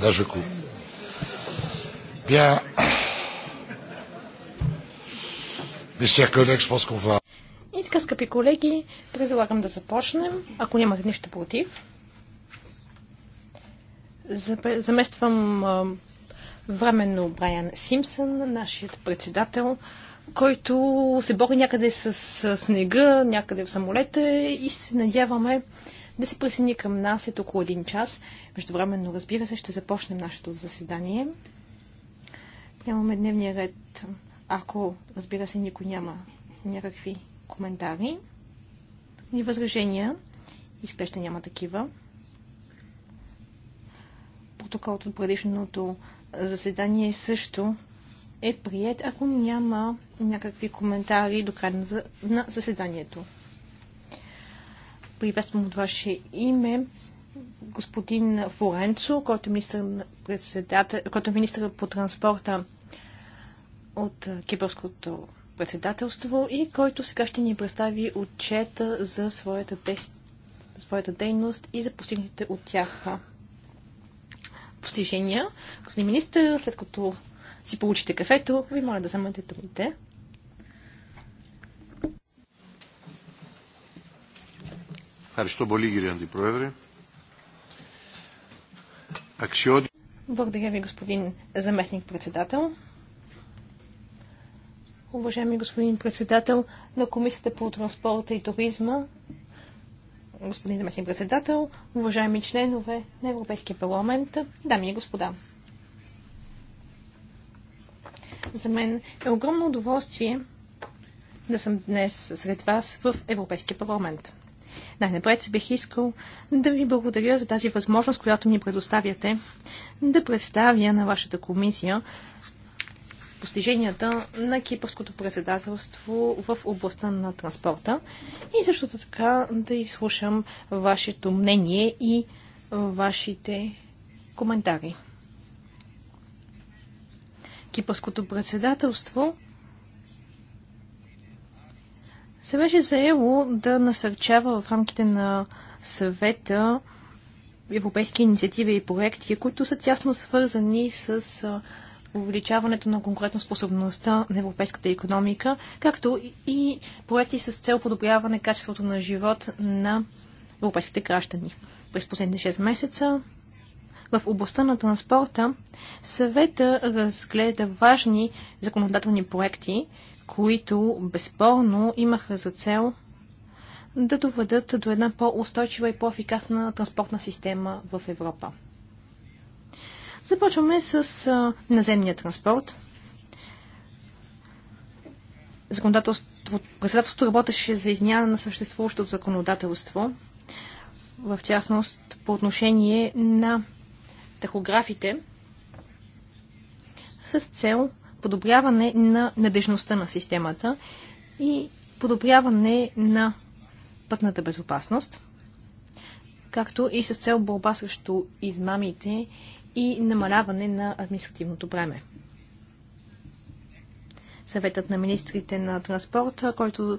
Даже coup. Bien. И така, скъпи колеги, предлагам да започнем, ако нямате нищо против. Замествам временно Брайан Симпсън, нашият председател, който се бори някъде с снега, някъде в самолета и се надяваме, да се присъедини към нас след около един час. Междувременно, разбира се, ще започнем нашето заседание. Нямаме дневния ред, ако, разбира се, никой няма някакви коментари и възражения. Изглежда няма такива. Протоколът от предишното заседание също е прият, ако няма някакви коментари до края на заседанието приветствам от ваше име господин Форенцо, който е министър, който е министър по транспорта от Кипърското председателство и който сега ще ни представи отчета за своята, дей... своята дейност и за постигнатите от тях постижения. Господин министър, след като си получите кафето, ви моля да вземете думите. Ευχαριστώ πολύ, κύριε Αντιπρόεδρε. Αξιότι... Благодаря ви, господин заместник-председател. Уважаеми господин председател на Комисията по транспорта и туризма, господин заместник председател, уважаеми членове на Европейския парламент, дами и господа. За мен е огромно удоволствие да съм днес сред вас в Европейския парламент. Най-напред бих искал да ви благодаря за тази възможност, която ми предоставяте да представя на вашата комисия постиженията на кипърското председателство в областта на транспорта и също така да изслушам вашето мнение и вашите коментари. Кипърското председателство се беше заело да насърчава в рамките на съвета европейски инициативи и проекти, които са тясно свързани с увеличаването на конкурентоспособността на европейската економика, както и проекти с цел подобряване качеството на живот на европейските граждани. През последните 6 месеца в областта на транспорта съвета разгледа важни законодателни проекти, които безспорно имаха за цел да доведат до една по-устойчива и по-ефикасна транспортна система в Европа. Започваме с наземния транспорт. Законодателството, председателството работеше за измяна на съществуващото законодателство, в частност по отношение на тахографите, с цел подобряване на надежността на системата и подобряване на пътната безопасност, както и с цел борба срещу измамите и намаляване на административното бреме. Съветът на министрите на транспорта, който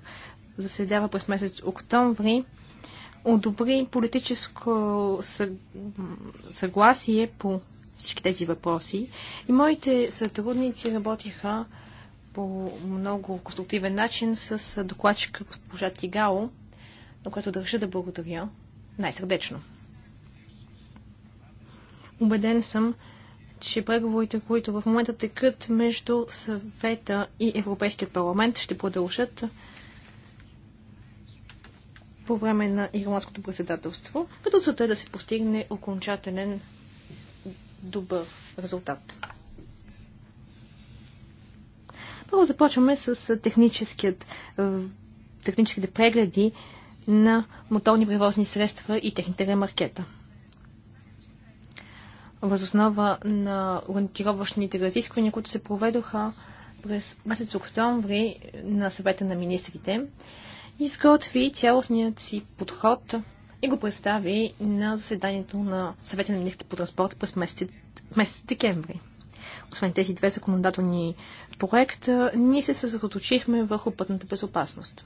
заседава през месец октомври, одобри политическо съгласие по всички тези въпроси. И моите сътрудници работиха по много конструктивен начин с докладчика госпожа Тигао, на която държа да благодаря най-сърдечно. Убеден съм, че преговорите, които в момента текат между съвета и Европейският парламент, ще продължат по време на ирландското председателство, като целта е да се постигне окончателен добър резултат. Първо започваме с техническият, техническите прегледи на моторни превозни средства и техните ремаркета. Възоснова на ориентировъчните разисквания, които се проведоха през месец октомври на съвета на министрите, изготви цялостният си подход – и го представи на заседанието на съвета на министрите по транспорт през месец, месец декември. Освен тези две законодателни проекта, ние се съсредоточихме върху пътната безопасност.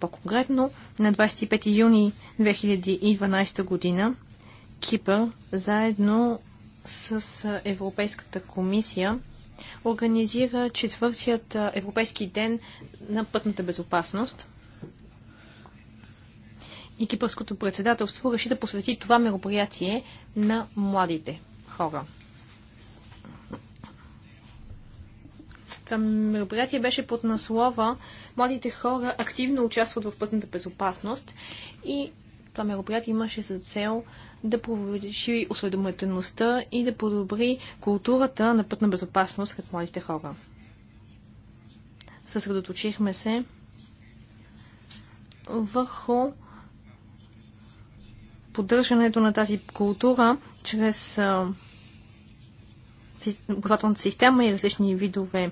По-конкретно, на 25 юни 2012 година Кипър заедно с Европейската комисия организира четвъртият Европейски ден на пътната безопасност – и кипърското председателство реши да посвети това мероприятие на младите хора. Това мероприятие беше под наслова Младите хора активно участват в пътната безопасност и това мероприятие имаше за цел да повиши осведомеността и да подобри културата на пътна безопасност сред младите хора. Съсредоточихме се върху поддържането на тази култура чрез образователната система и различни видове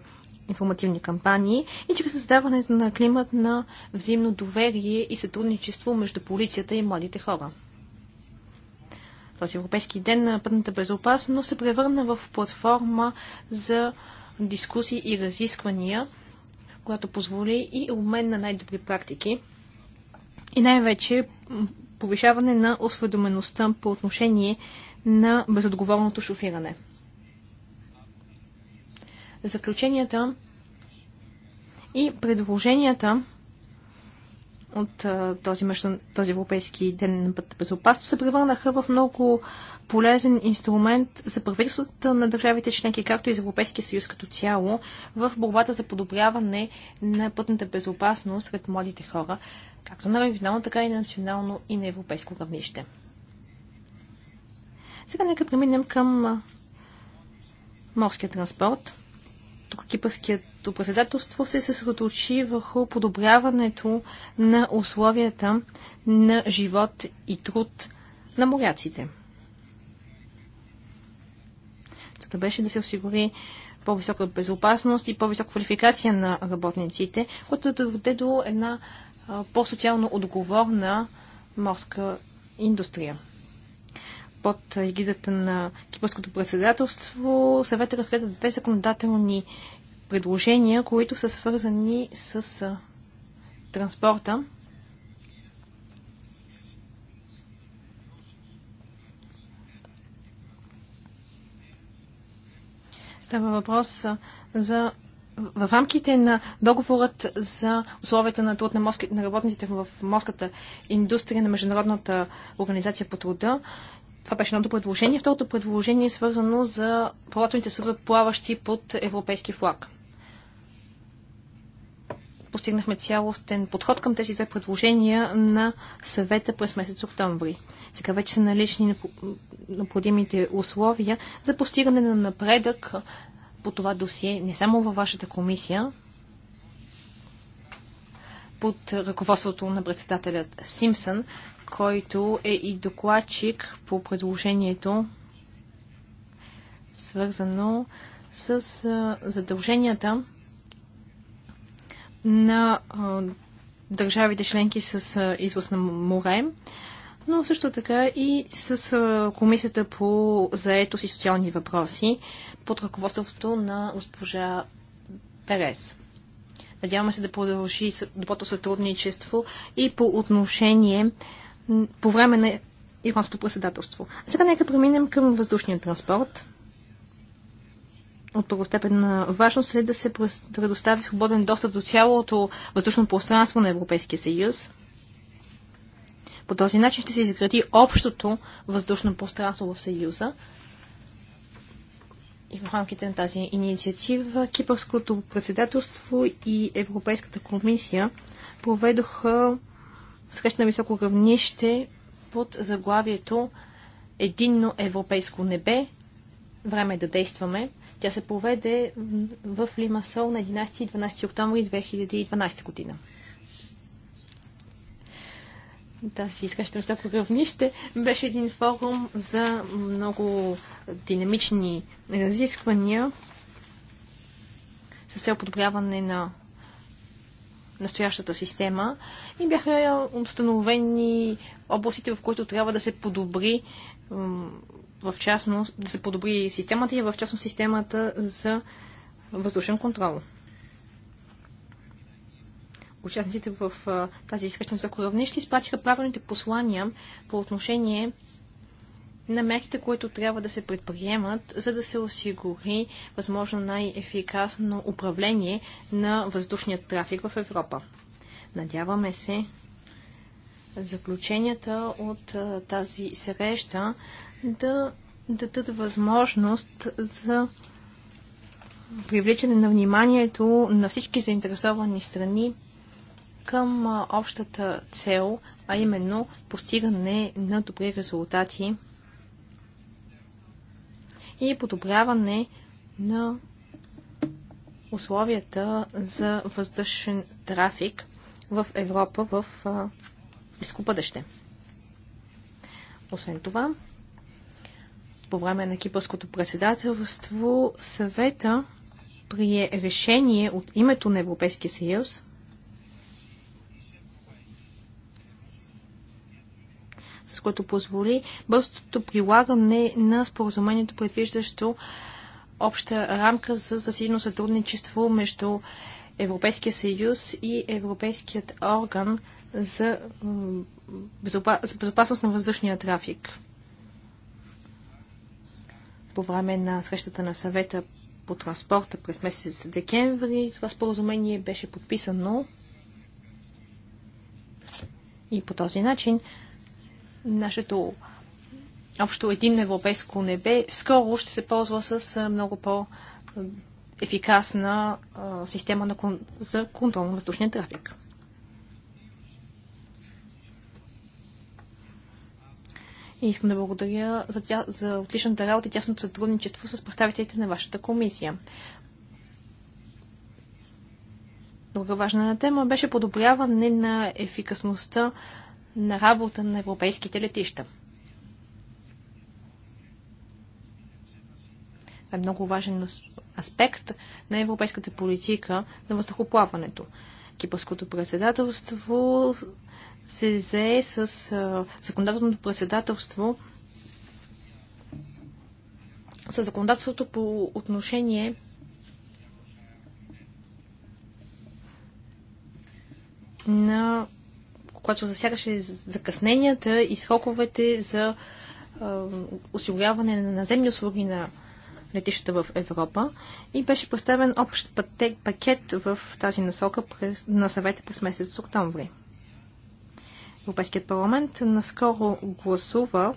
информативни кампании и чрез създаването на климат на взаимно доверие и сътрудничество между полицията и младите хора. Този Европейски ден на пътната безопасност се превърна в платформа за дискусии и разисквания, която позволи и обмен на най-добри практики и най-вече повишаване на осведомеността по отношение на безотговорното шофиране. Заключенията и предложенията от този, между, този Европейски ден на път безопасност се превърнаха в много полезен инструмент за правителството на държавите членки, както и за Европейския съюз като цяло, в борбата за подобряване на пътната безопасност сред младите хора както на регионално, така и на национално и на европейско равнище. Сега нека преминем към морския транспорт. Тук кипърският председателство се съсредоточи върху подобряването на условията на живот и труд на моряците. Това беше да се осигури по-висока безопасност и по-висока квалификация на работниците, което да доведе до една по-социално отговорна морска индустрия. Под егидата на Кипърското председателство съвета разгледа две законодателни предложения, които са свързани с транспорта. Става въпрос за в рамките на договорът за условията на труд на, морски, на работниците в морската индустрия на Международната организация по труда, това беше едното предложение. Второто предложение е свързано за плавателните съдове, плаващи под европейски флаг. Постигнахме цялостен подход към тези две предложения на съвета през месец октомври. Сега вече са налични необходимите условия за постигане на напредък по това досие, не само във вашата комисия, под ръководството на председателят Симпсън, който е и докладчик по предложението, свързано с задълженията на държавите членки с извоз на море, но също така и с Комисията по заетост и социални въпроси, под ръководството на госпожа Перес. Надяваме се да продължи доброто сътрудничество и по отношение по време на ирландското председателство. сега нека преминем към въздушния транспорт. От първостепенна важност е да се предостави свободен достъп до цялото въздушно пространство на Европейския съюз. По този начин ще се изгради общото въздушно пространство в Съюза, и в рамките на тази инициатива Кипърското председателство и Европейската комисия проведоха среща на високо равнище под заглавието Единно европейско небе. Време е да действаме. Тя се проведе в Лимасол на 11 и 12 октомври 2012 година. Да, си изкащам всяко равнище. Беше един форум за много динамични разисквания с цел подобряване на настоящата система и бяха установени областите, в които трябва да се подобри в частност, да се подобри системата и в частност системата за въздушен контрол. Участниците в тази срещна за равнище изпратиха правилните послания по отношение на мерките, които трябва да се предприемат, за да се осигури възможно най-ефикасно управление на въздушния трафик в Европа. Надяваме се заключенията от тази среща да дадат възможност за привличане на вниманието на всички заинтересовани страни към общата цел, а именно постигане на добри резултати и подобряване на условията за въздушен трафик в Европа в близко бъдеще. Освен това, по време на кипърското председателство съвета прие решение от името на Европейския съюз с което позволи бързото прилагане на споразумението, предвиждащо обща рамка за засилено сътрудничество между Европейския съюз и Европейският орган за, за безопасност на въздушния трафик. По време на срещата на съвета по транспорта през месец декември това споразумение беше подписано и по този начин нашето общо единно европейско небе, скоро ще се ползва с много по-ефикасна система на кон... за контрол на въздушния трафик. И искам да благодаря за, тя, за отличната работа и тясното сътрудничество с представителите на вашата комисия. Друга важна тема беше подобряване на ефикасността на работа на европейските летища. Това е много важен аспект на европейската политика на въздухоплаването. Кипърското председателство се зае с а, законодателното председателство с законодателството по отношение на която засягаше закъсненията и сроковете за осигуряване на наземни услуги на летищата в Европа и беше представен общ пакет в тази насока през, на съвета през месец октомври. Европейският парламент наскоро гласува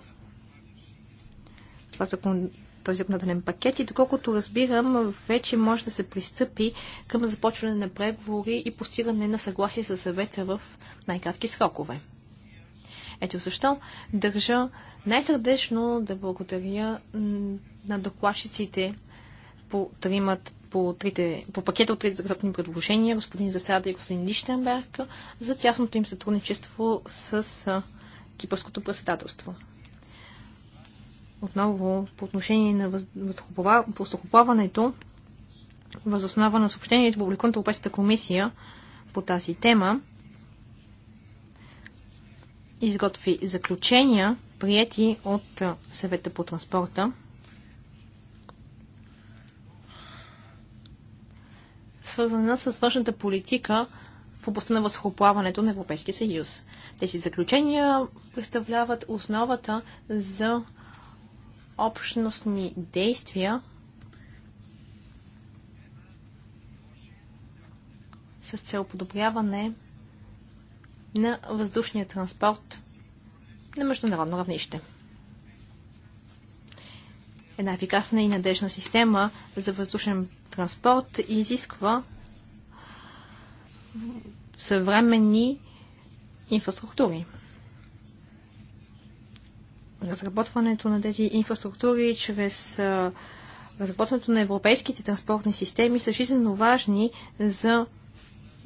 това закон, този обнаден пакет и доколкото разбирам, вече може да се пристъпи към започване на преговори и постигане на съгласие с съвета в най-кратки срокове. Ето защо държа най-сърдечно да благодаря на докладчиците по, тримат, по, трите, по пакета от трите законодателни предложения, господин Засада и господин Лищенберг, за тяхното им сътрудничество с кипърското председателство отново по отношение на въздухоплаването, възоснова на съобщението, публикувано от Европейската комисия по тази тема, изготви заключения, прияти от съвета по транспорта, свързана с външната политика в областта на възхоплаването на Европейския съюз. Тези заключения представляват основата за общностни действия с цел подобряване на въздушния транспорт на международно равнище. Една ефикасна и надежна система за въздушен транспорт изисква съвременни инфраструктури разработването на тези инфраструктури чрез разработването на европейските транспортни системи са жизненно важни за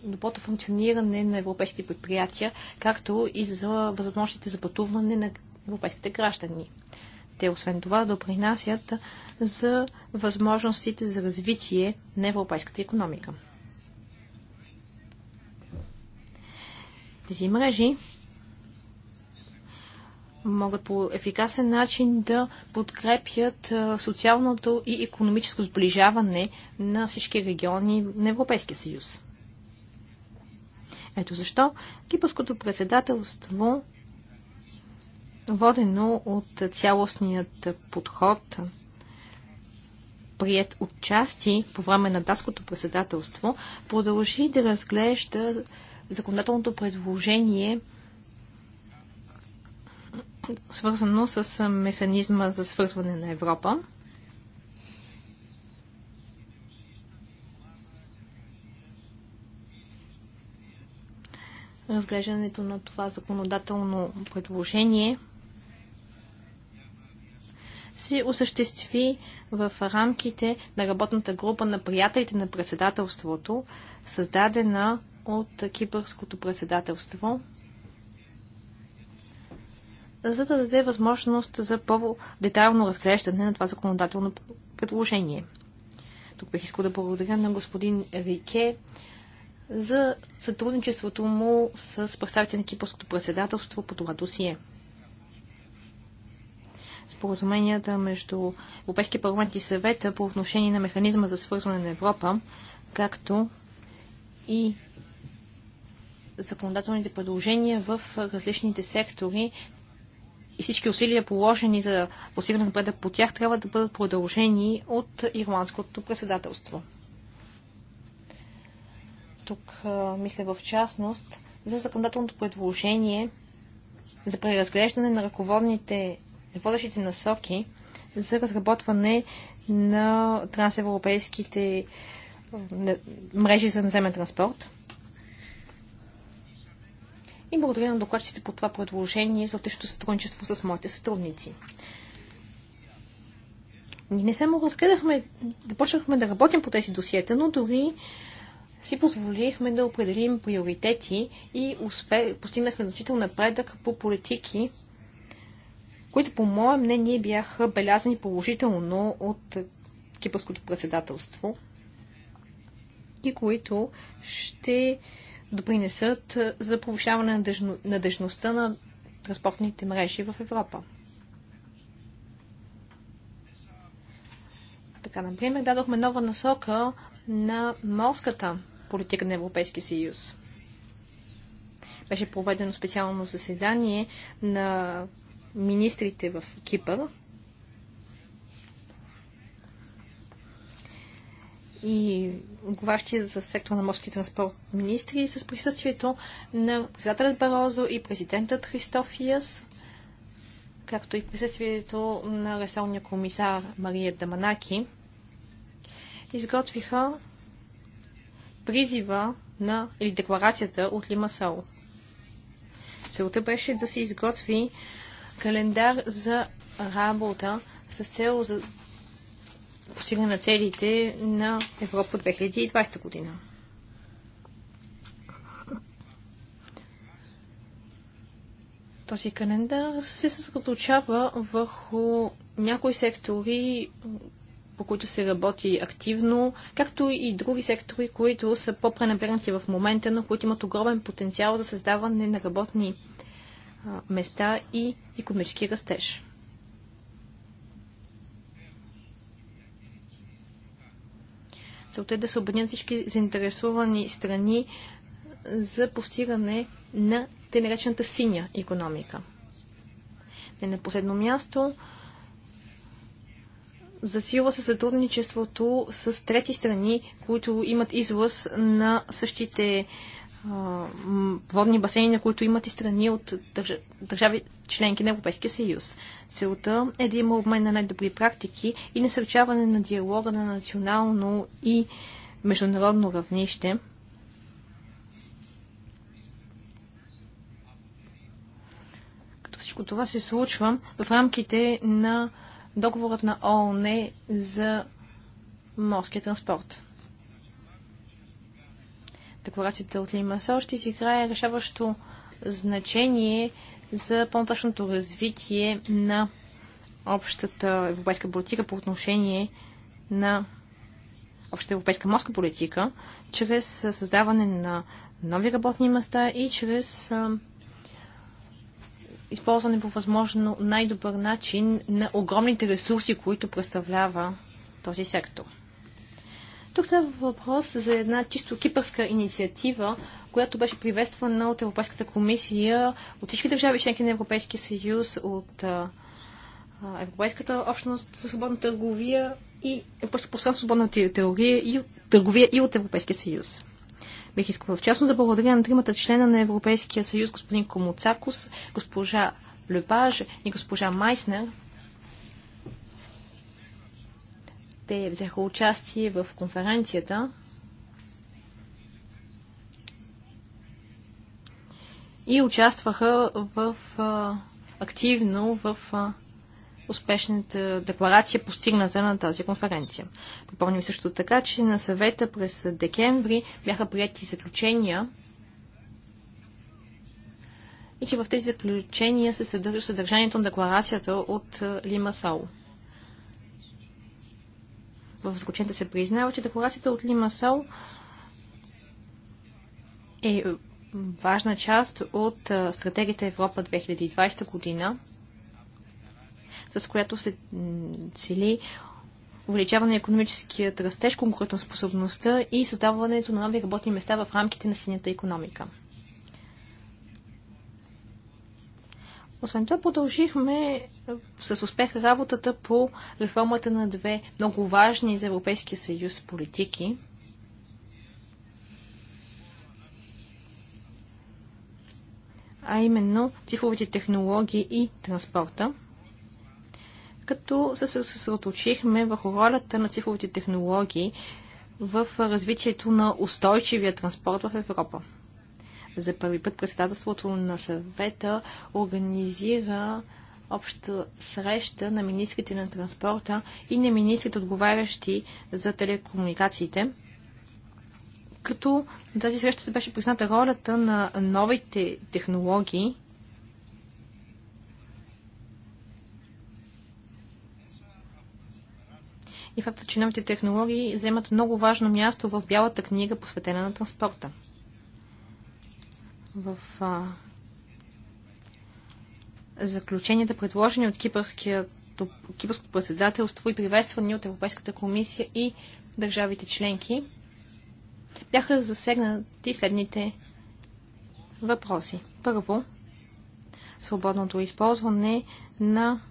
доброто функциониране на европейските предприятия, както и за възможностите за пътуване на европейските граждани. Те, освен това, допринасят за възможностите за развитие на европейската економика. Тези мрежи могат по ефикасен начин да подкрепят социалното и економическо сближаване на всички региони на Европейския съюз. Ето защо кипърското председателство, водено от цялостният подход, прият от части по време на датското председателство, продължи да разглежда законодателното предложение свързано с механизма за свързване на Европа. Разглеждането на това законодателно предложение се осъществи в рамките на работната група на приятелите на председателството, създадена от кипърското председателство – за да даде възможност за по-детайлно разглеждане на това законодателно предложение. Тук бих искал да благодаря на господин Рике за сътрудничеството му с представите на Кипърското председателство по това досие. Споразуменията между Европейския парламент и съвета по отношение на механизма за свързване на Европа, както и законодателните предложения в различните сектори и всички усилия положени за постигане напредък по тях трябва да бъдат продължени от ирландското председателство. Тук мисля в частност за законодателното предложение за преразглеждане на ръководните водещите насоки за разработване на трансевропейските мрежи за наземен транспорт и благодаря на докладчите по това предложение за отличното сътрудничество с моите сътрудници. Не само разгледахме, започнахме да работим по тези досиета, но дори си позволихме да определим приоритети и успе, постигнахме значителен напредък по политики, които по мое мнение бяха белязани положително от кипърското председателство и които ще допринесат е, за повишаване на надежността на транспортните мрежи в Европа. Така, например, дадохме нова насока на морската политика на Европейския съюз. Беше проведено специално заседание на министрите в Кипър, и отговарящия за сектора на морски транспорт министри с присъствието на председателят Барозо и президентът Христофиас, както и присъствието на ресорния комисар Мария Даманаки, изготвиха призива на, или декларацията от Лимасал. Целта беше да се изготви календар за работа с цел за постигане на целите на Европа 2020 година. Този календар се съсредоточава върху някои сектори, по които се работи активно, както и други сектори, които са по-пренебрегнати в момента, но които имат огромен потенциал за създаване на работни места и економически растеж. Целта е да се обединят всички заинтересовани страни за постигане на те наречената синя економика. Не на последно място, засилва се сътрудничеството с трети страни, които имат излъз на същите водни басейни, на които имат и страни от държави членки на Европейския съюз. Целта е да има обмен на най-добри практики и насърчаване на диалога на национално и международно равнище. Като всичко това се случва в рамките на договорът на ООН за морския транспорт декларацията от Лима Лимасол ще изиграе решаващо значение за по-нататъчното развитие на общата европейска политика по отношение на общата европейска морска политика, чрез създаване на нови работни места и чрез използване по възможно най-добър начин на огромните ресурси, които представлява този сектор. Тук става въпрос за една чисто кипърска инициатива, която беше приветствана от Европейската комисия, от всички държави членки на Европейския съюз, от Европейската общност за свободна търговия и Европейската за свободна теория и търговия и от Европейския съюз. Бих искала в частност да благодаря на тримата члена на Европейския съюз, господин Комуцакос, госпожа Лепаж и госпожа Майснер, Те взеха участие в конференцията. И участваха в, а, активно в а, успешната декларация, постигната на тази конференция. Припомним също така, че на съвета през декември бяха прияти заключения и че в тези заключения се съдържа съдържанието на декларацията от Лима Сао в заключението се признава, че декларацията от Лимасол е важна част от стратегията Европа 2020 година, с която се цели увеличаване на економическият растеж, конкурентоспособността и създаването на нови работни места в рамките на синята економика. Освен това, продължихме е, с успех работата по реформата на две много важни за Европейския съюз политики. а именно цифровите технологии и транспорта, като се съсредоточихме върху ролята на цифровите технологии в развитието на устойчивия транспорт в Европа. За първи път председателството на съвета организира обща среща на министрите на транспорта и на министрите отговарящи за телекомуникациите. Като на тази среща се беше призната ролята на новите технологии, и факта, че новите технологии вземат много важно място в бялата книга, посветена на транспорта. В а, заключенията, предложени от кипърското председателство и приветствани от Европейската комисия и държавите членки, бяха засегнати следните въпроси. Първо, свободното използване на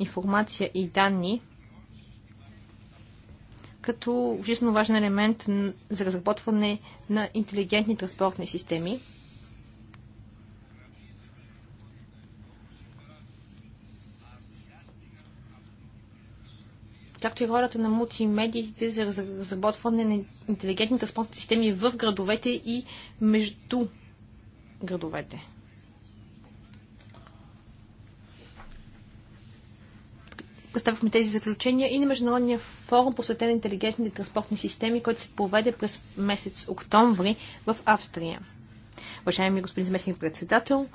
информация и данни като жизненно важен елемент за разработване на интелигентни транспортни системи. както и ролята на мултимедиите за разработване на интелигентни транспортни системи в градовете и между градовете. представихме тези заключения и на Международния форум посветен на интелигентните транспортни системи, който се проведе през месец октомври в Австрия. Уважаеми господин заместник председател,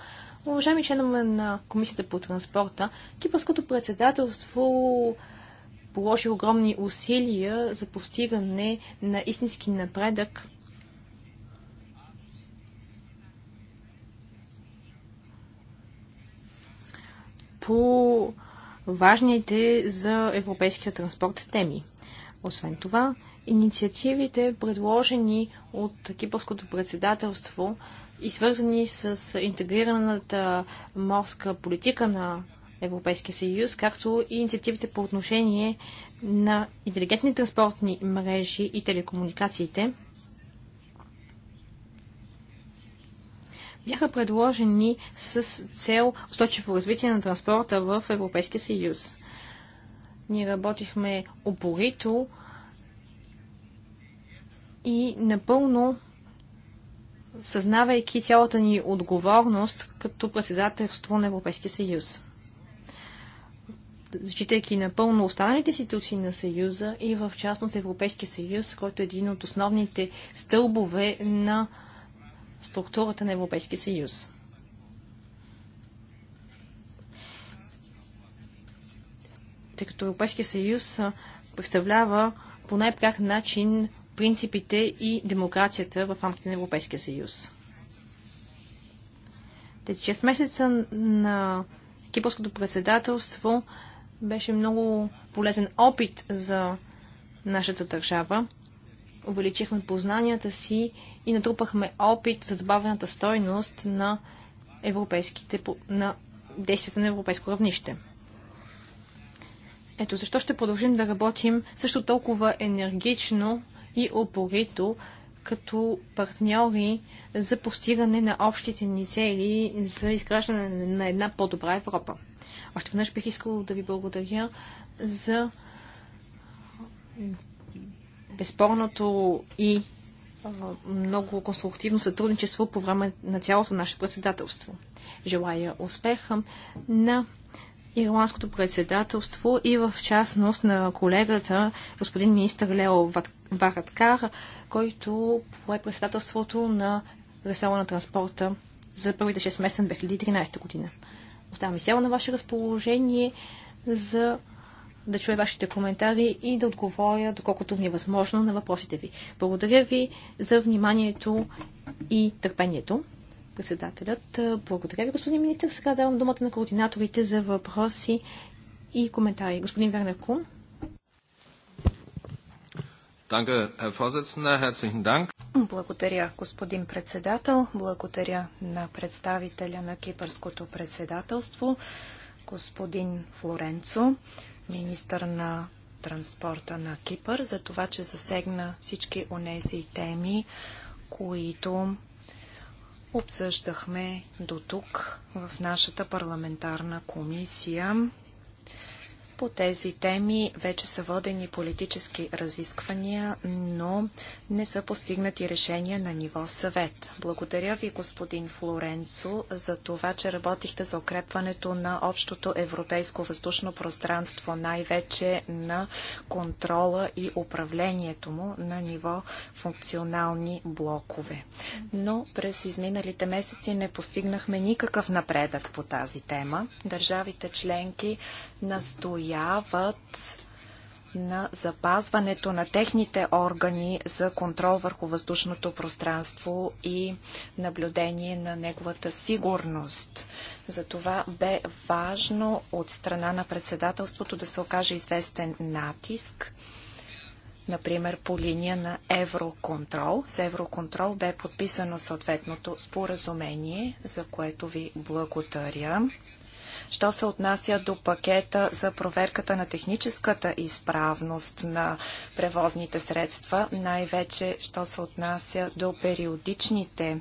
уважаеми членове на Комисията по транспорта, Кипърското председателство положи огромни усилия за постигане на истински напредък по важните за европейския транспорт теми. Освен това, инициативите, предложени от кипърското председателство и свързани с интегрираната морска политика на Европейския съюз, както и инициативите по отношение на интелигентни транспортни мрежи и телекомуникациите, бяха предложени с цел устойчиво развитие на транспорта в Европейския съюз. Ние работихме упорито и напълно съзнавайки цялата ни отговорност като председателство на Европейския съюз. Зачитайки напълно останалите институции на Съюза и в частност Европейския съюз, който е един от основните стълбове на структурата на Европейския съюз. Тъй като Европейския съюз представлява по най-пряк начин принципите и демокрацията в рамките на Европейския съюз. Тези 6 месеца на кипърското председателство беше много полезен опит за нашата държава увеличихме познанията си и натрупахме опит за добавената стойност на европейските, на действията на европейско равнище. Ето защо ще продължим да работим също толкова енергично и опорито като партньори за постигане на общите ни цели за изграждане на една по-добра Европа. Още веднъж бих искала да ви благодаря за безспорното и много конструктивно сътрудничество по време на цялото наше председателство. Желая успеха на ирландското председателство и в частност на колегата господин министър Лео Вараткар, който пое председателството на ресала на транспорта за първите 6 месеца на 2013 година. Оставам изцяло на ваше разположение за да чуя вашите коментари и да отговоря, доколкото ми е възможно, на въпросите ви. Благодаря ви за вниманието и търпението. Председателят, благодаря ви, господин министр. Сега давам думата на координаторите за въпроси и коментари. Господин Вернер Кун. Благодаря, господин председател. Благодаря на представителя на Кипърското председателство, господин Флоренцо министър на транспорта на Кипър, за това, че засегна всички онези теми, които обсъждахме до тук в нашата парламентарна комисия. По тези теми вече са водени политически разисквания, но не са постигнати решения на ниво съвет. Благодаря ви, господин Флоренцо, за това, че работихте за укрепването на общото европейско въздушно пространство, най-вече на контрола и управлението му на ниво функционални блокове. Но през изминалите месеци не постигнахме никакъв напредък по тази тема. Държавите членки настоят настояват на запазването на техните органи за контрол върху въздушното пространство и наблюдение на неговата сигурност. Затова бе важно от страна на председателството да се окаже известен натиск, например по линия на Евроконтрол. С Евроконтрол бе подписано съответното споразумение, за което ви благодаря. Що се отнася до пакета за проверката на техническата изправност на превозните средства, най-вече що се отнася до периодичните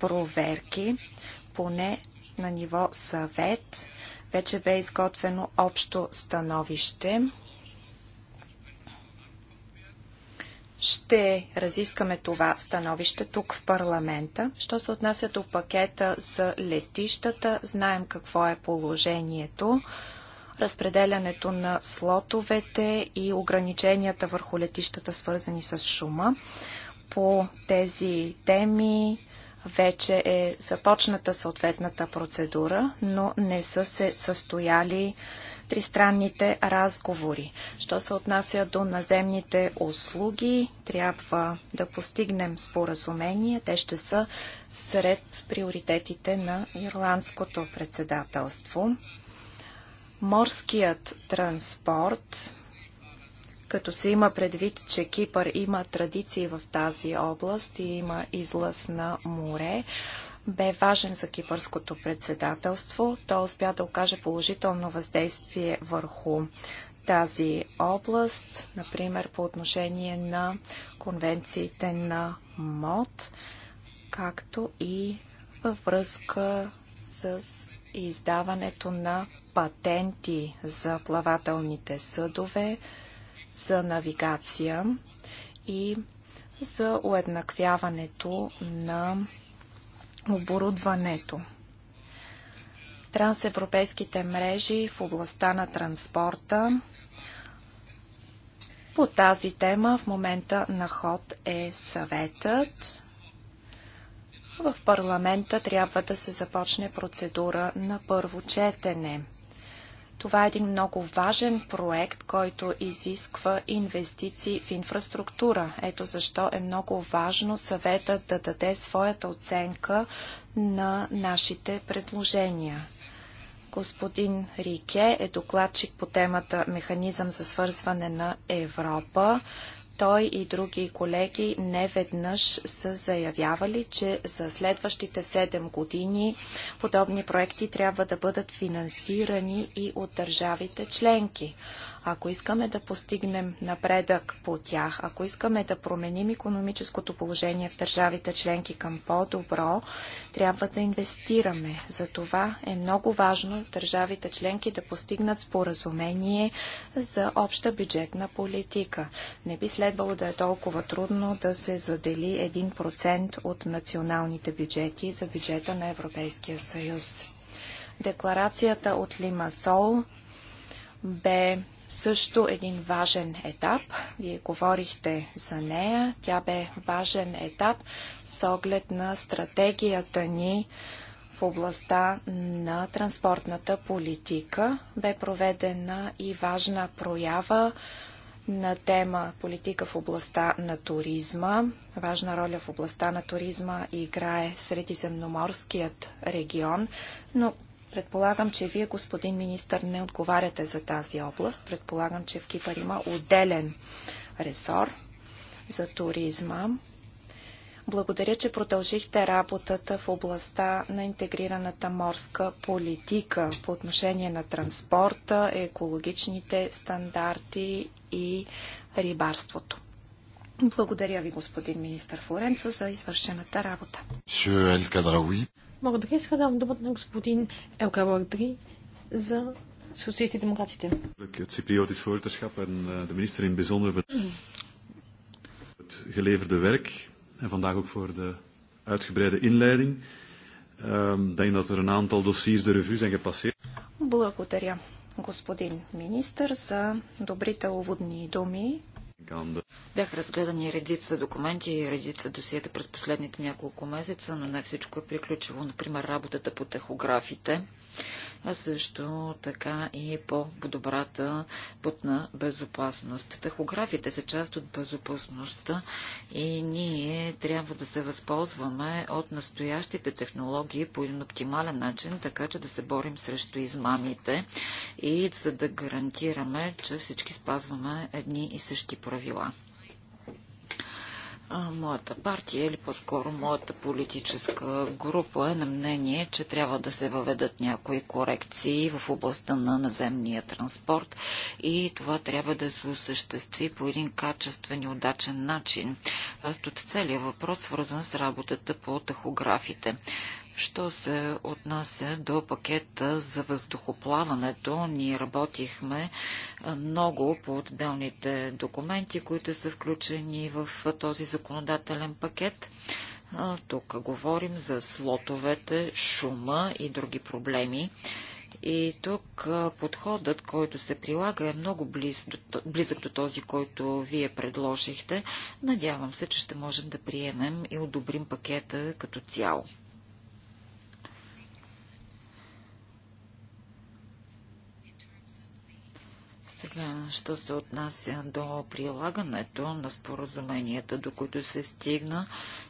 проверки, поне на ниво съвет, вече бе изготвено общо становище. ще разискаме това становище тук в парламента. Що се отнася до пакета за летищата, знаем какво е положението. Разпределянето на слотовете и ограниченията върху летищата, свързани с шума. По тези теми вече е започната съответната процедура, но не са се състояли тристранните разговори. Що се отнася до наземните услуги, трябва да постигнем споразумение. Те ще са сред приоритетите на ирландското председателство. Морският транспорт като се има предвид, че Кипър има традиции в тази област и има излъз на море, бе важен за кипърското председателство. То успя да окаже положително въздействие върху тази област, например по отношение на конвенциите на МОД, както и във връзка с издаването на патенти за плавателните съдове, за навигация и за уеднаквяването на оборудването. Трансевропейските мрежи в областта на транспорта. По тази тема в момента на ход е съветът. В парламента трябва да се започне процедура на първо четене – това е един много важен проект, който изисква инвестиции в инфраструктура. Ето защо е много важно съветът да даде своята оценка на нашите предложения. Господин Рике е докладчик по темата Механизъм за свързване на Европа. Той и други колеги неведнъж са заявявали, че за следващите 7 години подобни проекти трябва да бъдат финансирани и от държавите членки. Ако искаме да постигнем напредък по тях, ако искаме да променим економическото положение в държавите членки към по-добро, трябва да инвестираме. За това е много важно държавите членки да постигнат споразумение за обща бюджетна политика. Не би следвало да е толкова трудно да се задели 1% от националните бюджети за бюджета на Европейския съюз. Декларацията от Лима Сол бе също един важен етап. Вие говорихте за нея. Тя бе важен етап с оглед на стратегията ни в областта на транспортната политика. Бе проведена и важна проява на тема политика в областта на туризма. Важна роля в областта на туризма играе Средиземноморският регион, но Предполагам, че вие, господин министър, не отговаряте за тази област. Предполагам, че в Кипър има отделен ресор за туризма. Благодаря, че продължихте работата в областта на интегрираната морска политика по отношение на транспорта, екологичните стандарти и рибарството. Благодаря ви, господин министър Флоренцо, за извършената работа. Благодаря. Сега давам думата на господин Елка Лордри за социалистите и демократите. Het Cypriotisch voorzitterschap en de minister in bijzonder het geleverde werk en vandaag ook voor de uitgebreide inleiding. Ik denk dat er een aantal dossiers de revue zijn gepasseerd. Благодаря, господин министр, за добрите уводни думи Бях разгледани редица документи и редица досиета през последните няколко месеца, но не всичко е приключило. Например, работата по техографите а също така и по-добрата пътна безопасност. Тахографите са част от безопасността и ние трябва да се възползваме от настоящите технологии по един оптимален начин, така че да се борим срещу измамите и за да гарантираме, че всички спазваме едни и същи правила. А, моята партия или по-скоро моята политическа група е на мнение, че трябва да се въведат някои корекции в областта на наземния транспорт и това трябва да се осъществи по един качествен и удачен начин. Аз от целият въпрос свързан с работата по тахографите. Що се отнася до пакета за въздухоплаването, ние работихме много по отделните документи, които са включени в този законодателен пакет. Тук говорим за слотовете, шума и други проблеми. И тук подходът, който се прилага, е много близ, близък до този, който вие предложихте. Надявам се, че ще можем да приемем и одобрим пакета като цяло. Сега, що се отнася до прилагането на споразуменията, до които се стигна,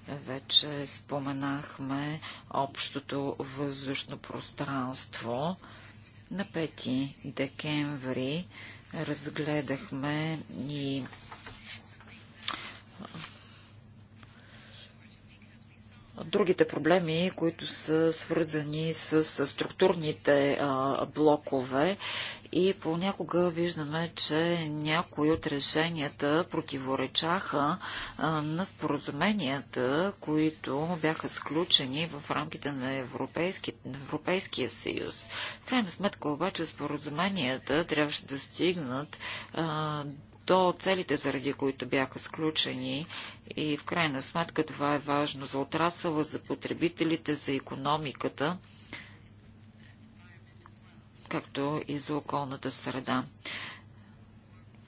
е, вече споменахме общото въздушно пространство. На 5 декември разгледахме и другите проблеми, които са свързани с, структурните блокове и понякога виждаме, че някои от решенията противоречаха а, на споразуменията, които бяха сключени в рамките на, Европейски, на Европейския съюз. В крайна сметка обаче споразуменията трябваше да стигнат а, целите, заради които бяха сключени и в крайна сметка това е важно за отрасъла, за потребителите, за економиката както и за околната среда.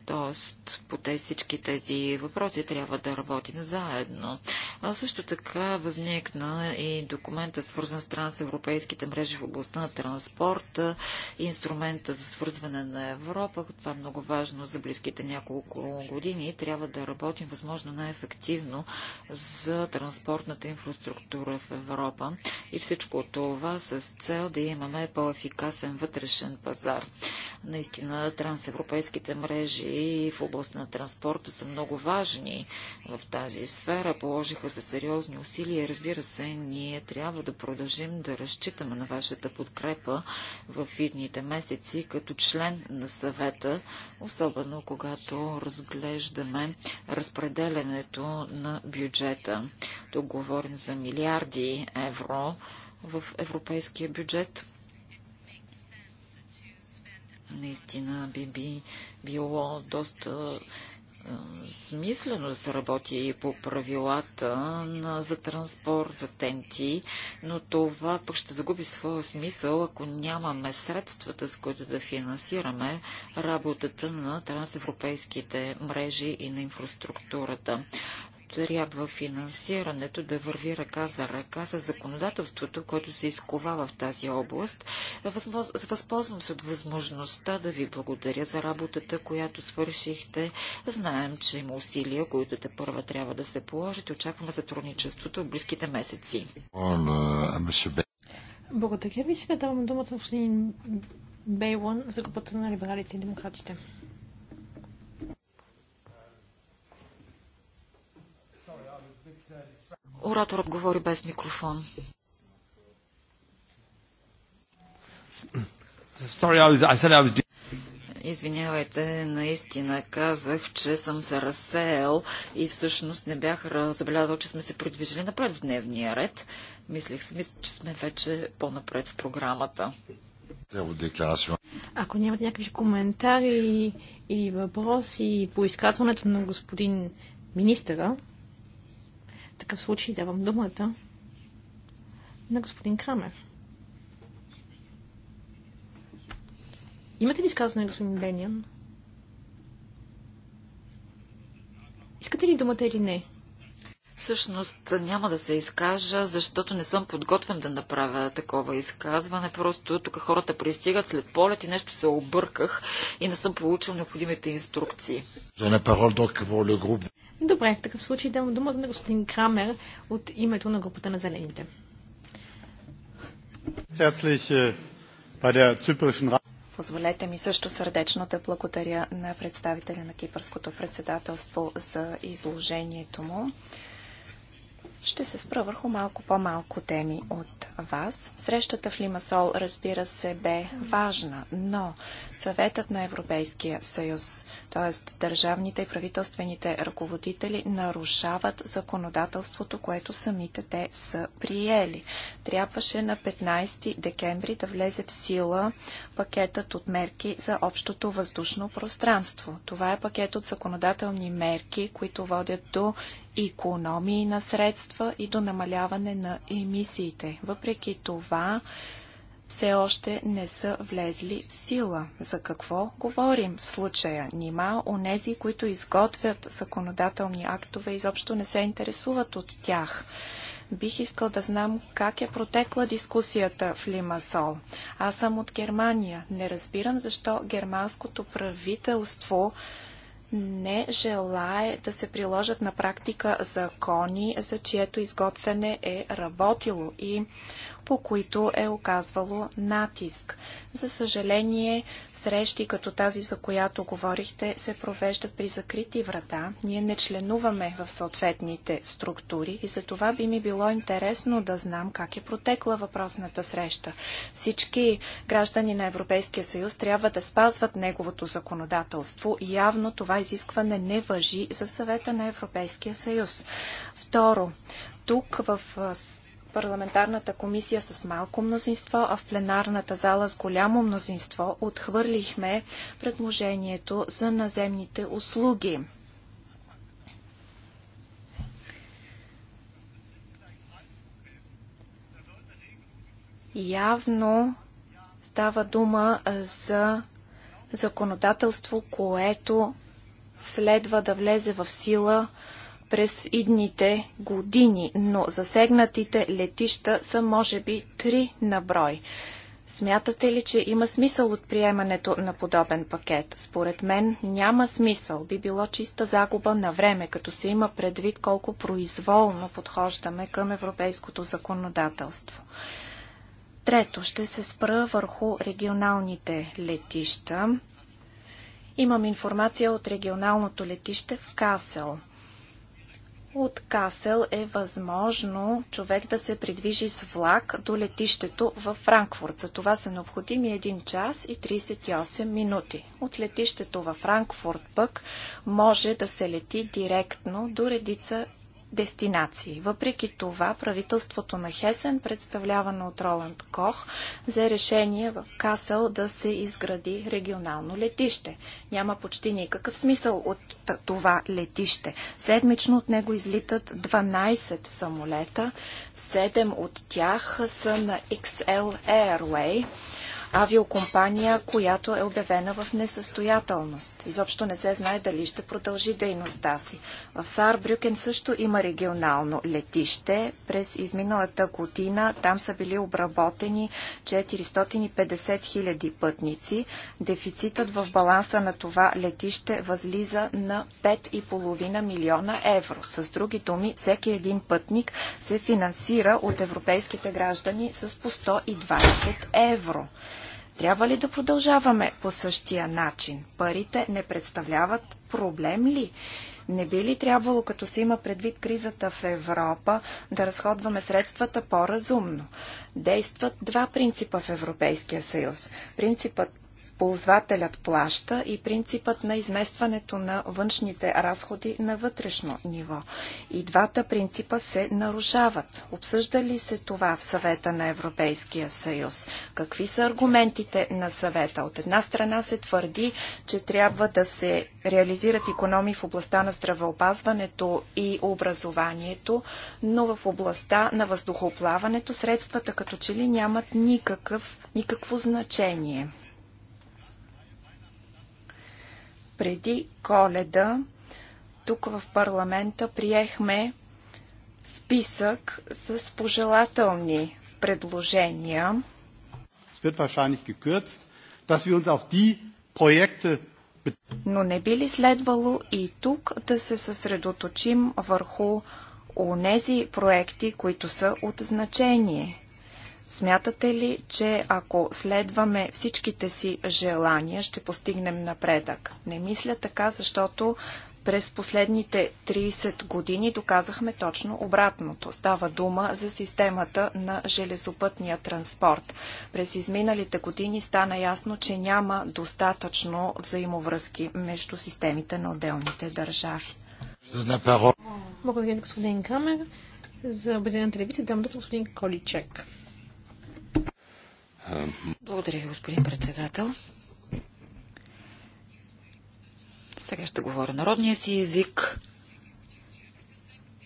Тоест, по тези всички тези въпроси трябва да работим заедно. А също така възникна и документа, свързан с трансевропейските мрежи в областта на транспорта, инструмента за свързване на Европа. Това е много важно за близките няколко години. Трябва да работим възможно най-ефективно за транспортната инфраструктура в Европа. И всичко това с цел да имаме по-ефикасен вътрешен пазар. Наистина, трансевропейските мрежи и в област на транспорта са много важни в тази сфера. Положиха се сериозни усилия. Разбира се, ние трябва да продължим да разчитаме на вашата подкрепа в видните месеци като член на съвета, особено когато разглеждаме разпределенето на бюджета. Тук говорим за милиарди евро в европейския бюджет. Наистина би, би било доста смислено да се работи и по правилата на, за транспорт, за тенти, но това пък ще загуби своя смисъл, ако нямаме средствата, с които да финансираме работата на трансевропейските мрежи и на инфраструктурата трябва финансирането да върви ръка за ръка с законодателството, което се изковава в тази област. Възползвам се от възможността да ви благодаря за работата, която свършихте. Знаем, че има усилия, които те първа трябва да се положат и очакваме сътрудничеството в близките месеци. Благодаря ви. Сега давам думата на господин Бейлон за групата на либералите и демократите. Ораторът говори без микрофон. Извинявайте, наистина казах, че съм се разсеял и всъщност не бях забелязал, че сме се придвижили напред в дневния ред. Мислих, че сме вече по-напред в програмата. Ако нямате някакви коментари или въпроси по изказването на господин министъра, такъв случай давам думата на господин Крамер. Имате ли изказване, господин Бениан? Искате ли думата или не? Всъщност няма да се изкажа, защото не съм подготвен да направя такова изказване. Просто тук хората пристигат след полет и нещо се обърках и не съм получил необходимите инструкции. Добре, в такъв случай давам думата на господин Крамер от името на групата на зелените. Е, Позволете ми също сърдечно да благодаря на представителя на Кипърското председателство за изложението му. Ще се спра върху малко по-малко теми от вас. Срещата в Лимасол, разбира се, бе важна, но съветът на Европейския съюз, т.е. държавните и правителствените ръководители, нарушават законодателството, което самите те са приели. Трябваше на 15 декември да влезе в сила пакетът от мерки за общото въздушно пространство. Това е пакет от законодателни мерки, които водят до економии на средства и до намаляване на емисиите. Въпреки това, все още не са влезли в сила. За какво говорим в случая? Нима онези, които изготвят законодателни актове, изобщо не се интересуват от тях. Бих искал да знам как е протекла дискусията в Лимасол. Аз съм от Германия. Не разбирам защо германското правителство не желае да се приложат на практика закони, за чието изготвяне е работило и по които е оказвало натиск. За съжаление, срещи като тази, за която говорихте, се провеждат при закрити врата. Ние не членуваме в съответните структури и за това би ми било интересно да знам как е протекла въпросната среща. Всички граждани на Европейския съюз трябва да спазват неговото законодателство. Явно това изискване не въжи за съвета на Европейския съюз. Второ, тук в парламентарната комисия с малко мнозинство, а в пленарната зала с голямо мнозинство отхвърлихме предложението за наземните услуги. Явно става дума за законодателство, което следва да влезе в сила през идните години, но засегнатите летища са може би три на брой. Смятате ли, че има смисъл от приемането на подобен пакет? Според мен няма смисъл. Би било чиста загуба на време, като се има предвид колко произволно подхождаме към европейското законодателство. Трето, ще се спра върху регионалните летища. Имам информация от регионалното летище в Касел от Касел е възможно човек да се придвижи с влак до летището в Франкфурт. За това са необходими 1 час и 38 минути. От летището във Франкфурт пък може да се лети директно до редица дестинации. Въпреки това, правителството на Хесен, представлявано от Роланд Кох, взе решение в Касъл да се изгради регионално летище. Няма почти никакъв смисъл от това летище. Седмично от него излитат 12 самолета, 7 от тях са на XL Airway авиокомпания, която е обявена в несъстоятелност. Изобщо не се знае дали ще продължи дейността си. В Саарбрюкен също има регионално летище. През изминалата година там са били обработени 450 000 пътници. Дефицитът в баланса на това летище възлиза на 5,5 милиона евро. С други думи, всеки един пътник се финансира от европейските граждани с по 120 евро. Трябва ли да продължаваме по същия начин? Парите не представляват проблем ли? Не би ли трябвало, като се има предвид кризата в Европа, да разходваме средствата по-разумно? Действат два принципа в Европейския съюз. Принципът ползвателят плаща и принципът на изместването на външните разходи на вътрешно ниво. И двата принципа се нарушават. Обсъжда ли се това в съвета на Европейския съюз? Какви са аргументите на съвета? От една страна се твърди, че трябва да се реализират економии в областта на здравеопазването и образованието, но в областта на въздухоплаването средствата като че ли нямат никакъв, никакво значение. Преди коледа тук в парламента приехме списък с пожелателни предложения. Но не би ли следвало и тук да се съсредоточим върху онези проекти, които са от значение? Смятате ли, че ако следваме всичките си желания, ще постигнем напредък? Не мисля така, защото през последните 30 години доказахме точно обратното. Става дума за системата на железопътния транспорт. През изминалите години стана ясно, че няма достатъчно взаимовръзки между системите на отделните държави. Благодаря, господин Камер. За Обединена телевизия дам господин Количек. Благодаря ви, господин председател. Сега ще говоря народния си език.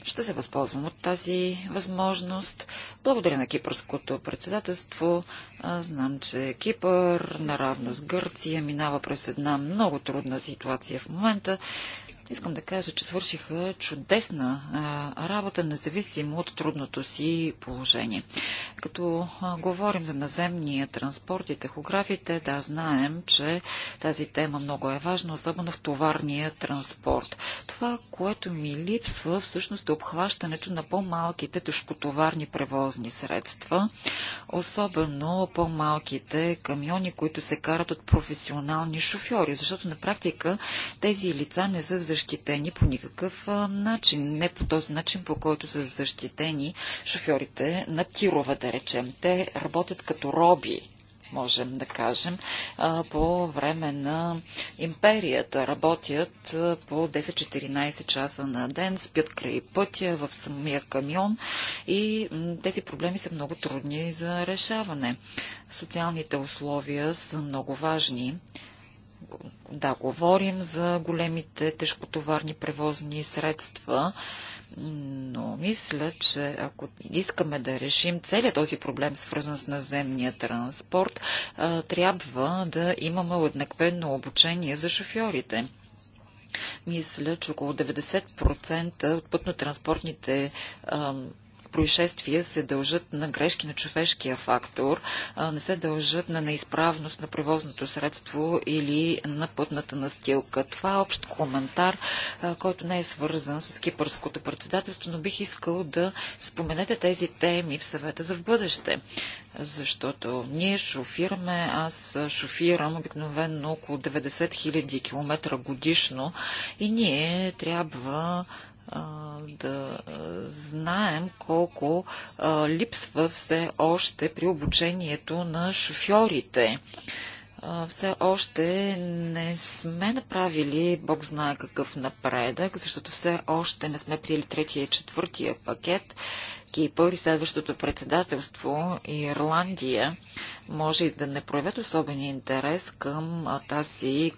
Ще се възползвам от тази възможност. Благодаря на кипърското председателство. Знам, че Кипър, наравно с Гърция, минава през една много трудна ситуация в момента Искам да кажа, че свършиха чудесна работа, независимо от трудното си положение. Като говорим за наземния транспорт и тахографите, да, знаем, че тази тема много е важна, особено в товарния транспорт. Това, което ми липсва, всъщност е обхващането на по-малките тежкотоварни превозни средства, особено по-малките камиони, които се карат от професионални шофьори, защото на практика тези лица не са защитени защитени по никакъв начин. Не по този начин, по който са защитени шофьорите на тирова, да речем. Те работят като роби можем да кажем, по време на империята. Работят по 10-14 часа на ден, спят край пътя, в самия камион и тези проблеми са много трудни за решаване. Социалните условия са много важни да, говорим за големите тежкотоварни превозни средства, но мисля, че ако искаме да решим целият този проблем, свързан с наземния транспорт, трябва да имаме уеднаквено обучение за шофьорите. Мисля, че около 90% от пътно-транспортните происшествия се дължат на грешки на човешкия фактор, а не се дължат на неизправност на превозното средство или на пътната настилка. Това е общ коментар, а, който не е свързан с кипърското председателство, но бих искал да споменете тези теми в съвета за в бъдеще. Защото ние шофираме, аз шофирам обикновено около 90 000 км годишно и ние трябва да знаем колко липсва все още при обучението на шофьорите все още не сме направили, Бог знае какъв напредък, защото все още не сме приели третия и четвъртия пакет Кипър и следващото председателство и Ирландия може да не проявят особен интерес към тази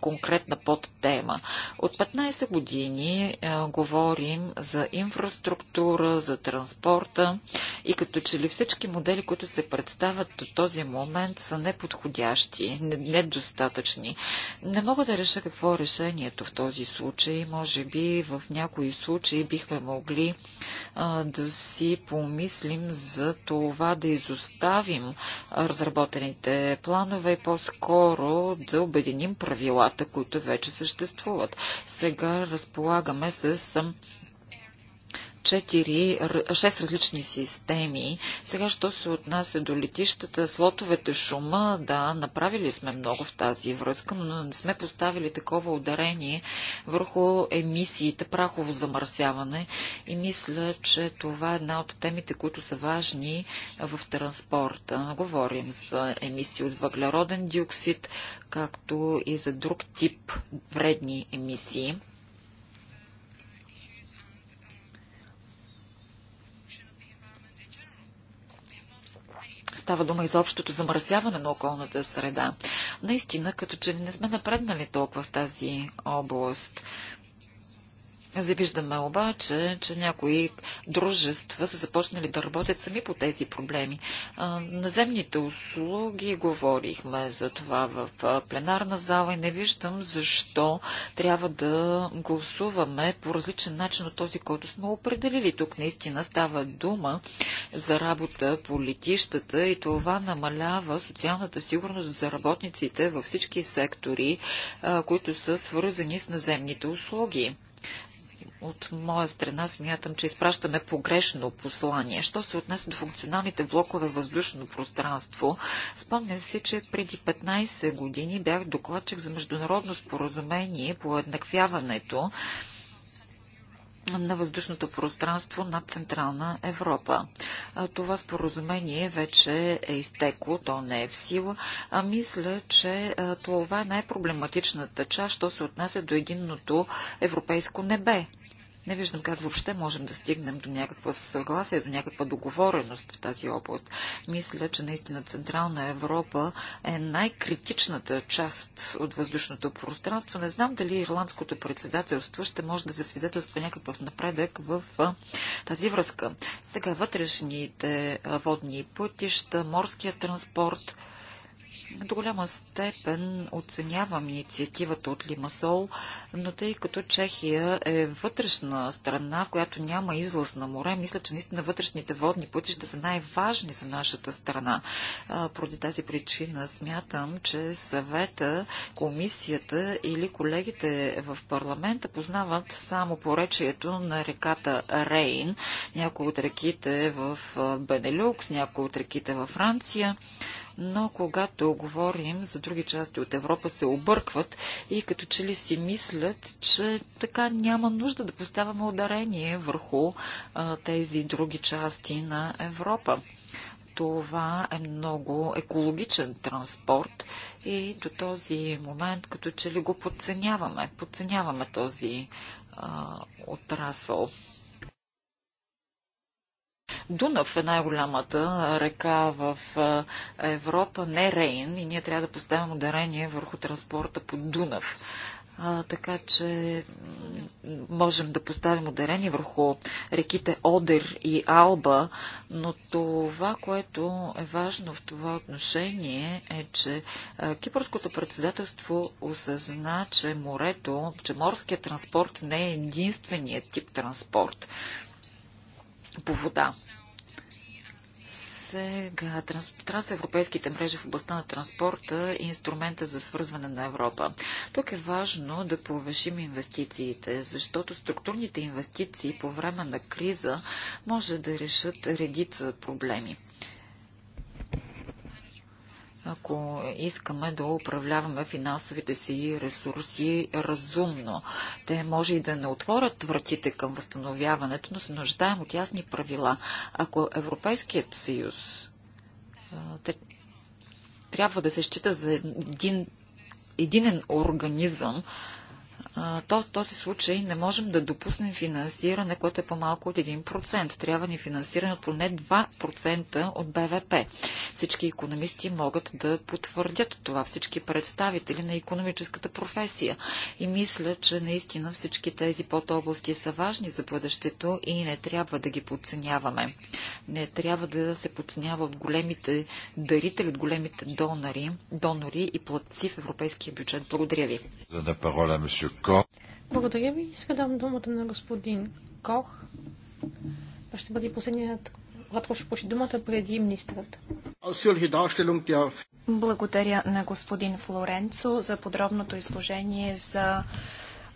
конкретна подтема. От 15 години е, говорим за инфраструктура, за транспорта и като че ли всички модели, които се представят до този момент са неподходящи, недостатъчни. Не мога да реша какво е решението в този случай. Може би в някои случаи бихме могли е, да си помислим за това да изоставим разработените планове и по-скоро да обединим правилата, които вече съществуват. Сега разполагаме с 4, 6 различни системи. Сега, що се отнася до летищата, слотовете, шума, да, направили сме много в тази връзка, но не сме поставили такова ударение върху емисиите, прахово замърсяване и мисля, че това е една от темите, които са важни в транспорта. Говорим за емисии от въглероден диоксид, както и за друг тип вредни емисии. става дума и за общото замърсяване на околната среда. Наистина, като че не сме напреднали толкова в тази област. Завиждаме обаче, че някои дружества са започнали да работят сами по тези проблеми. Наземните услуги говорихме за това в пленарна зала и не виждам защо трябва да гласуваме по различен начин от този, който сме определили. Тук наистина става дума за работа по летищата и това намалява социалната сигурност за работниците във всички сектори, които са свързани с наземните услуги. От моя страна смятам, че изпращаме погрешно послание. Що се отнесе до функционалните блокове въздушно пространство, спомням си, че преди 15 години бях докладчик за международно споразумение по еднаквяването на въздушното пространство над Централна Европа. Това споразумение вече е изтекло, то не е в сила. А мисля, че това е най-проблематичната част, що се отнася до единното европейско небе. Не виждам как въобще можем да стигнем до някаква съгласие, до някаква договореност в тази област. Мисля, че наистина Централна Европа е най-критичната част от въздушното пространство. Не знам дали ирландското председателство ще може да засвидетелства някакъв напредък в тази връзка. Сега вътрешните водни пътища, морския транспорт, до голяма степен оценявам инициативата от Лимасол, но тъй като Чехия е вътрешна страна, в която няма излъз на море, мисля, че наистина вътрешните водни пътища са най-важни за нашата страна. Поради тази причина смятам, че съвета, комисията или колегите в парламента познават само поречието на реката Рейн, някои от реките в Бенелюкс, някои от реките във Франция но когато говорим за други части от Европа, се объркват и като че ли си мислят, че така няма нужда да поставяме ударение върху а, тези други части на Европа. Това е много екологичен транспорт и до този момент като че ли го подценяваме. Подценяваме този а, отрасъл. Дунав е най-голямата река в Европа, не Рейн, и ние трябва да поставим ударение върху транспорта по Дунав. А, така че можем да поставим ударение върху реките Одер и Алба, но това, което е важно в това отношение е, че кипърското председателство осъзна, че морето, че морският транспорт не е единственият тип транспорт по вода. Сега транс, трансевропейските мрежи в областта на транспорта и инструмента за свързване на Европа. Тук е важно да повишим инвестициите, защото структурните инвестиции по време на криза може да решат редица проблеми ако искаме да управляваме финансовите си ресурси разумно. Те може и да не отворят вратите към възстановяването, но се нуждаем от ясни правила. Ако Европейският съюз трябва да се счита за един единен организъм, то в този случай не можем да допуснем финансиране, което е по-малко от 1%. Трябва ни финансиране от поне 2% от БВП. Всички економисти могат да потвърдят това, всички представители на економическата професия. И мисля, че наистина всички тези подобласти са важни за бъдещето и не трябва да ги подценяваме. Не трябва да се подценява от големите дарители, от големите донори, донори и платци в европейския бюджет. Благодаря ви. Кох. Благодаря ви. Иска дам думата на господин Кох. Това ще бъде последният когато ще получи думата преди министрът. Благодаря на господин Флоренцо за подробното изложение за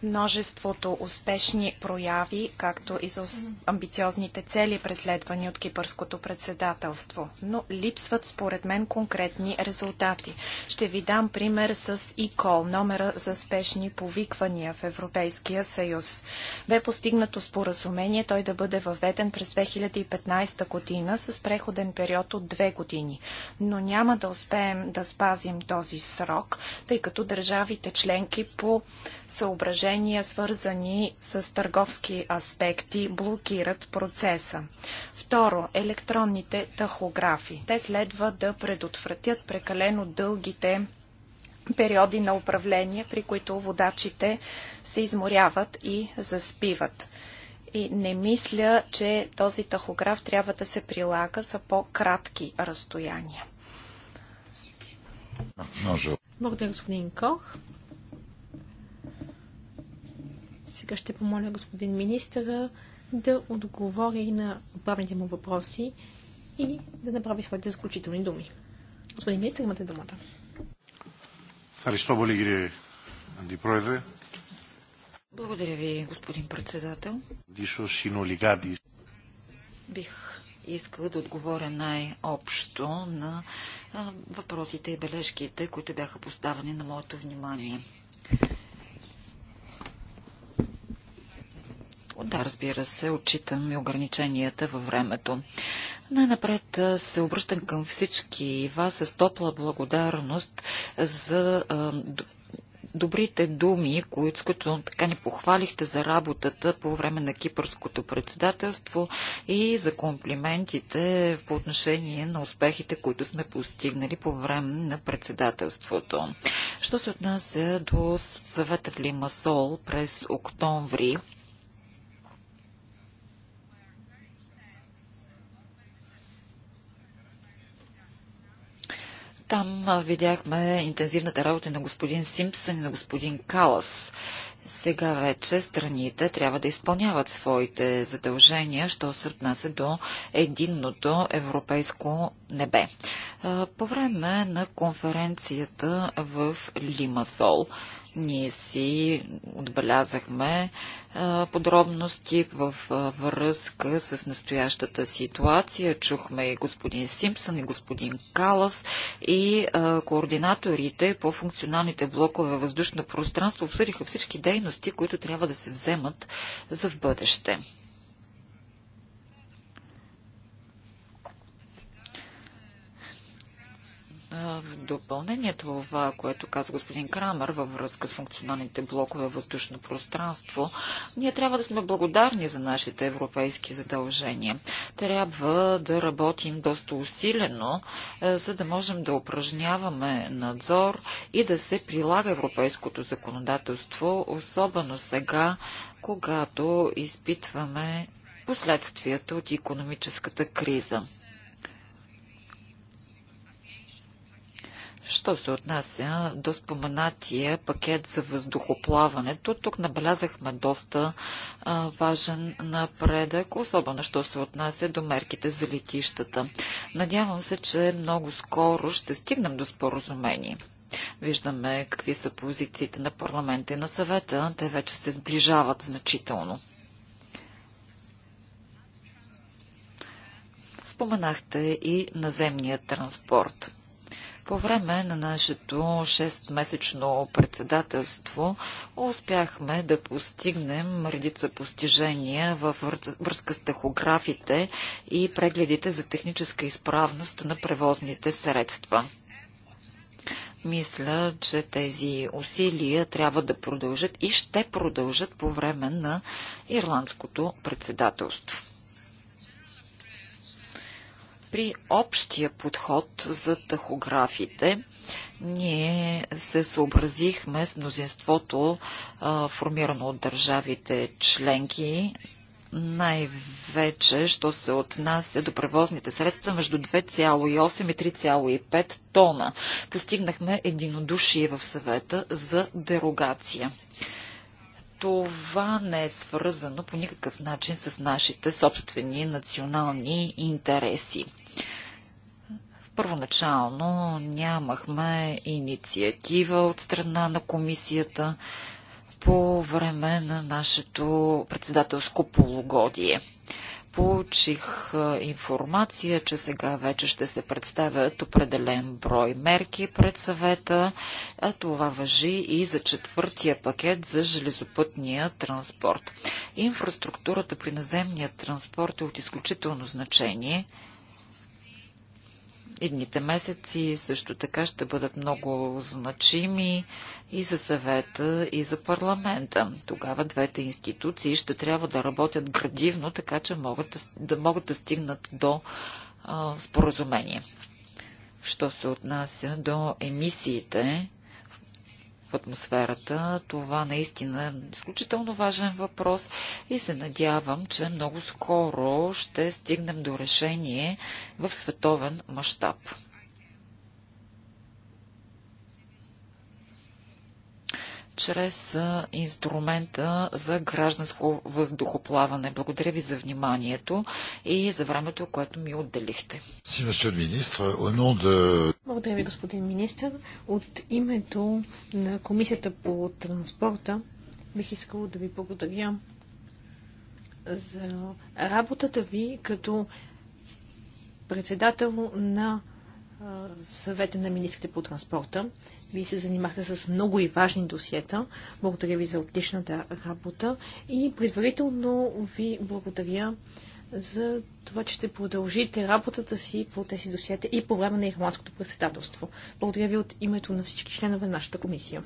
множеството успешни прояви, както и за амбициозните цели, преследвани от кипърското председателство. Но липсват, според мен, конкретни резултати. Ще ви дам пример с ИКОЛ, номера за спешни повиквания в Европейския съюз. Бе постигнато споразумение той да бъде въведен през 2015 година с преходен период от две години. Но няма да успеем да спазим този срок, тъй като държавите членки по съображение съображения, свързани с търговски аспекти, блокират процеса. Второ, електронните тахографи. Те следва да предотвратят прекалено дългите периоди на управление, при които водачите се изморяват и заспиват. И не мисля, че този тахограф трябва да се прилага за по-кратки разстояния. Благодаря, господин Кох. Сега ще помоля господин министъра да отговори на отправените му въпроси и да направи своите заключителни думи. Господин министър, имате думата. Благодаря ви, господин председател. Бих искал да отговоря най-общо на въпросите и бележките, които бяха поставени на моето внимание. Да, разбира се, отчитам и ограниченията във времето. Най-напред се обръщам към всички вас с топла благодарност за добрите думи, които, с които така ни похвалихте за работата по време на кипърското председателство и за комплиментите по отношение на успехите, които сме постигнали по време на председателството. Що се отнася до съвета в Лимасол през октомври, Там видяхме интензивната работа на господин Симпсън и на господин Калас. Сега вече страните трябва да изпълняват своите задължения, що се отнася до единното европейско небе. По време на конференцията в Лимасол ние си отбелязахме подробности в връзка с настоящата ситуация. Чухме и господин Симпсън, и господин Калас, и координаторите по функционалните блокове въздушно пространство обсъдиха всички дейности, които трябва да се вземат за в бъдеще. В допълнение това, което каза господин Крамер във връзка с функционалните блокове въздушно пространство, ние трябва да сме благодарни за нашите европейски задължения. Трябва да работим доста усилено, е, за да можем да упражняваме надзор и да се прилага европейското законодателство, особено сега, когато изпитваме последствията от економическата криза. Що се отнася до споменатия пакет за въздухоплаването, тук набелязахме доста а, важен напредък, особено що се отнася до мерките за летищата. Надявам се, че много скоро ще стигнем до споразумение. Виждаме какви са позициите на парламента и на съвета. Те вече се сближават значително. Споменахте и наземния транспорт. По време на нашето 6-месечно председателство успяхме да постигнем редица постижения във връзка с тахографите и прегледите за техническа изправност на превозните средства. Мисля, че тези усилия трябва да продължат и ще продължат по време на ирландското председателство. При общия подход за тахографите, ние се съобразихме с мнозинството, формирано от държавите членки, най-вече, що се отнася до превозните средства между 2,8 и 3,5 тона. Постигнахме единодушие в съвета за дерогация това не е свързано по никакъв начин с нашите собствени национални интереси. Първоначално нямахме инициатива от страна на комисията по време на нашето председателско полугодие получих информация, че сега вече ще се представят определен брой мерки пред съвета, а това въжи и за четвъртия пакет за железопътния транспорт. Инфраструктурата при наземния транспорт е от изключително значение – Идните месеци също така ще бъдат много значими и за съвета, и за парламента. Тогава двете институции ще трябва да работят градивно, така че могат да, да могат да стигнат до а, споразумение. Що се отнася до емисиите, в атмосферата. Това наистина е изключително важен въпрос и се надявам, че много скоро ще стигнем до решение в световен мащаб. чрез инструмента за гражданско въздухоплаване. Благодаря ви за вниманието и за времето, което ми отделихте. Благодаря ви, господин министр. От името на Комисията по транспорта бих искала да ви благодаря за работата ви като председател на съвета на министрите по транспорта. Вие се занимахте с много и важни досиета. Благодаря ви за отличната работа и предварително ви благодаря за това, че ще продължите работата си по тези досиета и по време на ирландското председателство. Благодаря ви от името на всички членове на нашата комисия.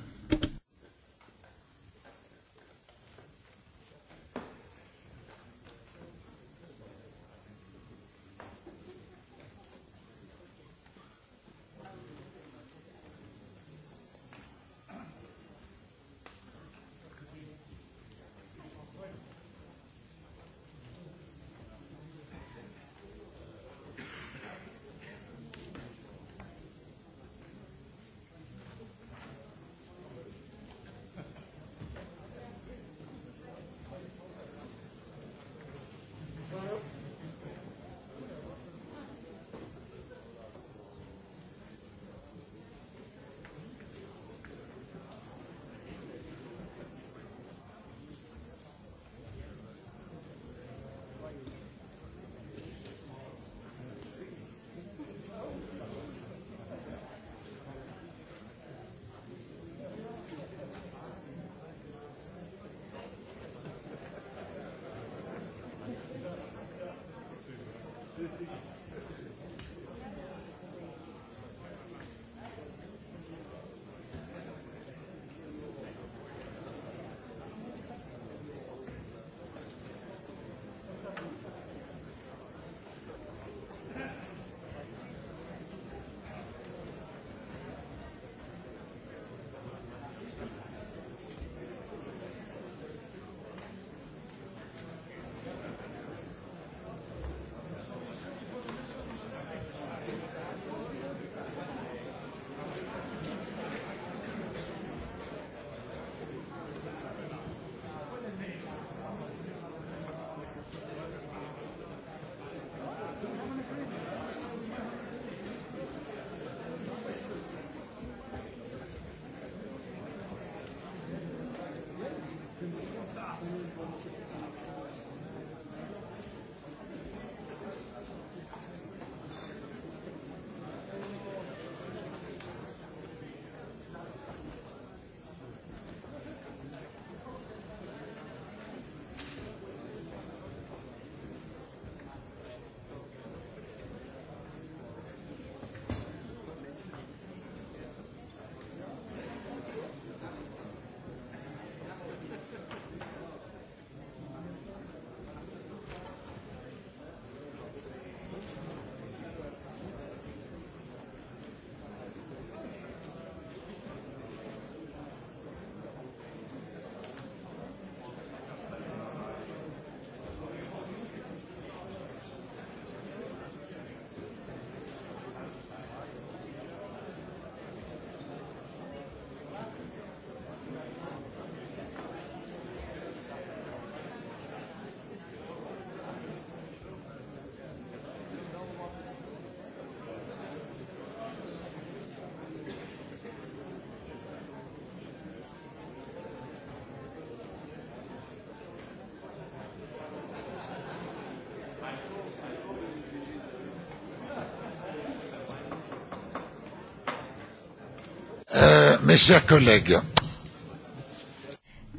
Mes chers collègues.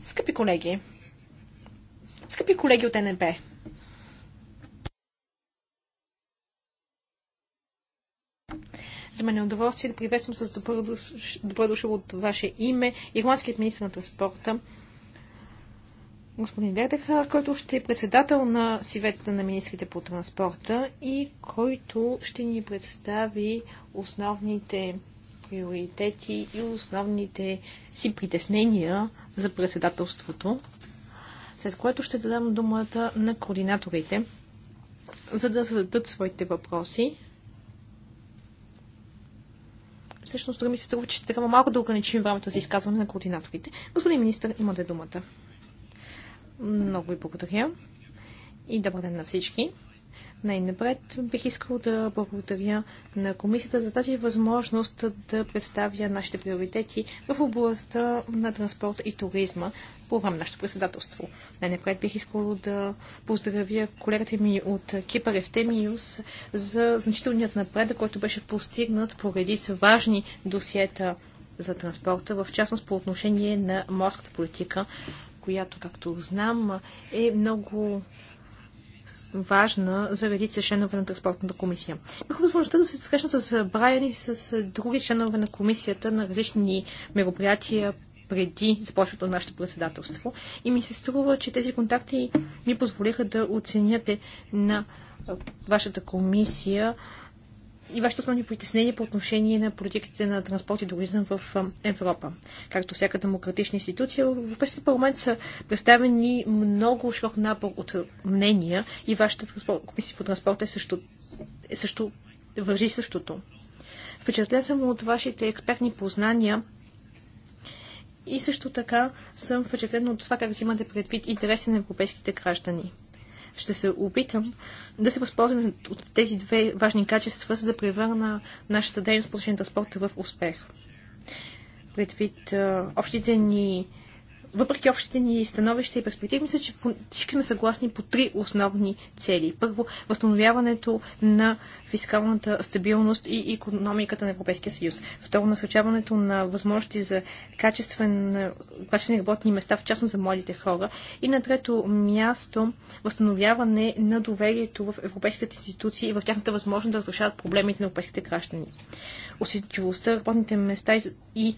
Скъпи колеги, скъпи колеги от НП, За мен е удоволствие да приветствам с добро, дошъл от ваше име ирландският министр на транспорта, господин Вердехар, който ще е председател на съвета на министрите по транспорта и който ще ни представи основните приоритети и основните си притеснения за председателството, след което ще дадам думата на координаторите, за да зададат своите въпроси. Всъщност, дори ми се струва, че ще трябва малко да ограничим времето за изказване на координаторите. Господин министр, имате думата. Много ви благодаря и добър ден на всички. Най-напред бих искал да благодаря на комисията за тази възможност да представя нашите приоритети в областта на транспорта и туризма по време на нашето председателство. Най-напред бих искал да поздравя колегата ми от Кипър Евтемиус за значителният напредък, който беше постигнат по редица важни досиета за транспорта, в частност по отношение на морската политика, която, както знам, е много важна за редица членове на Транспортната комисия. Бих възможността да се срещна с Брайан и с други членове на комисията на различни мероприятия преди започването на нашето председателство. И ми се струва, че тези контакти ми позволиха да оценяте на вашата комисия и вашите основни притеснения по отношение на политиките на транспорт и туризъм в Европа. Както всяка демократична институция, в Европейския парламент са представени много широк набор от мнения и вашата комисия по транспорт е също, е също въжи същото. Впечатлен съм от вашите експертни познания и също така съм впечатлен от това как взимате предвид интереси на европейските граждани. Ще се опитам да се възползвам от тези две важни качества, за да превърна нашата дейност по отношение на транспорта в успех. Предвид общите ни въпреки общите ни становища и перспективи, мисля, че всички сме съгласни по три основни цели. Първо, възстановяването на фискалната стабилност и економиката на Европейския съюз. Второ, насочаването на възможности за качествен, качествени работни места, в частност за младите хора. И на трето място, възстановяване на доверието в европейските институции и в тяхната възможност да разрешават проблемите на европейските граждани. Усетчивостта, работните места и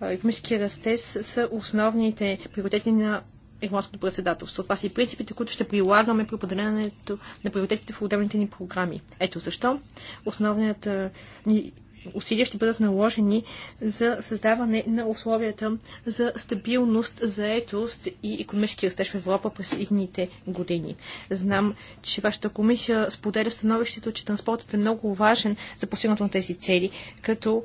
економически растеж са основните приоритети на ирландското председателство. Това са и принципите, които ще прилагаме при определенето на приоритетите в отделните ни програми. Ето защо основният ни усилия ще бъдат наложени за създаване на условията за стабилност, заетост и економически растеж в Европа през едните години. Знам, че вашата комисия споделя становището, че транспортът е много важен за постигането на тези цели, като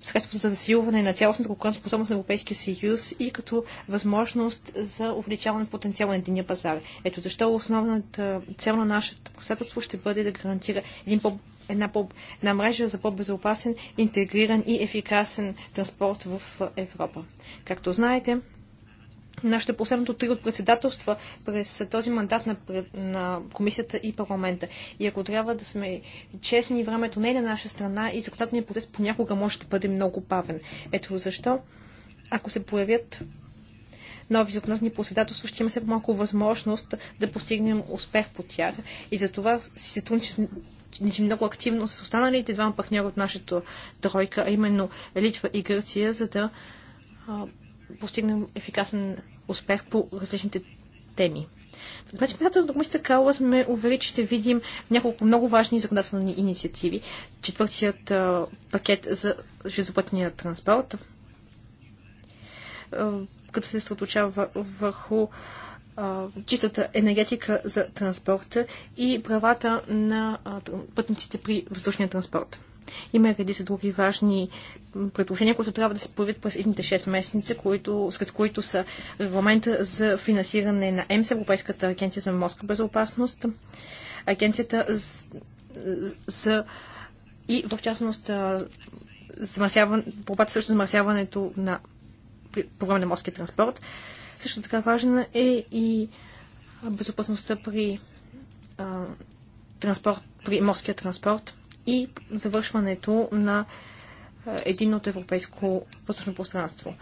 средство за засилване на цялостната конкурентоспособност на Европейския съюз и като възможност за увеличаване на потенциала на единия пазар. Ето защо основната цел на нашето председателство ще бъде да гарантира един по една, по, една мрежа за по-безопасен, интегриран и ефикасен транспорт в Европа. Както знаете, нашето последното три от председателства през този мандат на, на комисията и парламента. И ако трябва да сме честни, времето не е на наша страна и законодателният процес понякога може да бъде много бавен. Ето защо, ако се появят нови законодателни председателства, ще има все малко възможност да постигнем успех по тях. И за това си сътрудничим ничи много активно с останалите двама партньори от нашата тройка, а именно Литва и Гърция, за да постигнем ефикасен успех по различните теми. В председател на комисията Калла сме увери, че ще видим няколко много важни законодателни инициативи. Четвъртият а, пакет за железопътния транспорт, а, като се съсредоточава върху а, чистата енергетика за транспорта и правата на пътниците при въздушния транспорт. Има са други важни предложения, които трябва да се появят през едните 6 месеца, които, след които са регламента за финансиране на ЕМС, Европейската агенция за морска безопасност, агенцията за, за и в частност замърсяване, борбата срещу замърсяването на по време на морския транспорт. Също така важна е и безопасността при а, транспорт, при морския транспорт и завършването на единното европейско въздушно пространство.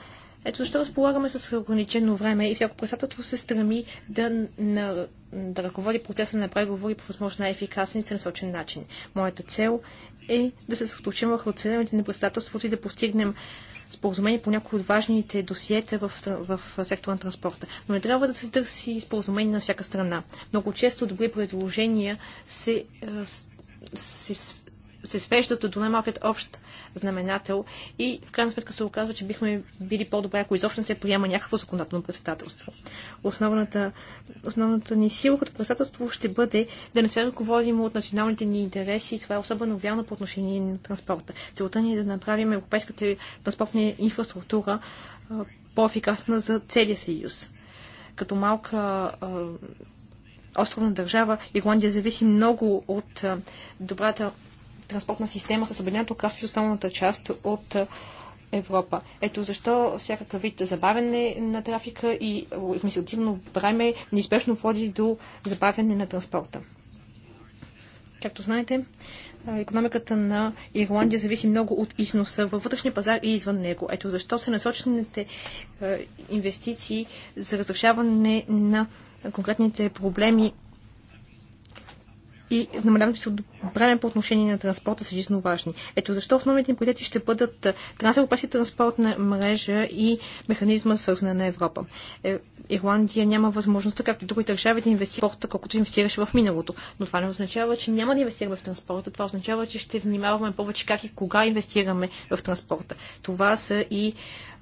Ето защо разполагаме с ограничено време и всяко председателство се стреми да, на, да ръководи процеса на преговори по възможно най-ефикасен и целенасочен начин. Моята цел е да се съсредоточим върху целените на председателството и да постигнем споразумение по някои от важните досиета в, в, в сектора на транспорта. Но не трябва да се търси споразумение на всяка страна. Много често добри предложения се, се се свеждат до най-малкият общ знаменател и в крайна сметка се оказва, че бихме били по-добре, ако изобщо не се приема някакво законодателно председателство. Основната, основната ни сила като председателство ще бъде да не се ръководим от националните ни интереси и това е особено вярно по отношение на транспорта. Целта ни е да направим европейската транспортна инфраструктура по-ефикасна за целия съюз. Като малка островна държава, Ирландия зависи много от добрата транспортна система с Обединеното кралство и останалата част от Европа. Ето защо всякакъв вид забавяне на трафика и административно време неизбежно води до забавяне на транспорта. Както знаете, економиката на Ирландия зависи много от износа във вътрешния пазар и извън него. Ето защо са насочените инвестиции за разрешаване на конкретните проблеми и намаляването се време по отношение на транспорта са жизненно важни. Ето защо основните им приоритети ще бъдат е, трансевропейската транспортна мрежа и механизма свързване на Европа. Е, Ирландия няма възможността, както други държави, да инвестира в спорта, колкото инвестираше в миналото. Но това не означава, че няма да инвестираме в транспорта. Това означава, че ще внимаваме повече как и кога инвестираме в транспорта. Това са и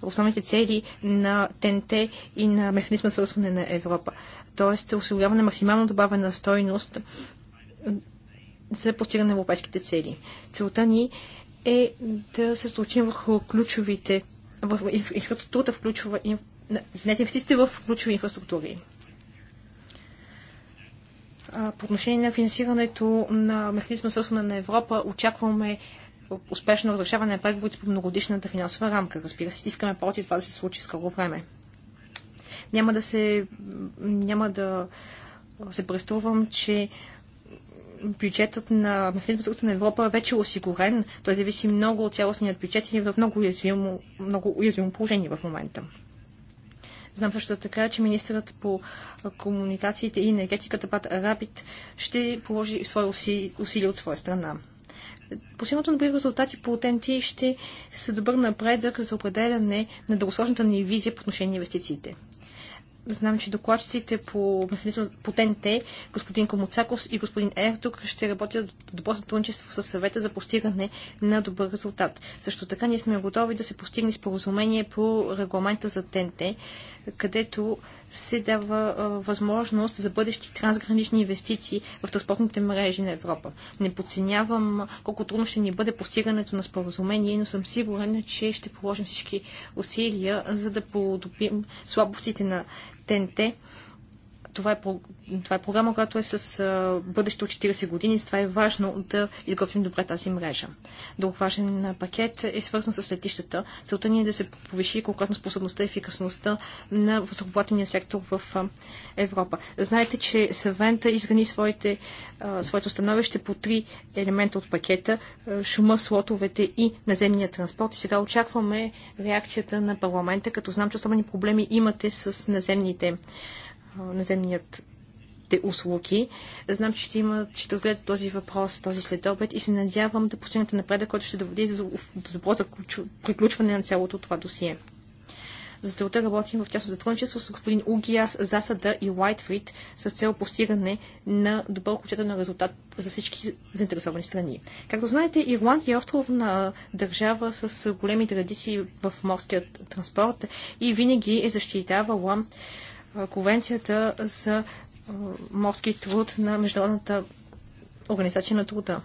основните цели на ТНТ и на механизма свързване на Европа. Тоест, осигуряване максимално добавена стойност за постигане на европейските цели. Целта ни е да се случим върху ключовите, в инфраструктурата включва, инвестициите в ключови инфраструктури. По отношение на финансирането на механизма Съсване на Европа, очакваме успешно разрешаване на преговорите по многодишната финансова рамка. Разбира се, искаме проти това да се случи скоро време. Няма да се, няма да се преструвам, че бюджетът на Механизма за на Европа вече е осигурен. Той зависи много от цялостният бюджет и е в много уязвимо, много уязвимо положение в момента. Знам също така, че министърът по комуникациите и енергетиката Пат Арабит ще положи свои усилия от своя страна. Постигнато добри резултати по ОТНТ ще се добър напредък за определяне на дългосрочната ни визия по отношение на инвестициите. Знам, че докладчиците по механизма по ТНТ, господин Комуцаков и господин Ертук, ще работят добро сътрудничество с съвета за постигане на добър резултат. Също така ние сме готови да се постигне споразумение по регламента за ТНТ, където се дава а, възможност за бъдещи трансгранични инвестиции в транспортните мрежи на Европа. Не подценявам колко трудно ще ни бъде постигането на споразумение, но съм сигурен, че ще положим всички усилия, за да подобим слабостите на ТНТ това е, това е програма, която е с а, бъдеще от 40 години, затова е важно да изготвим добре тази мрежа. Друг важен пакет е свързан с летищата. Целта ни е да се повиши конкретно способността и ефикасността на възработения сектор в а, Европа. Знаете, че Съвента изграни своите, а, своето становище по три елемента от пакета – шума, слотовете и наземния транспорт. И сега очакваме реакцията на парламента, като знам, че особени проблеми имате с наземните транспорт наземният услуги. Знам, че ще, има, ще отгледате този въпрос, този следобед и се надявам да постигнете напредък, който ще доведе до, добро добро приключване на цялото това досие. За целта работим в тясно сътрудничество с господин Угиас, Засада и Уайтфрид с цел постигане на добър окончателен резултат за всички заинтересовани страни. Както знаете, Ирландия е островна държава с големи традиции в морският транспорт и винаги е защитавала Конвенцията за морски труд на Международната организация на труда.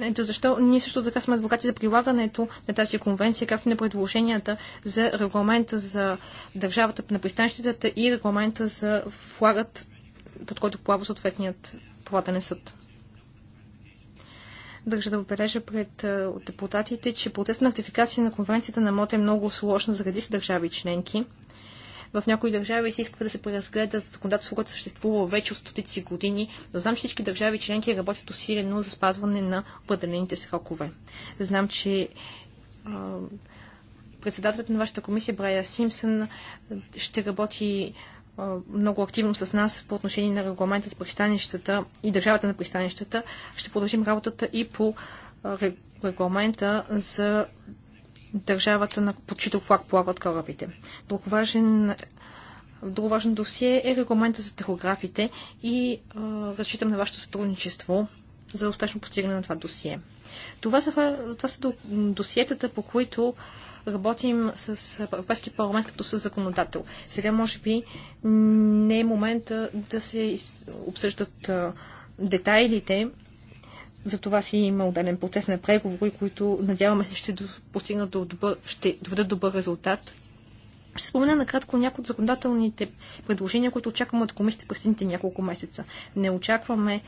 Ето защо ние също така сме адвокати за прилагането на тази конвенция, както и на предложенията за регламента за държавата на пристанищата и регламента за флагът, под който плава съответният платен съд. Държа да отбележа пред депутатите, че процес на ратификация на конвенцията на МОТ е много сложна заради с държави членки в някои държави се иска да се преразгледа законодателство, което съществува вече от стотици години, но знам, че всички държави членки работят усилено за спазване на определените срокове. Знам, че а, председателят на вашата комисия Брая Симпсън ще работи много активно с нас по отношение на регламента с пристанищата и държавата на пристанищата. Ще продължим работата и по регламента за държавата, на под чийто флаг плават корабите. Друг важен друг важен досие е регламента за тахографите и а, разчитам на вашето сътрудничество за успешно постигане на това досие. Това са, това са досиетата, по които работим с Европейския парламент като със законодател. Сега, може би, не е момента да се обсъждат детайлите, за това си има отделен процес на преговори, които надяваме се ще постигнат до добър, ще доведат добър резултат. Ще спомена накратко някои от законодателните предложения, които очакваме от комисията през следните няколко месеца. Не очакваме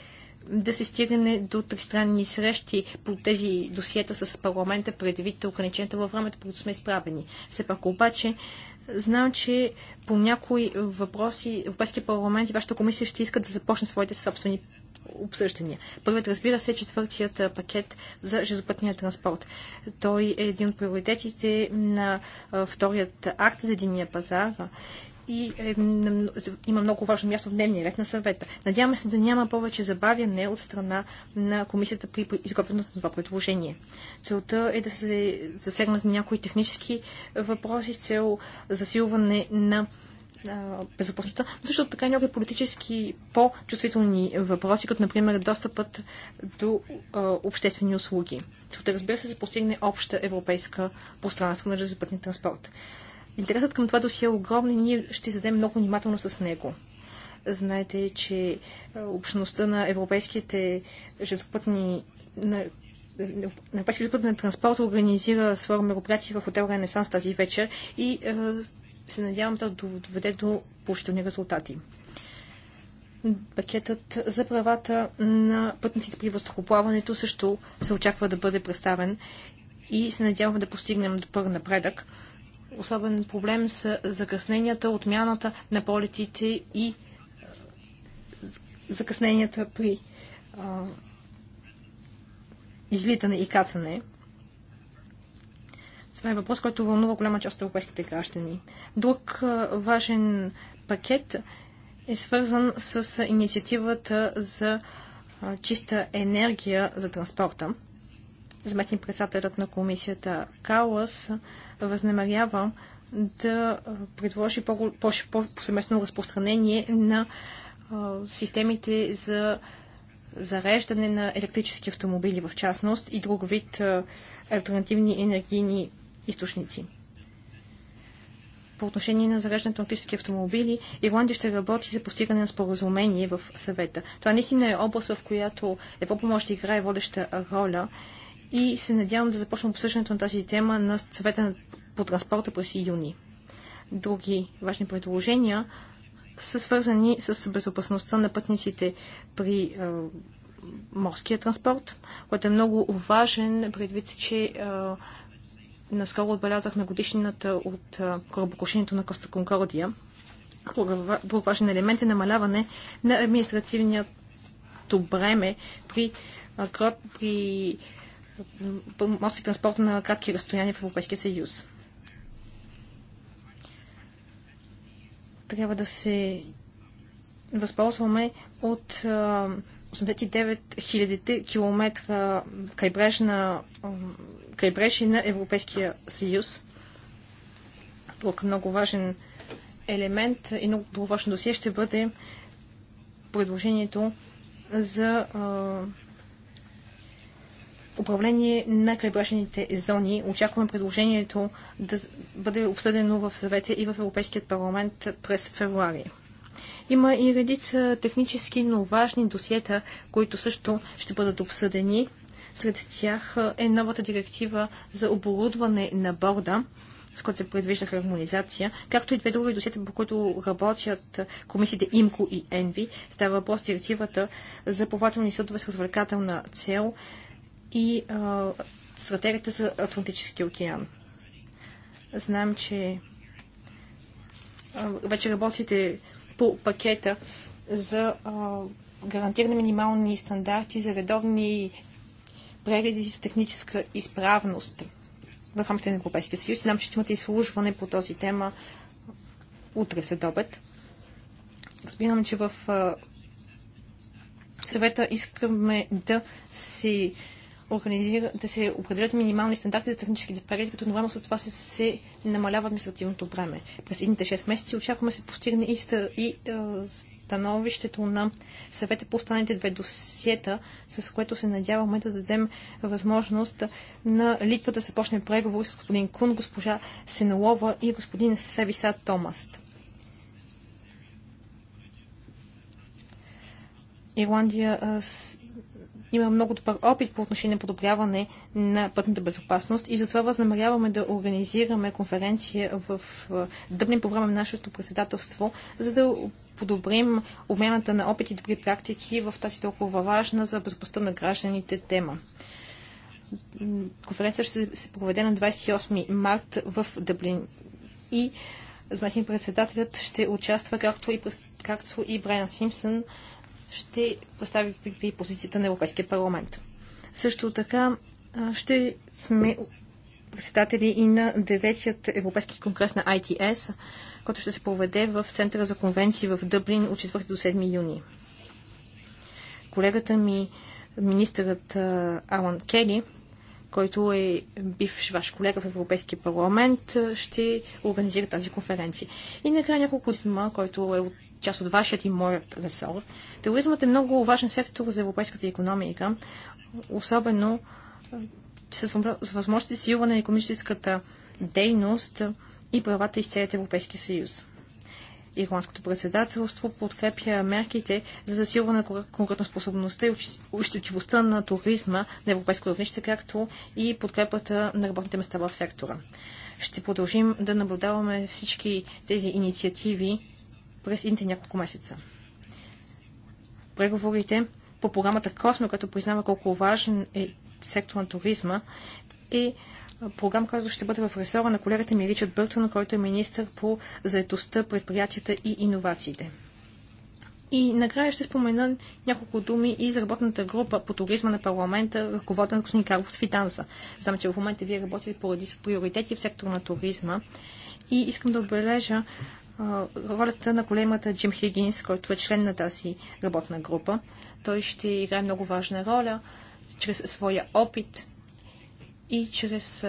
да се стигне до тристранни срещи по тези досиета с парламента, предвид ограниченията във времето, които сме изправени. Все пак обаче, знам, че по някои въпроси Европейския парламент и вашата комисия ще искат да започне своите собствени обсъждания. Първият, разбира се, е четвъртият пакет за железопътния транспорт. Той е един от приоритетите на вторият акт за единия пазар и е, има много важно място в дневния ред на съвета. Надяваме се да няма повече забавяне от страна на комисията при изготвянето на това предложение. Целта е да се засегнат някои технически въпроси с цел засилване на безопасността, но също така и някои политически по-чувствителни въпроси, като например достъпът до а, обществени услуги. Целта разбира се да постигне обща европейска пространство на железопътния транспорт. Интересът към това досие е огромен и ние ще се много внимателно с него. Знаете, че общността на европейските железопътни на Европейския на транспорт организира своя мероприятие в хотел Ренесанс тази вечер и се надявам да доведе до положителни резултати. Пакетът за правата на пътниците при въздухоплаването също се очаква да бъде представен и се надяваме да постигнем добър напредък. Особен проблем са закъсненията, отмяната на полетите и закъсненията при а, излитане и кацане. Това е въпрос, който вълнува голяма част от европейските граждани. Друг важен пакет е свързан с инициативата за чиста енергия за транспорта. Заместник председателят на комисията Калас възнамерява да предложи по-съместно по по разпространение на системите за зареждане на електрически автомобили в частност и друг вид альтернативни енергийни източници. По отношение на зареждането на електрически автомобили, Ирландия ще работи за постигане на споразумение в съвета. Това наистина е област, в която Европа може да играе водеща роля и се надявам да започнем обсъждането на тази тема на съвета по транспорта през юни. Други важни предложения са свързани с безопасността на пътниците при е, морския транспорт, което е много важен, предвид, че е, Наскоро отбелязахме годишнината от корабокрушението на Коста Конкордия. Друг важен елемент е намаляване на административният бреме при, при морски транспорт на кратки разстояния в Европейския съюз. Трябва да се възползваме от 89 000 км крайбрежна крайбрежие на Европейския съюз. Друг много важен елемент и много важно досие ще бъде предложението за а, управление на крайбрежните зони. Очакваме предложението да бъде обсъдено в съвете и в Европейският парламент през февруари. Има и редица технически, но важни досиета, които също ще бъдат обсъдени. Сред тях е новата директива за оборудване на борда, с който се предвижда хармонизация, както и две други досета, по които работят комисиите ИМКО и ЕНВИ. Става въпрос директивата за пователни съдове с развлекателна цел и а, стратегията за Атлантически океан. Знам, че а, вече работите по пакета за а, гарантиране минимални стандарти за редовни прегледи с техническа изправност в рамките на Европейския съюз. Знам, че имате изслужване по този тема утре след обед. Разбирам, че в съвета искаме да се организира, да се определят минимални стандарти за техническите прегледи, като едновременно след това се, се намалява административното време. През едните 6 месеца очакваме се постигне и, и е, становището на съвета по останалите две досиета, с което се надяваме да дадем възможност на Литва да започне преговори с господин Кун, госпожа Сенолова и господин Севиса Томаст. Ирландия има много добър опит по отношение на подобряване на пътната безопасност и затова възнамеряваме да организираме конференция в Дъблин по време на нашето председателство, за да подобрим обмяната на опит и добри практики в тази толкова важна за безопасността на гражданите тема. Конференция ще се проведе на 28 март в Дъблин и заместник председателят ще участва както и, както и Брайан Симпсън, ще представи при позицията на Европейския парламент. Също така ще сме председатели и на 9-ят Европейски конгрес на ITS, който ще се проведе в Центъра за конвенции в Дъблин от 4 до 7 юни. Колегата ми, министърът Алан Кели, който е бивш ваш колега в Европейския парламент, ще организира тази конференция. И накрая няколко сма, който е от част от вашият и моят ресор. Туризмът е много важен сектор за европейската економика, особено с възможност за силване на економическата дейност и правата из целият Европейски съюз. Ирландското председателство подкрепя мерките за засилване на конкурентоспособността и учтивостта на туризма на европейско равнище, както и подкрепата на работните места в сектора. Ще продължим да наблюдаваме всички тези инициативи през инте няколко месеца. Преговорите по програмата Косме, която признава колко важен е сектор на туризма, е програма, която ще бъде в ресора на колегата ми Ричард Бъртън, който е министр по заедостта, предприятията и иновациите. И накрая ще спомена няколко думи и за работната група по туризма на парламента, ръководен от господин Карлос Фитанса. Знам, че в момента вие работите по приоритети в сектора на туризма. И искам да отбележа ролята на големата Джим Хигинс, който е член на тази работна група. Той ще играе много важна роля чрез своя опит и чрез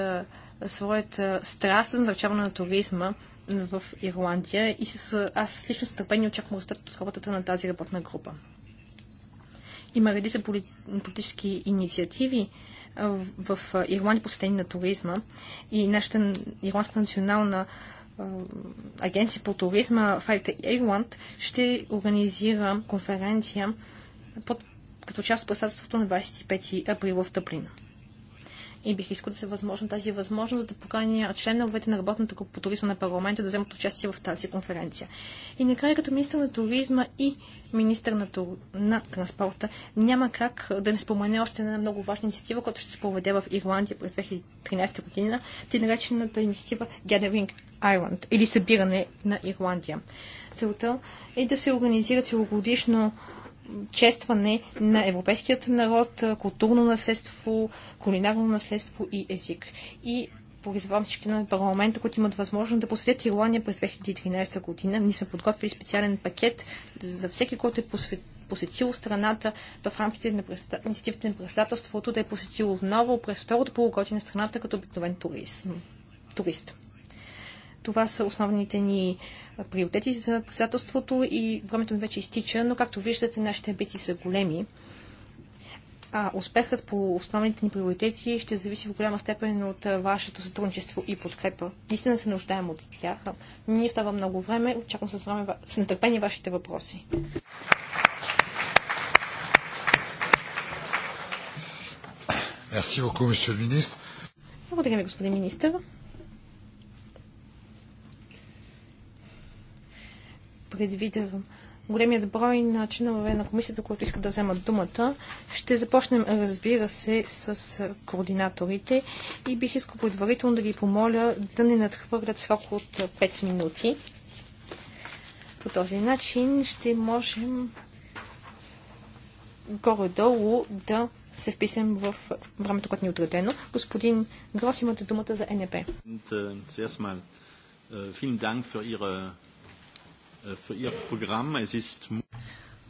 своята страст за насърчаване на туризма в Ирландия и с, аз лично с търпение очаквам резултатът от работата на тази работна група. Има ради за политически инициативи в, в Ирландия посетени на туризма и нашата Ирландска национална агенция по туризма Fight Airland ще организира конференция под, като част от председателството на 25 април в Тъплин. И бих искал да се възможно тази възможност да поканя членовете на работната група по туризма на парламента да вземат участие в тази конференция. И накрая като министър на туризма и министър на, тур... на транспорта, няма как да не спомене още една много важна инициатива, която ще се проведе в Ирландия през 2013 година, тъй наречената инициатива Gathering Ireland или събиране на Ирландия. Целта е да се организира целогодишно честване на европейският народ, културно наследство, кулинарно наследство и език. И призвам всички на парламента, които имат възможност да посветят Ирландия през 2013 година. Ние сме подготвили специален пакет за всеки, който е посвет, посетил страната в рамките на институтите на председателството, да е посетил отново през второто полугодие на страната като обикновен турист. Това са основните ни приоритети за председателството и времето ми вече изтича, но както виждате, нашите амбиции са големи. А успехът по основните ни приоритети ще зависи в голяма степен от вашето сътрудничество и подкрепа. Наистина се нуждаем от тях. Ние остава много време. Очаквам с, време, с нетърпение вашите въпроси. Благодаря ви, господин министър. предвид големият брой на членове на комисията, които искат да вземат думата. Ще започнем, разбира се, с координаторите и бих искал предварително да ги помоля да не надхвърлят срок от 5 минути. По този начин ще можем горе-долу да се вписам в времето, което ни е отредено. Господин Грос, имате думата за НП. Äh,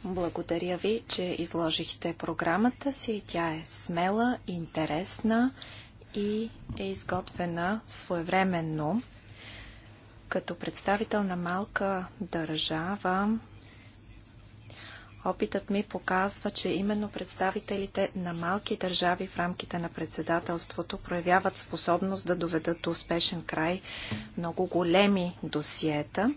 Благодаря ви, че изложихте програмата си. Тя е смела, интересна и е изготвена своевременно. Като представител на малка държава, Опитът ми показва, че именно представителите на малки държави в рамките на председателството проявяват способност да доведат до успешен край много големи досиета.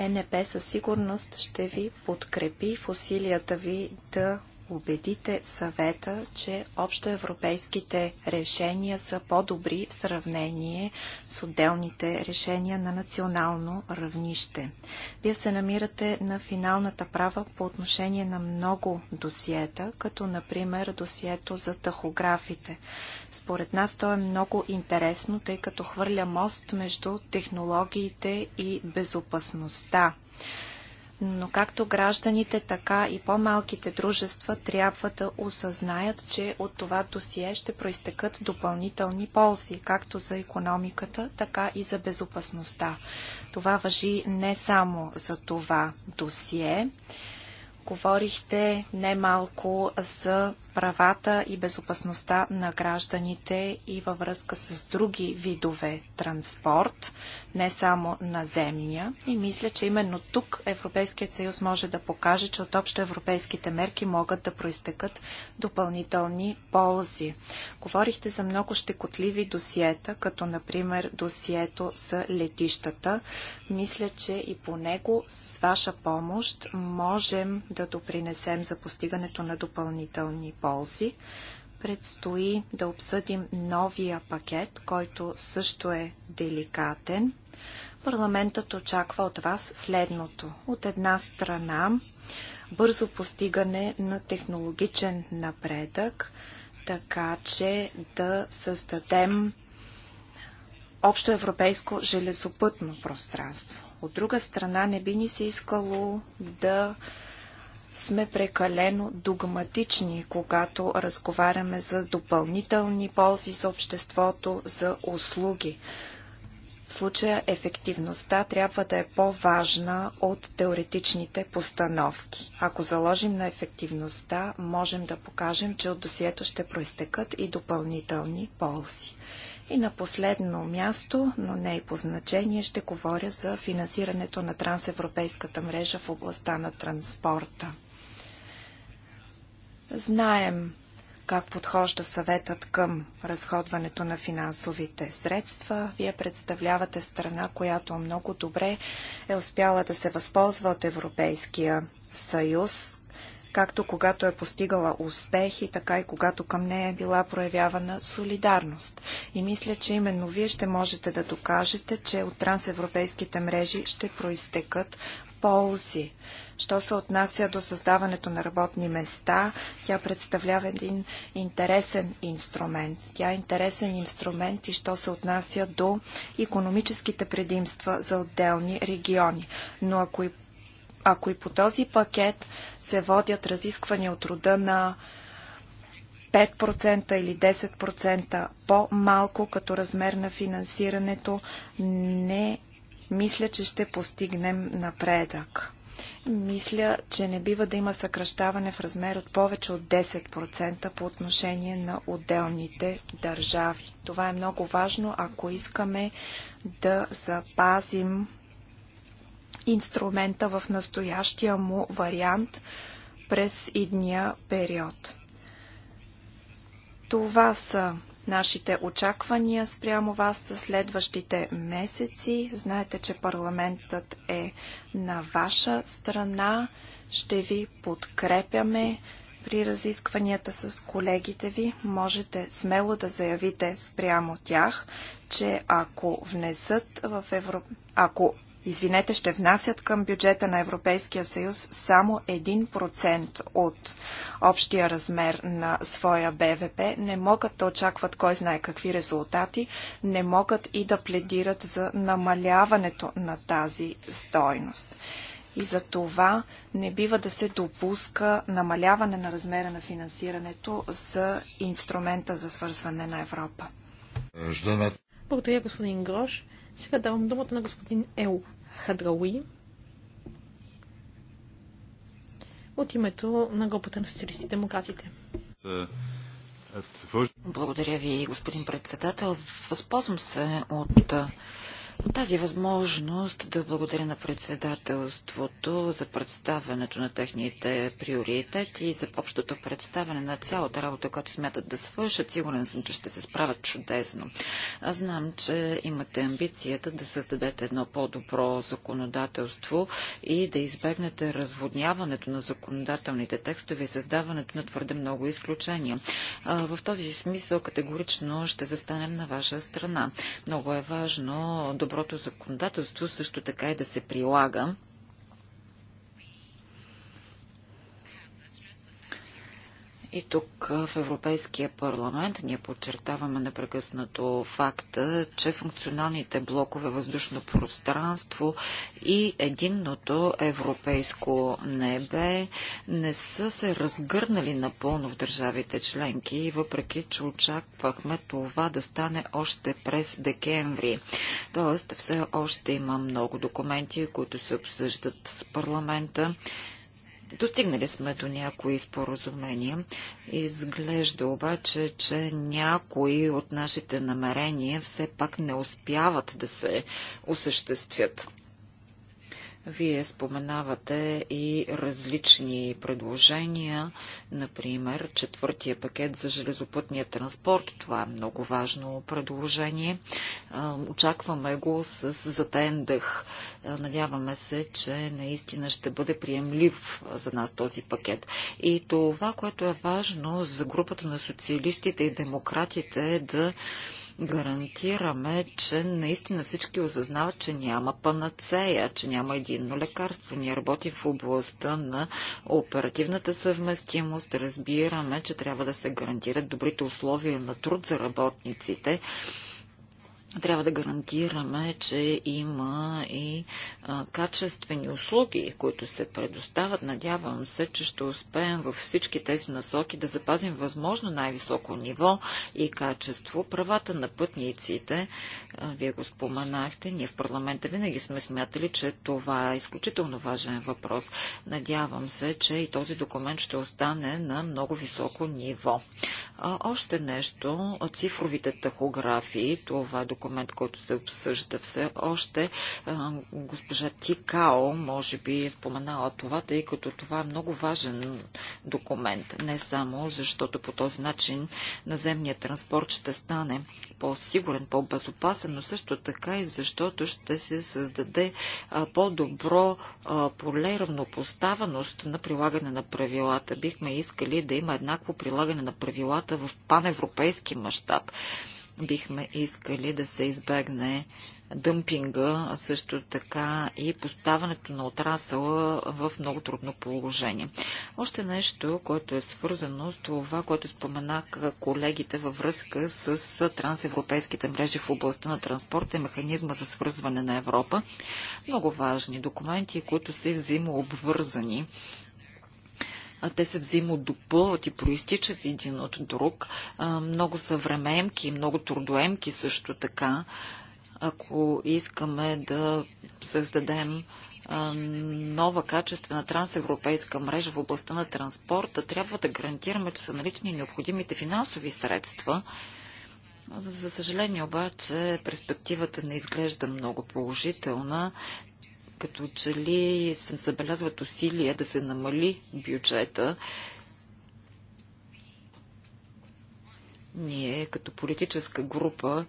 ЕНП със сигурност ще ви подкрепи в усилията ви да убедите съвета, че общоевропейските решения са по-добри в сравнение с отделните решения на национално равнище. Вие се намирате на финалната права по отношение на много досиета, като например досието за тахографите. Според нас то е много интересно, тъй като хвърля мост между технологиите и безопасността. Но както гражданите, така и по-малките дружества трябва да осъзнаят, че от това досие ще проистекат допълнителни ползи, както за економиката, така и за безопасността. Това въжи не само за това досие, говорихте немалко за правата и безопасността на гражданите и във връзка с други видове транспорт, не само наземния. И мисля, че именно тук Европейският съюз може да покаже, че от общо европейските мерки могат да проистекат допълнителни ползи. Говорихте за много щекотливи досиета, като например досието с летищата. Мисля, че и по него с ваша помощ можем да допринесем за постигането на допълнителни ползи. Предстои да обсъдим новия пакет, който също е деликатен. Парламентът очаква от вас следното. От една страна, бързо постигане на технологичен напредък, така че да създадем общо европейско железопътно пространство. От друга страна, не би ни се искало да сме прекалено догматични, когато разговаряме за допълнителни ползи за обществото, за услуги. В случая ефективността трябва да е по-важна от теоретичните постановки. Ако заложим на ефективността, можем да покажем, че от досието ще проистекат и допълнителни ползи. И на последно място, но не и по значение, ще говоря за финансирането на трансевропейската мрежа в областта на транспорта. Знаем как подхожда съветът към разходването на финансовите средства. Вие представлявате страна, която много добре е успяла да се възползва от Европейския съюз, както когато е постигала успехи, така и когато към нея е била проявявана солидарност. И мисля, че именно вие ще можете да докажете, че от трансевропейските мрежи ще проистекат ползи. Що се отнася до създаването на работни места, тя представлява един интересен инструмент. Тя е интересен инструмент и що се отнася до економическите предимства за отделни региони. Но ако и, ако и по този пакет се водят разисквания от рода на 5% или 10% по-малко като размер на финансирането не мисля, че ще постигнем напредък. Мисля, че не бива да има съкръщаване в размер от повече от 10% по отношение на отделните държави. Това е много важно, ако искаме да запазим инструмента в настоящия му вариант през идния период. Това са Нашите очаквания спрямо вас са следващите месеци. Знаете, че парламентът е на ваша страна. Ще ви подкрепяме при разискванията с колегите ви. Можете смело да заявите спрямо тях, че ако внесат в Европа ако извинете, ще внасят към бюджета на Европейския съюз само 1% от общия размер на своя БВП, не могат да очакват кой знае какви резултати, не могат и да пледират за намаляването на тази стойност и за това не бива да се допуска намаляване на размера на финансирането за инструмента за свързване на Европа. Благодаря, господин Грош. Сега давам думата на господин Елов. Хадрауи от името на групата на социалисти-демократите. Благодаря ви, господин председател. Възползвам се от тази възможност да благодаря на председателството за представянето на техните приоритети и за общото представяне на цялата работа, която смятат да свършат. Сигурен съм, че ще се справят чудесно. Аз знам, че имате амбицията да създадете едно по-добро законодателство и да избегнете разводняването на законодателните текстове и създаването на твърде много изключения. в този смисъл категорично ще застанем на ваша страна. Много е важно да доброто законодателство също така и да се прилага И тук в Европейския парламент ние подчертаваме непрекъснато факта, че функционалните блокове въздушно пространство и единното европейско небе не са се разгърнали напълно в държавите членки, въпреки че очаквахме това да стане още през декември. Тоест все още има много документи, които се обсъждат с парламента. Достигнали сме до някои споразумения. Изглежда обаче, че някои от нашите намерения все пак не успяват да се осъществят. Вие споменавате и различни предложения, например четвъртия пакет за железопътния транспорт. Това е много важно предложение. Очакваме го с затен дъх. Надяваме се, че наистина ще бъде приемлив за нас този пакет. И това, което е важно за групата на социалистите и демократите е да гарантираме, че наистина всички осъзнават, че няма панацея, че няма единно лекарство. Ние работим в областта на оперативната съвместимост. Разбираме, че трябва да се гарантират добрите условия на труд за работниците трябва да гарантираме, че има и а, качествени услуги, които се предоставят. Надявам се, че ще успеем във всички тези насоки да запазим възможно най-високо ниво и качество. Правата на пътниците, а, вие го споменахте, ние в парламента винаги сме смятали, че това е изключително важен въпрос. Надявам се, че и този документ ще остане на много високо ниво. А, още нещо, цифровите тахографии, това е документ, който се обсъжда все още. Госпожа Тикао, може би, е споменала това, тъй като това е много важен документ. Не само защото по този начин наземният транспорт ще стане по-сигурен, по-безопасен, но също така и защото ще се създаде по-добро поле равнопоставеност на прилагане на правилата. Бихме искали да има еднакво прилагане на правилата в паневропейски мащаб бихме искали да се избегне дъмпинга, а също така и поставането на отрасъла в много трудно положение. Още нещо, което е свързано с това, което споменах колегите във връзка с трансевропейските мрежи в областта на транспорта и механизма за свързване на Европа. Много важни документи, които са взаимообвързани. обвързани те се взаимодопълват и проистичат един от друг. Много са времеемки, много трудоемки също така, ако искаме да създадем нова качествена трансевропейска мрежа в областта на транспорта, трябва да гарантираме, че са налични необходимите финансови средства. За съжаление обаче перспективата не изглежда много положителна като че ли се забелязват усилия да се намали бюджета. Ние като политическа група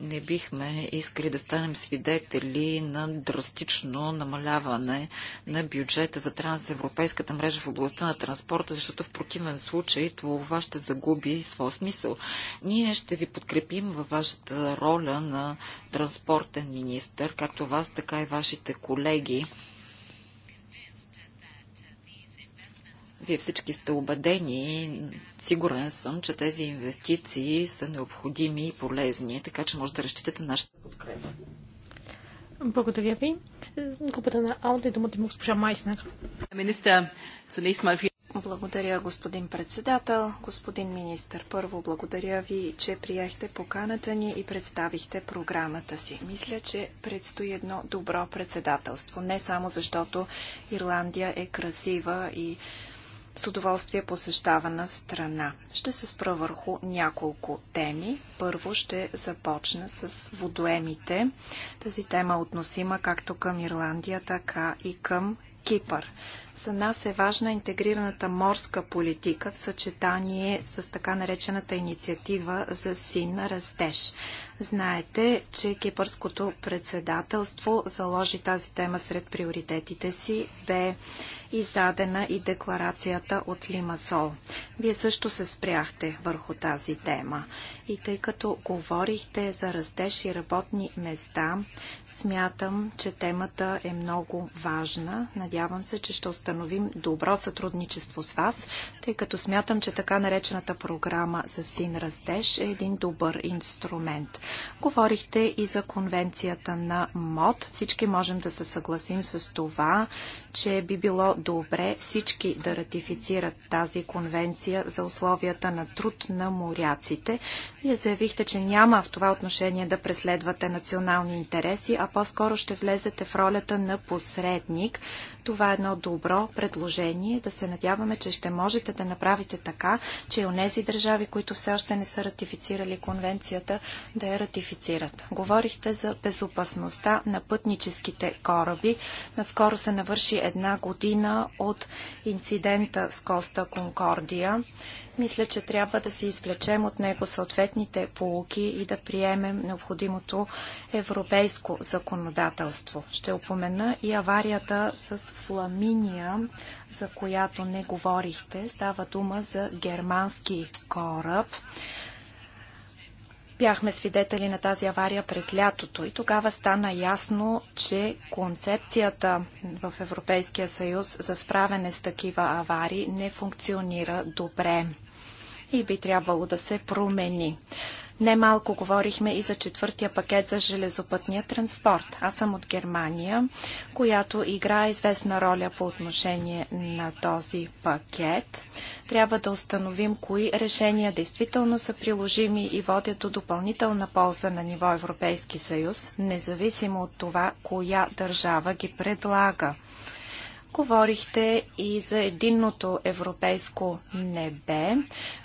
не бихме искали да станем свидетели на драстично намаляване на бюджета за трансевропейската мрежа в областта на транспорта, защото в противен случай това ще загуби своя смисъл. Ние ще ви подкрепим във вашата роля на транспортен министр, както вас, така и вашите колеги Вие всички сте убедени, сигурен съм, че тези инвестиции са необходими и полезни, така че може да разчитате нашата подкрепа. Благодаря ви. Групата на Ауди, думата има госпожа Майснер. Министър, благодаря, господин председател. Господин министр, първо благодаря ви, че приехте поканата ни и представихте програмата си. Мисля, че предстои едно добро председателство, не само защото Ирландия е красива и с удоволствие посещавана страна. Ще се спра върху няколко теми. Първо ще започна с водоемите. Тази тема е относима както към Ирландия, така и към Кипър. За нас е важна интегрираната морска политика в съчетание с така наречената инициатива за син растеж. Знаете, че кипърското председателство заложи тази тема сред приоритетите си. Бе издадена и декларацията от Лимасол. Вие също се спряхте върху тази тема. И тъй като говорихте за растеж и работни места, смятам, че темата е много важна. Надявам се, че ще установим добро сътрудничество с вас, тъй като смятам, че така наречената програма за син растеж е един добър инструмент. Говорихте и за конвенцията на МОД. Всички можем да се съгласим с това, че би било добре всички да ратифицират тази конвенция за условията на труд на моряците. Вие заявихте, че няма в това отношение да преследвате национални интереси, а по-скоро ще влезете в ролята на посредник. Това е едно добро предложение. Да се надяваме, че ще можете да направите така, че и онези държави, които все още не са ратифицирали конвенцията, да я ратифицират. Говорихте за безопасността на пътническите кораби. Наскоро се навърши една година от инцидента с Коста Конкордия. Мисля, че трябва да се извлечем от него съответните полуки и да приемем необходимото европейско законодателство. Ще опомена и аварията с Фламиния, за която не говорихте. Става дума за германски кораб. Бяхме свидетели на тази авария през лятото и тогава стана ясно, че концепцията в Европейския съюз за справяне с такива аварии не функционира добре и би трябвало да се промени. Немалко говорихме и за четвъртия пакет за железопътния транспорт. Аз съм от Германия, която играе известна роля по отношение на този пакет. Трябва да установим кои решения действително са приложими и водят до допълнителна полза на ниво Европейски съюз, независимо от това, коя държава ги предлага. Говорихте и за единното европейско небе.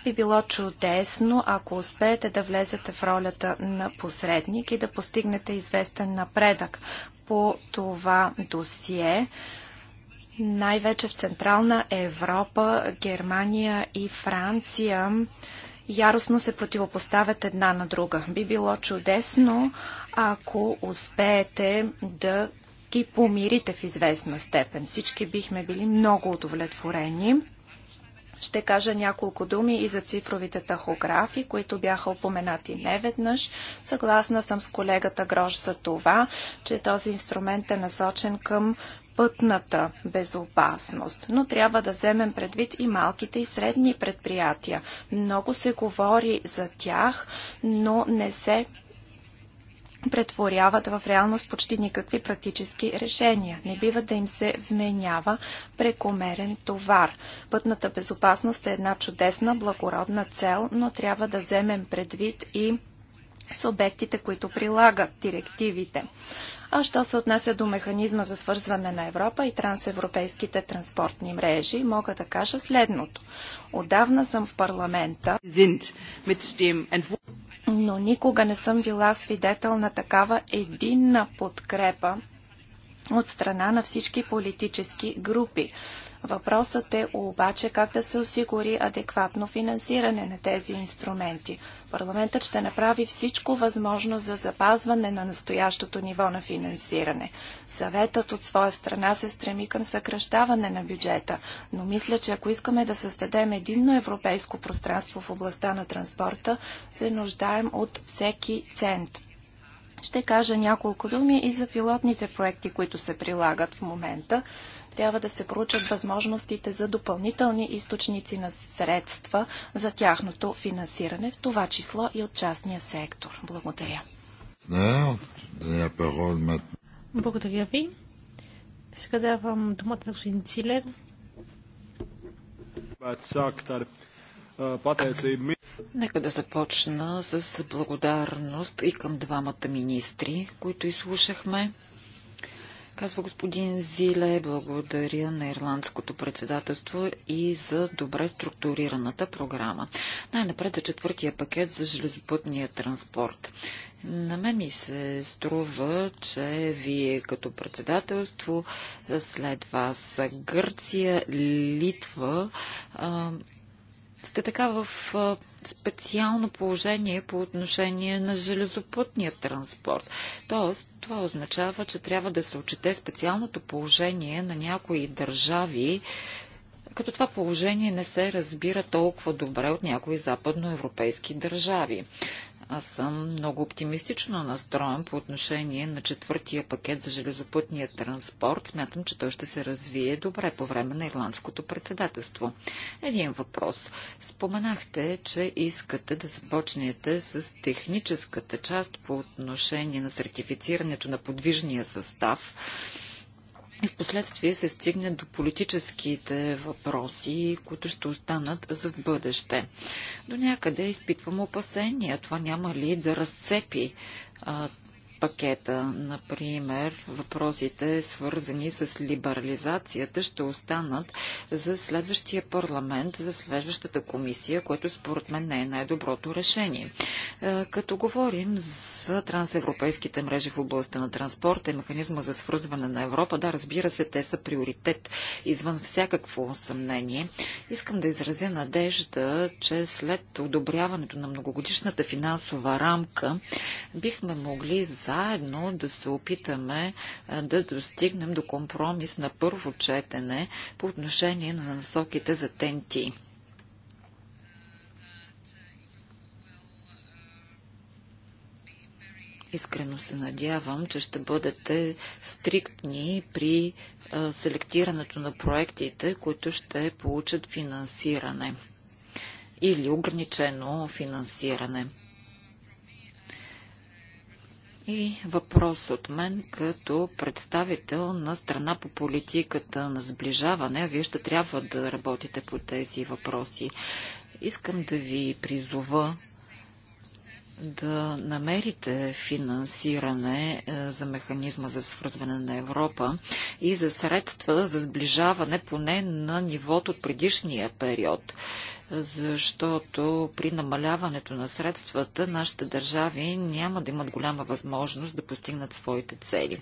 Би било чудесно, ако успеете да влезете в ролята на посредник и да постигнете известен напредък по това досие най-вече в Централна Европа, Германия и Франция яростно се противопоставят една на друга. Би било чудесно, ако успеете да почти помирите в известна степен. Всички бихме били много удовлетворени. Ще кажа няколко думи и за цифровите тахографи, които бяха упоменати неведнъж. Съгласна съм с колегата Грош за това, че този инструмент е насочен към пътната безопасност, но трябва да вземем предвид и малките и средни предприятия. Много се говори за тях, но не се претворяват в реалност почти никакви практически решения. Не бива да им се вменява прекомерен товар. Пътната безопасност е една чудесна, благородна цел, но трябва да вземем предвид и субектите, които прилагат директивите. А що се отнася до механизма за свързване на Европа и трансевропейските транспортни мрежи, мога да кажа следното. Отдавна съм в парламента но никога не съм била свидетел на такава единна подкрепа от страна на всички политически групи. Въпросът е обаче как да се осигури адекватно финансиране на тези инструменти. Парламентът ще направи всичко възможно за запазване на настоящото ниво на финансиране. Съветът от своя страна се стреми към съкръщаване на бюджета, но мисля, че ако искаме да създадем единно европейско пространство в областта на транспорта, се нуждаем от всеки цент. Ще кажа няколко думи и за пилотните проекти, които се прилагат в момента трябва да се проучат възможностите за допълнителни източници на средства за тяхното финансиране, в това число и от частния сектор. Благодаря. Благодаря ви. Сега давам думата на господин Цилер. Нека да започна с благодарност и към двамата министри, които изслушахме. Казва господин Зиле, благодаря на Ирландското председателство и за добре структурираната програма. Най-напред за четвъртия пакет за железопътния транспорт. На мен ми се струва, че вие като председателство, след вас Гърция, Литва, сте така в специално положение по отношение на железопътния транспорт. Тоест, това означава, че трябва да се очете специалното положение на някои държави, като това положение не се разбира толкова добре от някои западноевропейски държави. Аз съм много оптимистично настроен по отношение на четвъртия пакет за железопътния транспорт. Смятам, че той ще се развие добре по време на ирландското председателство. Един въпрос. Споменахте, че искате да започнете с техническата част по отношение на сертифицирането на подвижния състав. И в последствие се стигне до политическите въпроси, които ще останат за в бъдеще. До някъде изпитвам опасения. Това няма ли да разцепи а, пакета. Например, въпросите свързани с либерализацията ще останат за следващия парламент, за следващата комисия, което според мен не е най-доброто решение. Е, като говорим за трансевропейските мрежи в областта на транспорта и механизма за свързване на Европа, да, разбира се, те са приоритет извън всякакво съмнение. Искам да изразя надежда, че след одобряването на многогодишната финансова рамка бихме могли за заедно да се опитаме да достигнем до компромис на първо четене по отношение на насоките за ТНТ. Искрено се надявам, че ще бъдете стриктни при селектирането на проектите, които ще получат финансиране или ограничено финансиране. И въпрос от мен като представител на страна по политиката на сближаване. Вие ще трябва да работите по тези въпроси. Искам да ви призова да намерите финансиране е, за механизма за свързване на Европа и за средства за сближаване поне на нивото от предишния период защото при намаляването на средствата нашите държави няма да имат голяма възможност да постигнат своите цели.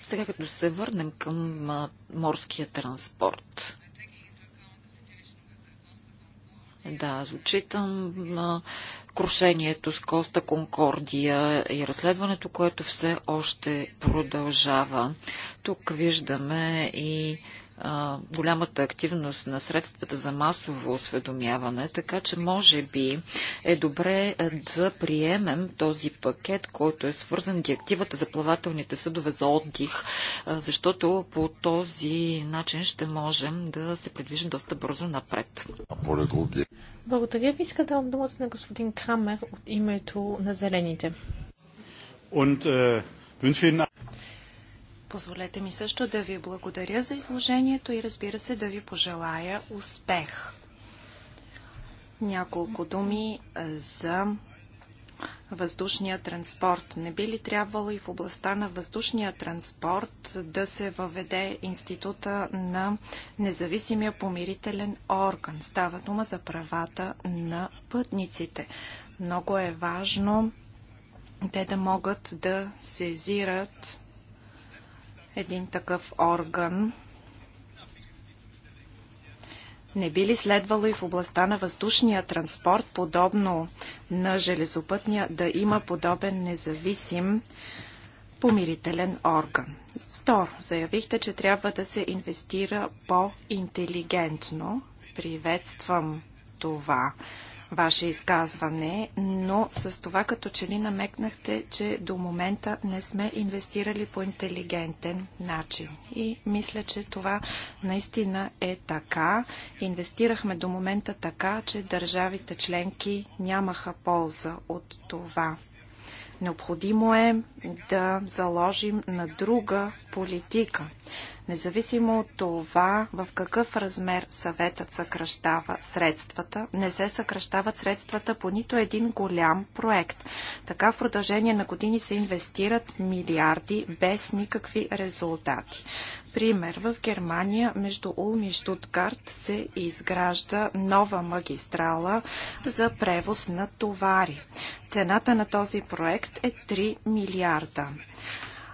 Сега като се върнем към морския транспорт. Да, зачитам крушението с Коста Конкордия и разследването, което все още продължава. Тук виждаме и голямата активност на средствата за масово осведомяване, така че може би е добре е, да приемем този пакет, който е свързан директивата за плавателните съдове за отдих, защото по този начин ще можем да се придвижим доста бързо напред. Благодаря ви. Иска да думата на господин Крамер от името на Зелените. Е, Позволете ми също да ви благодаря за изложението и разбира се да ви пожелая успех. Няколко думи за въздушния транспорт. Не би ли трябвало и в областта на въздушния транспорт да се въведе института на независимия помирителен орган? Става дума за правата на пътниците. Много е важно те да могат да сезират един такъв орган. Не би ли следвало и в областта на въздушния транспорт, подобно на железопътния, да има подобен независим помирителен орган? Второ, заявихте, че трябва да се инвестира по-интелигентно. Приветствам това ваше изказване, но с това като че ли намекнахте, че до момента не сме инвестирали по интелигентен начин. И мисля, че това наистина е така. Инвестирахме до момента така, че държавите членки нямаха полза от това. Необходимо е да заложим на друга политика. Независимо от това в какъв размер съветът съкръщава средствата, не се съкръщават средствата по нито един голям проект. Така в продължение на години се инвестират милиарди без никакви резултати. Пример, в Германия между Улм и Штутгарт се изгражда нова магистрала за превоз на товари. Цената на този проект е 3 милиарда карта.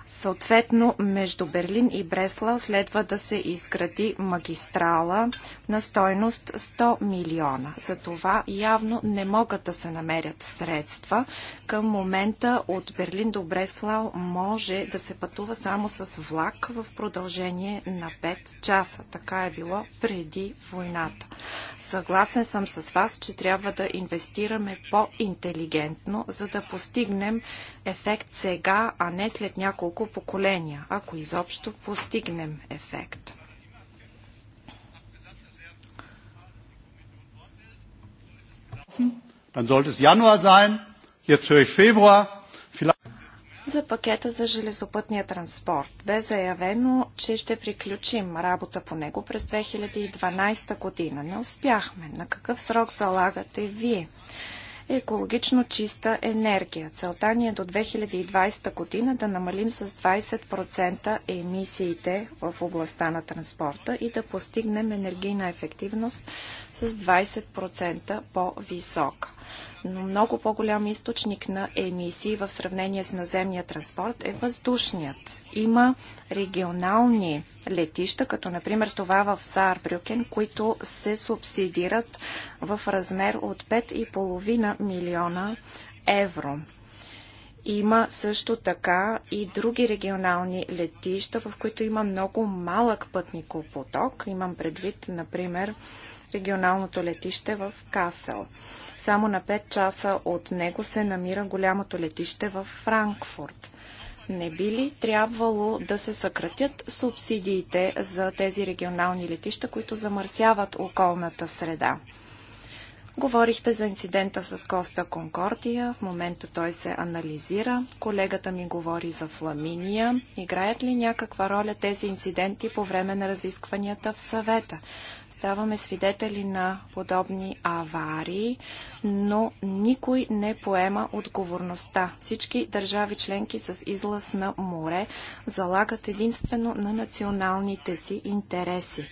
Съответно, между Берлин и Бреслау следва да се изгради магистрала на стойност 100 милиона. За това явно не могат да се намерят средства. Към момента от Берлин до Бреслау може да се пътува само с влак в продължение на 5 часа. Така е било преди войната. Съгласен съм с вас, че трябва да инвестираме по-интелигентно, за да постигнем ефект сега, а не след няколко поколения, ако изобщо постигнем ефект. Dann sollte es Januar sein, jetzt höre ich Februar. Vielleicht за пакета за железопътния транспорт. Бе заявено, че ще приключим работа по него през 2012 година. Не успяхме. На какъв срок залагате вие? екологично чиста енергия. Целта ни е до 2020 година да намалим с 20% емисиите в областта на транспорта и да постигнем енергийна ефективност с 20% по-висока но много по-голям източник на емисии в сравнение с наземния транспорт е въздушният. Има регионални летища, като например това в Саарбрюкен, които се субсидират в размер от 5,5 милиона евро. Има също така и други регионални летища, в които има много малък пътникопоток. Имам предвид, например, регионалното летище в Касел. Само на 5 часа от него се намира голямото летище в Франкфурт. Не би ли трябвало да се съкратят субсидиите за тези регионални летища, които замърсяват околната среда? Говорихте за инцидента с Коста Конкордия. В момента той се анализира. Колегата ми говори за Фламиния. Играят ли някаква роля тези инциденти по време на разискванията в съвета? Ставаме свидетели на подобни аварии, но никой не поема отговорността. Всички държави членки с излъз на море залагат единствено на националните си интереси.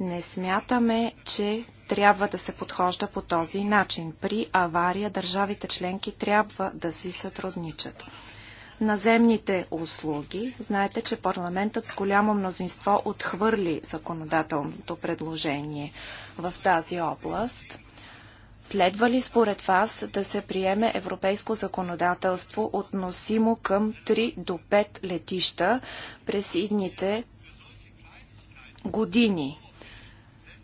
Не смятаме, че трябва да се подхожда по този начин. При авария държавите членки трябва да си сътрудничат наземните услуги. Знаете, че парламентът с голямо мнозинство отхвърли законодателното предложение в тази област. Следва ли според вас да се приеме европейско законодателство относимо към 3 до 5 летища през идните години?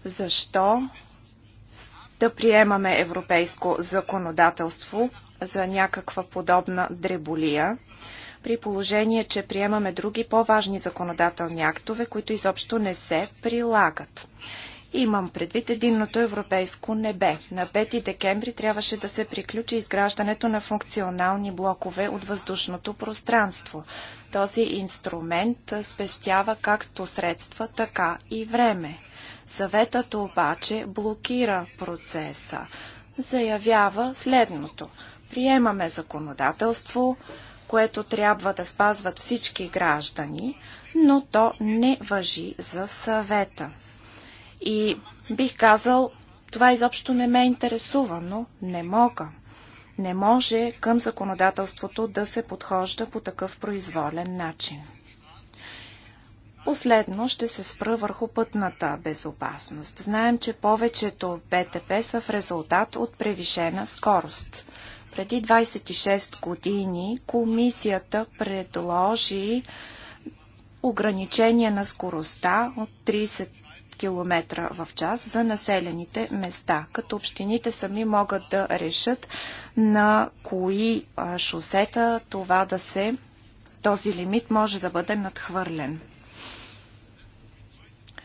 Защо да приемаме европейско законодателство за някаква подобна дреболия, при положение, че приемаме други по-важни законодателни актове, които изобщо не се прилагат. Имам предвид единното европейско небе. На 5 декември трябваше да се приключи изграждането на функционални блокове от въздушното пространство. Този инструмент спестява както средства, така и време. Съветът обаче блокира процеса. Заявява следното – Приемаме законодателство, което трябва да спазват всички граждани, но то не въжи за съвета. И бих казал, това изобщо не ме интересува, но не мога. Не може към законодателството да се подхожда по такъв произволен начин. Последно ще се спра върху пътната безопасност. Знаем, че повечето БТП са в резултат от превишена скорост. Преди 26 години комисията предложи ограничение на скоростта от 30 км в час за населените места, като общините сами могат да решат на кои шосета това да се този лимит може да бъде надхвърлен.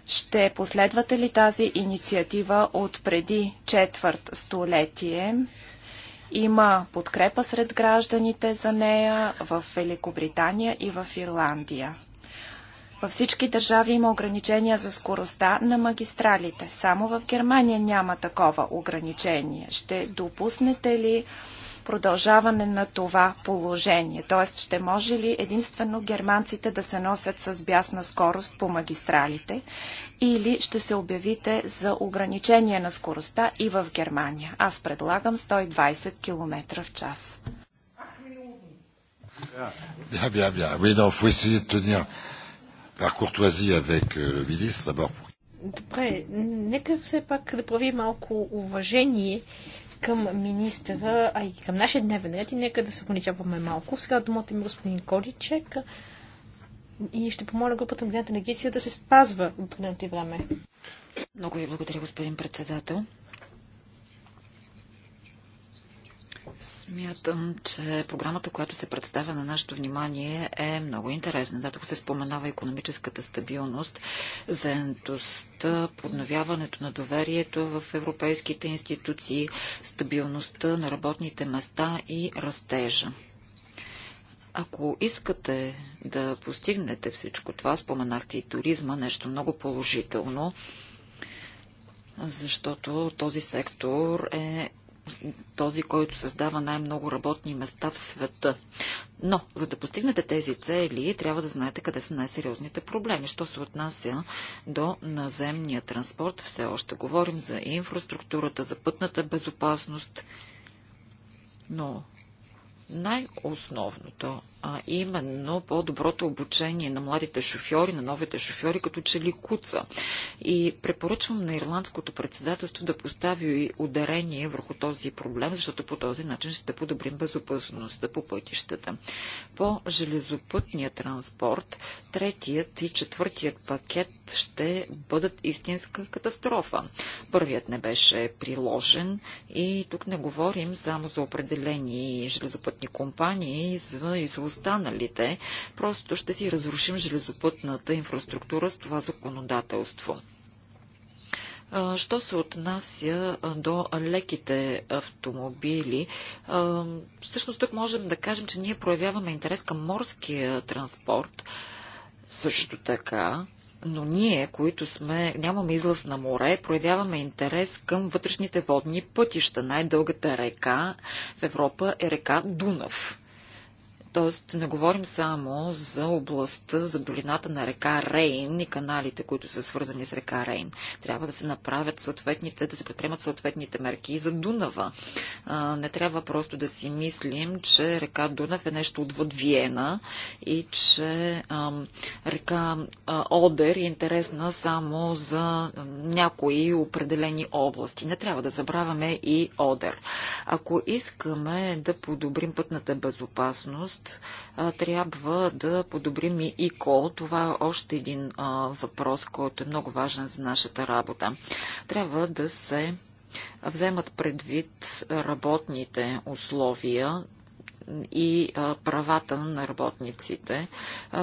Ще последвате ли тази инициатива от преди четвърт столетие? Има подкрепа сред гражданите за нея в Великобритания и в Ирландия. Във всички държави има ограничения за скоростта на магистралите. Само в Германия няма такова ограничение. Ще допуснете ли продължаване на това положение? Тоест, ще може ли единствено германците да се носят с бясна скорост по магистралите? или ще се обявите за ограничение на скоростта и в Германия. Аз предлагам 120 км в час. Bien, bien, bien. Oui, non, faut essayer de tenir par courtoisie avec euh, le ministre, d'abord Добре, нека все пак да прави малко уважение към министъра, а и към нашия дневен ред и нека да се ограничаваме малко. Сега думата ми господин Количек и ще помоля групата на Гената да се спазва в определеното време. Много ви благодаря, господин председател. Смятам, че програмата, която се представя на нашето внимание е много интересна. Да, тук се споменава економическата стабилност, заедността, подновяването на доверието в европейските институции, стабилността на работните места и растежа. Ако искате да постигнете всичко това, споменахте и туризма, нещо много положително, защото този сектор е този, който създава най-много работни места в света. Но, за да постигнете тези цели, трябва да знаете къде са най-сериозните проблеми. Що се отнася до наземния транспорт, все още говорим за инфраструктурата, за пътната безопасност, но най-основното, а именно по-доброто обучение на младите шофьори, на новите шофьори, като че ли куца. И препоръчвам на Ирландското председателство да постави ударение върху този проблем, защото по този начин ще подобрим безопасността по пътищата. По железопътния транспорт, третият и четвъртият пакет ще бъдат истинска катастрофа. Първият не беше приложен и тук не говорим само за определени железопътни железопътни компании за, и за останалите. Просто ще си разрушим железопътната инфраструктура с това законодателство. Що се отнася до леките автомобили, всъщност тук можем да кажем, че ние проявяваме интерес към морския транспорт. Също така, но ние, които сме, нямаме излъз на море, проявяваме интерес към вътрешните водни пътища. Най-дългата река в Европа е река Дунав. Тоест, не говорим само за областта, за долината на река Рейн и каналите, които са свързани с река Рейн. Трябва да се направят съответните, да се предприемат съответните мерки и за Дунава. не трябва просто да си мислим, че река Дунав е нещо отвъд Виена и че река Одер е интересна само за някои определени области. Не трябва да забравяме и Одер. Ако искаме да подобрим пътната безопасност, а, трябва да подобрим и ИКО. Това е още един а, въпрос, който е много важен за нашата работа. Трябва да се вземат предвид работните условия и правата на работниците.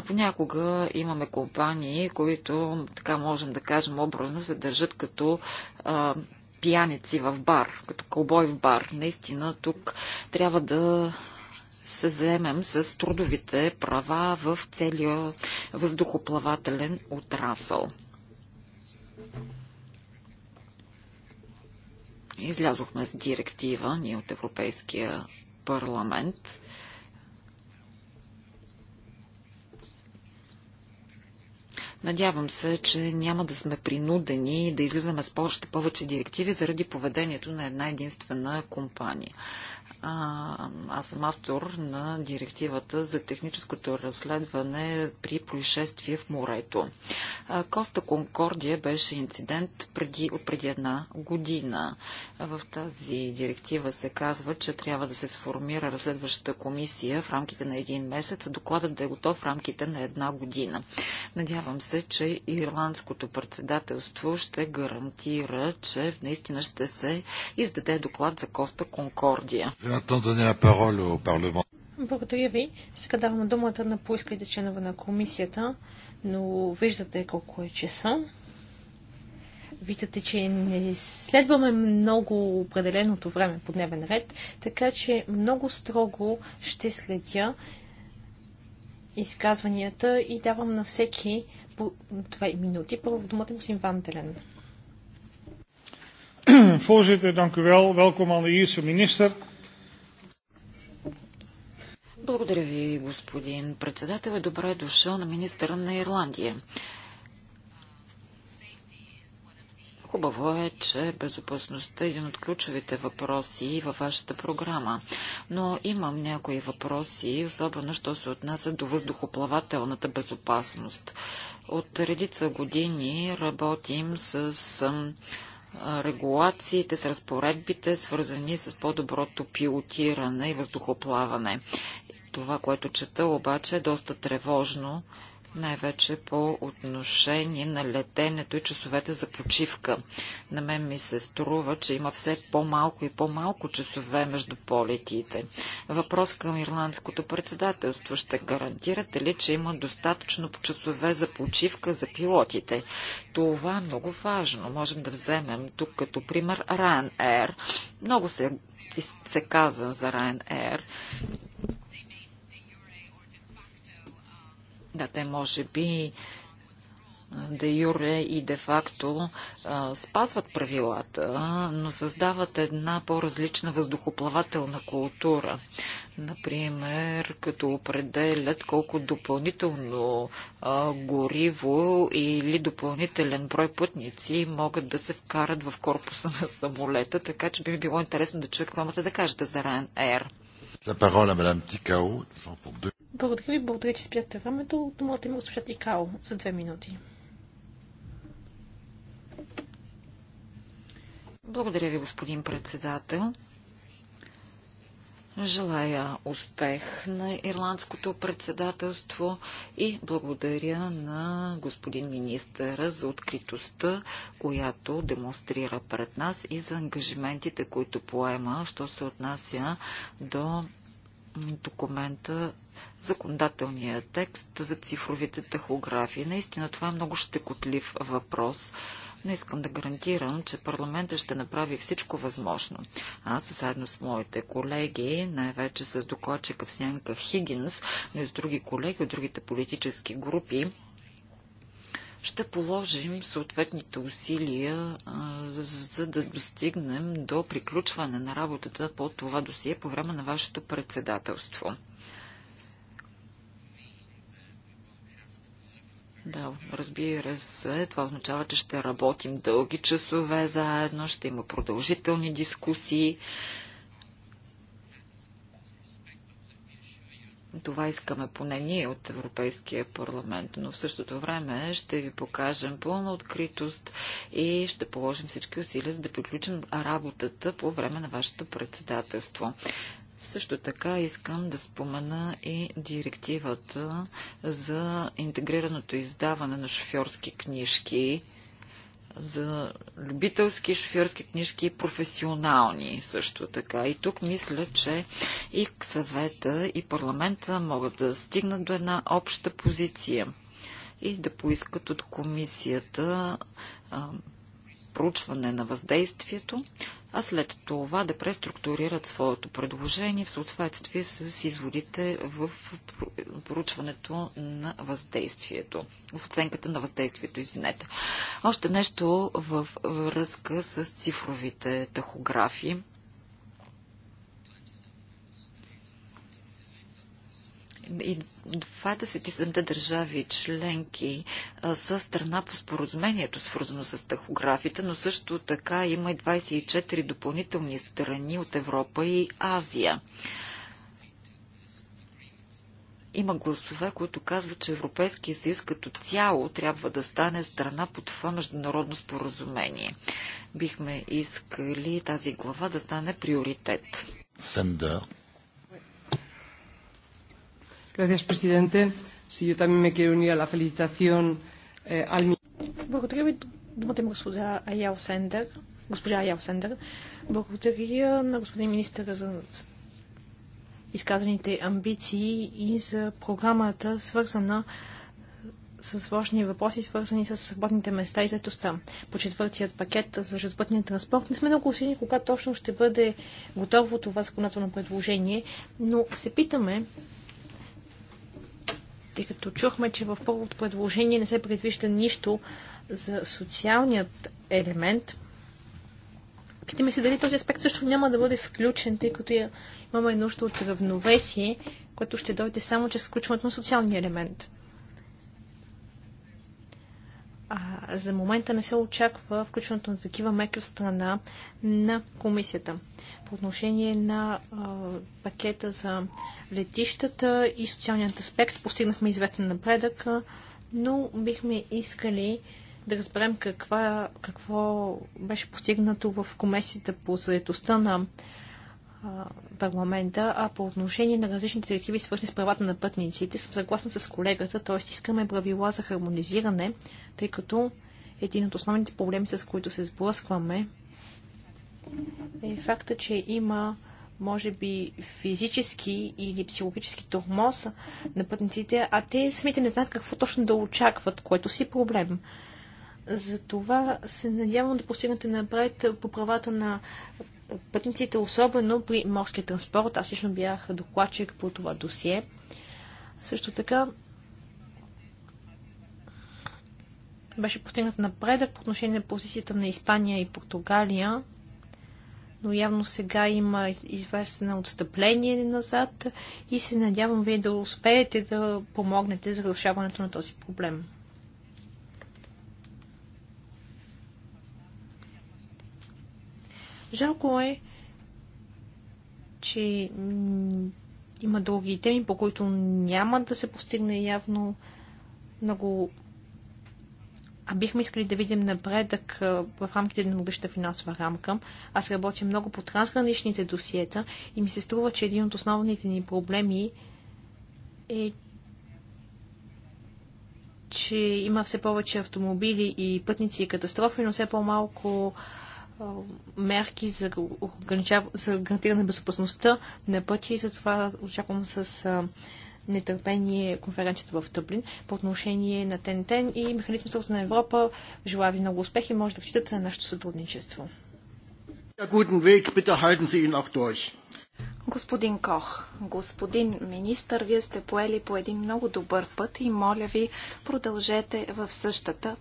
понякога имаме компании, които, така можем да кажем образно, се държат като пияници в бар, като кълбой в бар. Наистина тук трябва да се заемем с трудовите права в целия въздухоплавателен отрасъл. Излязохме с директива, ние от Европейския парламент, Надявам се, че няма да сме принудени да излизаме с още повече директиви заради поведението на една единствена компания. А, аз съм автор на директивата за техническото разследване при происшествие в морето. А, Коста Конкордия беше инцидент преди, от преди една година. А, в тази директива се казва, че трябва да се сформира разследващата комисия в рамките на един месец, а докладът да е готов в рамките на една година. Надявам се, че ирландското председателство ще гарантира, че наистина ще се издаде доклад за Коста Конкордия. Благодаря ви. Сега давам думата на поискалите членове на комисията, но виждате колко е часа. Виждате, че не следваме много определеното време по дневен ред, така че много строго ще следя изказванията и давам на всеки по 2 минути. Първо думата му е Сим Вантелен. Voorzitter, dank u wel. Welkom aan de eerste minister. Благодаря ви, господин председател. И е добре е дошъл на министъра на Ирландия. Хубаво е, че безопасността е един от ключовите въпроси във вашата програма. Но имам някои въпроси, особено що се отнася до въздухоплавателната безопасност. От редица години работим с регулациите, с разпоредбите, свързани с по-доброто пилотиране и въздухоплаване. Това, което чета, обаче е доста тревожно, най-вече по отношение на летенето и часовете за почивка. На мен ми се струва, че има все по-малко и по-малко часове между полетите. Въпрос към ирландското председателство. Ще гарантирате ли, че има достатъчно часове за почивка за пилотите? Това е много важно. Можем да вземем тук като пример Ryanair. Много се, се каза за Ryanair Да, те може би де юре и де факто спазват правилата, но създават една по-различна въздухоплавателна култура. Например, като определят колко допълнително а, гориво или допълнителен брой пътници могат да се вкарат в корпуса на самолета, така че би ми било интересно да чуя какво имате да кажете за Ryanair. La parole à Madame благодаря ви, благодаря, че спяте времето. Думата има госпожа Тикао за две минути. Благодаря ви, господин председател. Желая успех на ирландското председателство и благодаря на господин министъра за откритостта, която демонстрира пред нас и за ангажиментите, които поема, що се отнася до документа законодателния текст за цифровите тахографии. Наистина това е много щекотлив въпрос, но искам да гарантирам, че парламентът ще направи всичко възможно. Аз заедно с моите колеги, най-вече с докладчика в Сянка Хигинс, но и с други колеги от другите политически групи, ще положим съответните усилия, за да достигнем до приключване на работата по това досие по време на вашето председателство. Да, разбира се. Това означава, че ще работим дълги часове заедно, ще има продължителни дискусии. Това искаме поне ние от Европейския парламент, но в същото време ще ви покажем пълна откритост и ще положим всички усилия, за да приключим работата по време на вашето председателство. Също така искам да спомена и директивата за интегрираното издаване на шофьорски книжки, за любителски шофьорски книжки и професионални също така. И тук мисля, че и съвета, и парламента могат да стигнат до една обща позиция и да поискат от комисията проучване на въздействието, а след това да преструктурират своето предложение в съответствие с изводите в проучването на въздействието, в оценката на въздействието, извинете. Още нещо в връзка с цифровите тахографи. и 27 държави членки са страна по споразумението, свързано с тахографите, но също така има и 24 допълнителни страни от Европа и Азия. Има гласове, които казват, че Европейския съюз като цяло трябва да стане страна по това международно споразумение. Бихме искали тази глава да стане приоритет. Сендър. Gracias, presidente. Sí, yo también me quiero unir a la felicitación eh, al... Благодаря ви, думата има госпожа Аял Сендер. Госпожа Аял Сендер. Благодаря на господин министър за изказаните амбиции и за програмата, свързана с важни въпроси, свързани с работните места и заетостта. По четвъртият пакет за железопътния транспорт не сме много усилени кога точно ще бъде готово това законодателно предложение, но се питаме тъй като чухме, че в първото предложение не се предвижда нищо за социалният елемент. Питаме се дали този аспект също няма да бъде включен, тъй като имаме нужда от равновесие, което ще дойде само чрез включването на социалния елемент. А, за момента не се очаква включването на такива меки от страна на комисията по отношение на а, пакета за летищата и социалният аспект. Постигнахме известен напредък, но бихме искали да разберем каква, какво беше постигнато в комисията по заедостта на а, парламента, а по отношение на различните директиви, свързани с правата на пътниците, съм съгласна с колегата, т.е. искаме правила за хармонизиране, тъй като един от основните проблеми, с които се сблъскваме, е факта, че има може би физически или психологически тормоз на пътниците, а те самите не знаят какво точно да очакват, което си проблем. Затова се надявам да постигнете напред по правата на пътниците, особено при морския транспорт. Аз лично бях докладчик по това досие. Също така беше постигнат напредък по отношение на позицията на Испания и Португалия но явно сега има известно отстъпление назад и се надявам вие да успеете да помогнете за решаването на този проблем. Жалко е, че има други теми, по които няма да се постигне явно много а бихме искали да видим напредък в рамките на многогодишната финансова рамка. Аз работя много по трансграничните досиета и ми се струва, че един от основните ни проблеми е, че има все повече автомобили и пътници и катастрофи, но все по-малко мерки за, за гарантиране безопасността на пъти. и затова очаквам с нетърпение конференцията в Тъблин по отношение на Тентен и Механизма Съюз на Европа. Желая ви много успех и може да вчитате на нашето сътрудничество. Господин Кох, господин министър, вие сте поели по един много добър път и моля ви, продължете в същата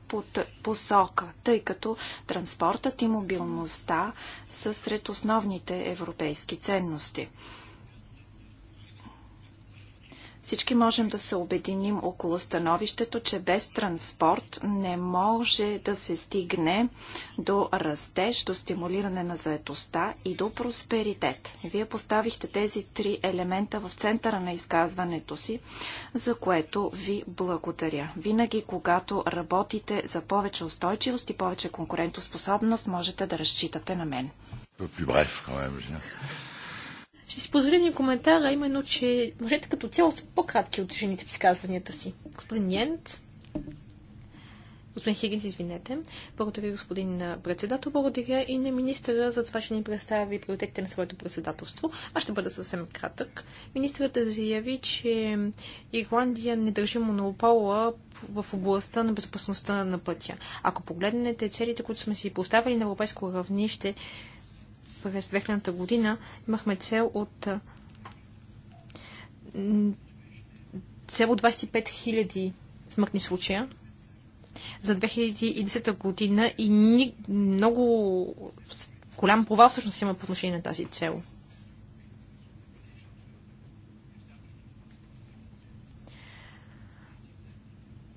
посока, тъй като транспортът и мобилността са сред основните европейски ценности. Всички можем да се обединим около становището, че без транспорт не може да се стигне до растеж, до стимулиране на заетостта и до просперитет. Вие поставихте тези три елемента в центъра на изказването си, за което ви благодаря. Винаги, когато работите за повече устойчивост и повече конкурентоспособност, можете да разчитате на мен. Ще си позволя един коментар, а именно, че мъжете като цяло са по-кратки от жените в изказванията си. Господин Ньент. Господин Хигинс, извинете. Благодаря, господин председател. Благодаря и на министъра за това, че ни представи приоритетите на своето председателство. Аз ще бъда съвсем кратък. Министърът заяви, че Ирландия не държи монопола в областта на безопасността на пътя. Ако погледнете целите, които сме си поставили на европейско равнище през 2000 година имахме цел от цел от 25 000 смъртни случая за 2010 година и ни, много голям провал всъщност има по отношение на тази цел.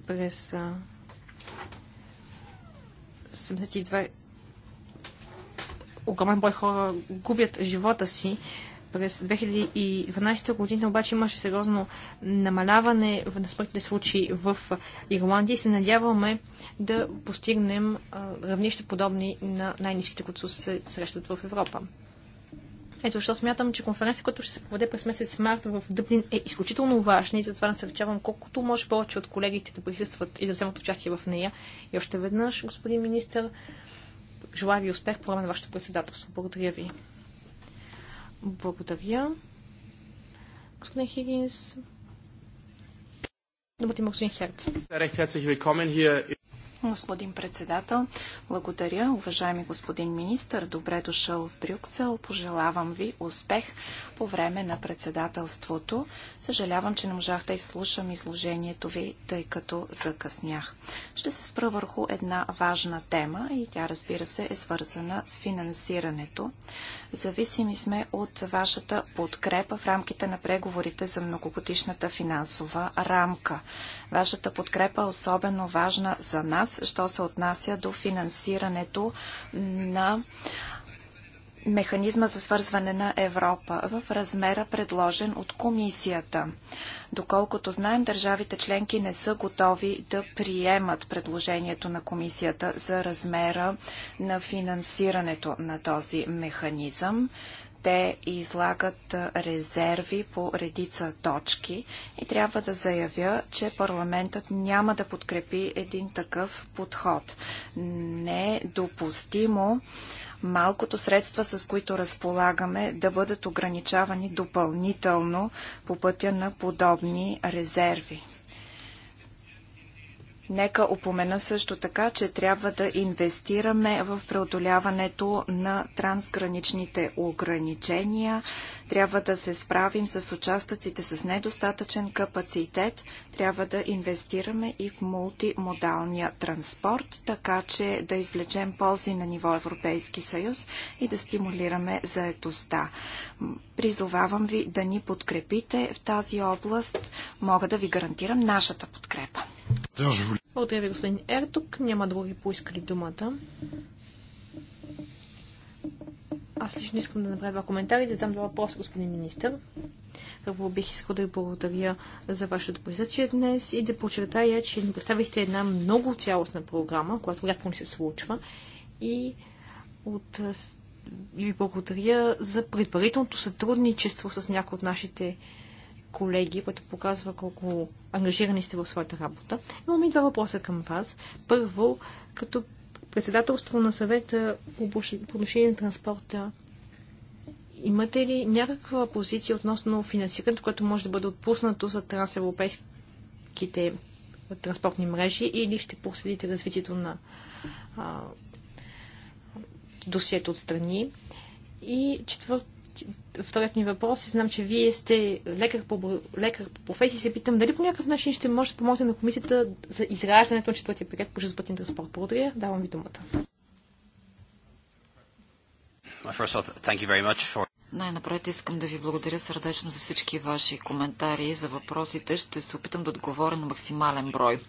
През 72 огромен брой хора губят живота си. През 2012 година обаче имаше сериозно намаляване на смъртните случаи в Ирландия и се надяваме да постигнем равнище подобни на най-низките, които се срещат в Европа. Ето защо смятам, че конференция, която ще се проведе през месец март в Дъблин е изключително важна и затова насърчавам колкото може повече от колегите да присъстват и да вземат участие в нея. И още веднъж, господин министр, желая ви успех по време на вашето председателство. Благодаря ви. Благодаря. Господин Хигинс. Думата има господин Херц. Господин председател, благодаря. Уважаеми господин министр, добре дошъл в Брюксел. Пожелавам ви успех по време на председателството. Съжалявам, че не можах да изслушам изложението ви, тъй като закъснях. Ще се спра върху една важна тема и тя, разбира се, е свързана с финансирането. Зависими сме от вашата подкрепа в рамките на преговорите за многогодишната финансова рамка. Вашата подкрепа е особено важна за нас, що се отнася до финансирането на механизма за свързване на Европа в размера предложен от комисията. Доколкото знаем, държавите членки не са готови да приемат предложението на комисията за размера на финансирането на този механизъм те излагат резерви по редица точки и трябва да заявя, че парламентът няма да подкрепи един такъв подход. Не е допустимо малкото средства, с които разполагаме, да бъдат ограничавани допълнително по пътя на подобни резерви. Нека упомена също така, че трябва да инвестираме в преодоляването на трансграничните ограничения. Трябва да се справим с участъците с недостатъчен капацитет. Трябва да инвестираме и в мултимодалния транспорт, така че да извлечем ползи на ниво Европейски съюз и да стимулираме заетостта. Призовавам ви да ни подкрепите в тази област. Мога да ви гарантирам нашата подкрепа. Благодаря ви, господин Ертук. Няма други поискали думата. Аз лично искам да направя два коментари, да дам два въпроса, господин министр. Първо бих искал да ви благодаря за вашето присъствие днес и да подчертая, че ни представихте една много цялостна програма, която рядко ни се случва. И от и ви благодаря за предварителното сътрудничество с някои от нашите колеги, което показва колко ангажирани сте в своята работа. Имам и два въпроса към вас. Първо, като председателство на съвета по отношение на транспорта, имате ли някаква позиция относно финансирането, което може да бъде отпуснато за трансевропейските транспортни мрежи или ще проследите развитието на а, досието от страни? И четвърто, вторият ми въпрос е, знам, че вие сте лекар по, лекар по професия и се питам дали по някакъв начин ще може да помогнете на комисията за израждането на четвъртия пакет по железопътен транспорт. Благодаря. Давам ви думата. Най-напред искам да ви благодаря сърдечно за всички ваши коментари и за въпросите. Ще се опитам да отговоря на максимален брой.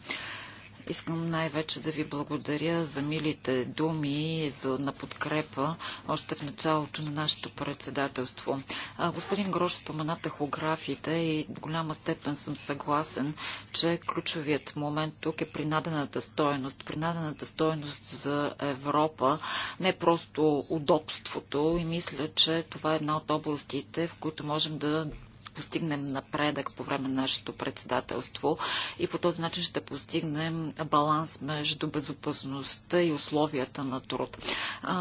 Искам най-вече да ви благодаря за милите думи за, на подкрепа още в началото на нашето председателство. А, господин Грош спомена тахографите и в голяма степен съм съгласен, че ключовият момент тук е принадената стоеност. Принадената стоеност за Европа не е просто удобството и мисля, че това е една от областите, в които можем да постигнем напредък по време на нашето председателство и по този начин ще постигнем баланс между безопасността и условията на труд.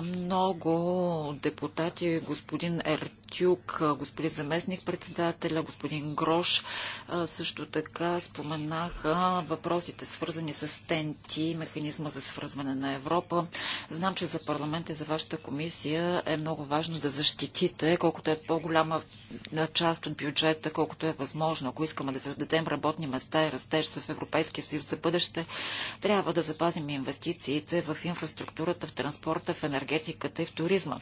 Много депутати, господин Ерт Костюк, господин заместник председателя, господин Грош също така споменаха въпросите свързани с ТЕНТИ, механизма за свързване на Европа. Знам, че за парламент и за вашата комисия е много важно да защитите, колкото е по-голяма част от бюджета, колкото е възможно. Ако искаме да създадем работни места и растеж в Европейския съюз за бъдеще, трябва да запазим инвестициите в инфраструктурата, в транспорта, в енергетиката и в туризма.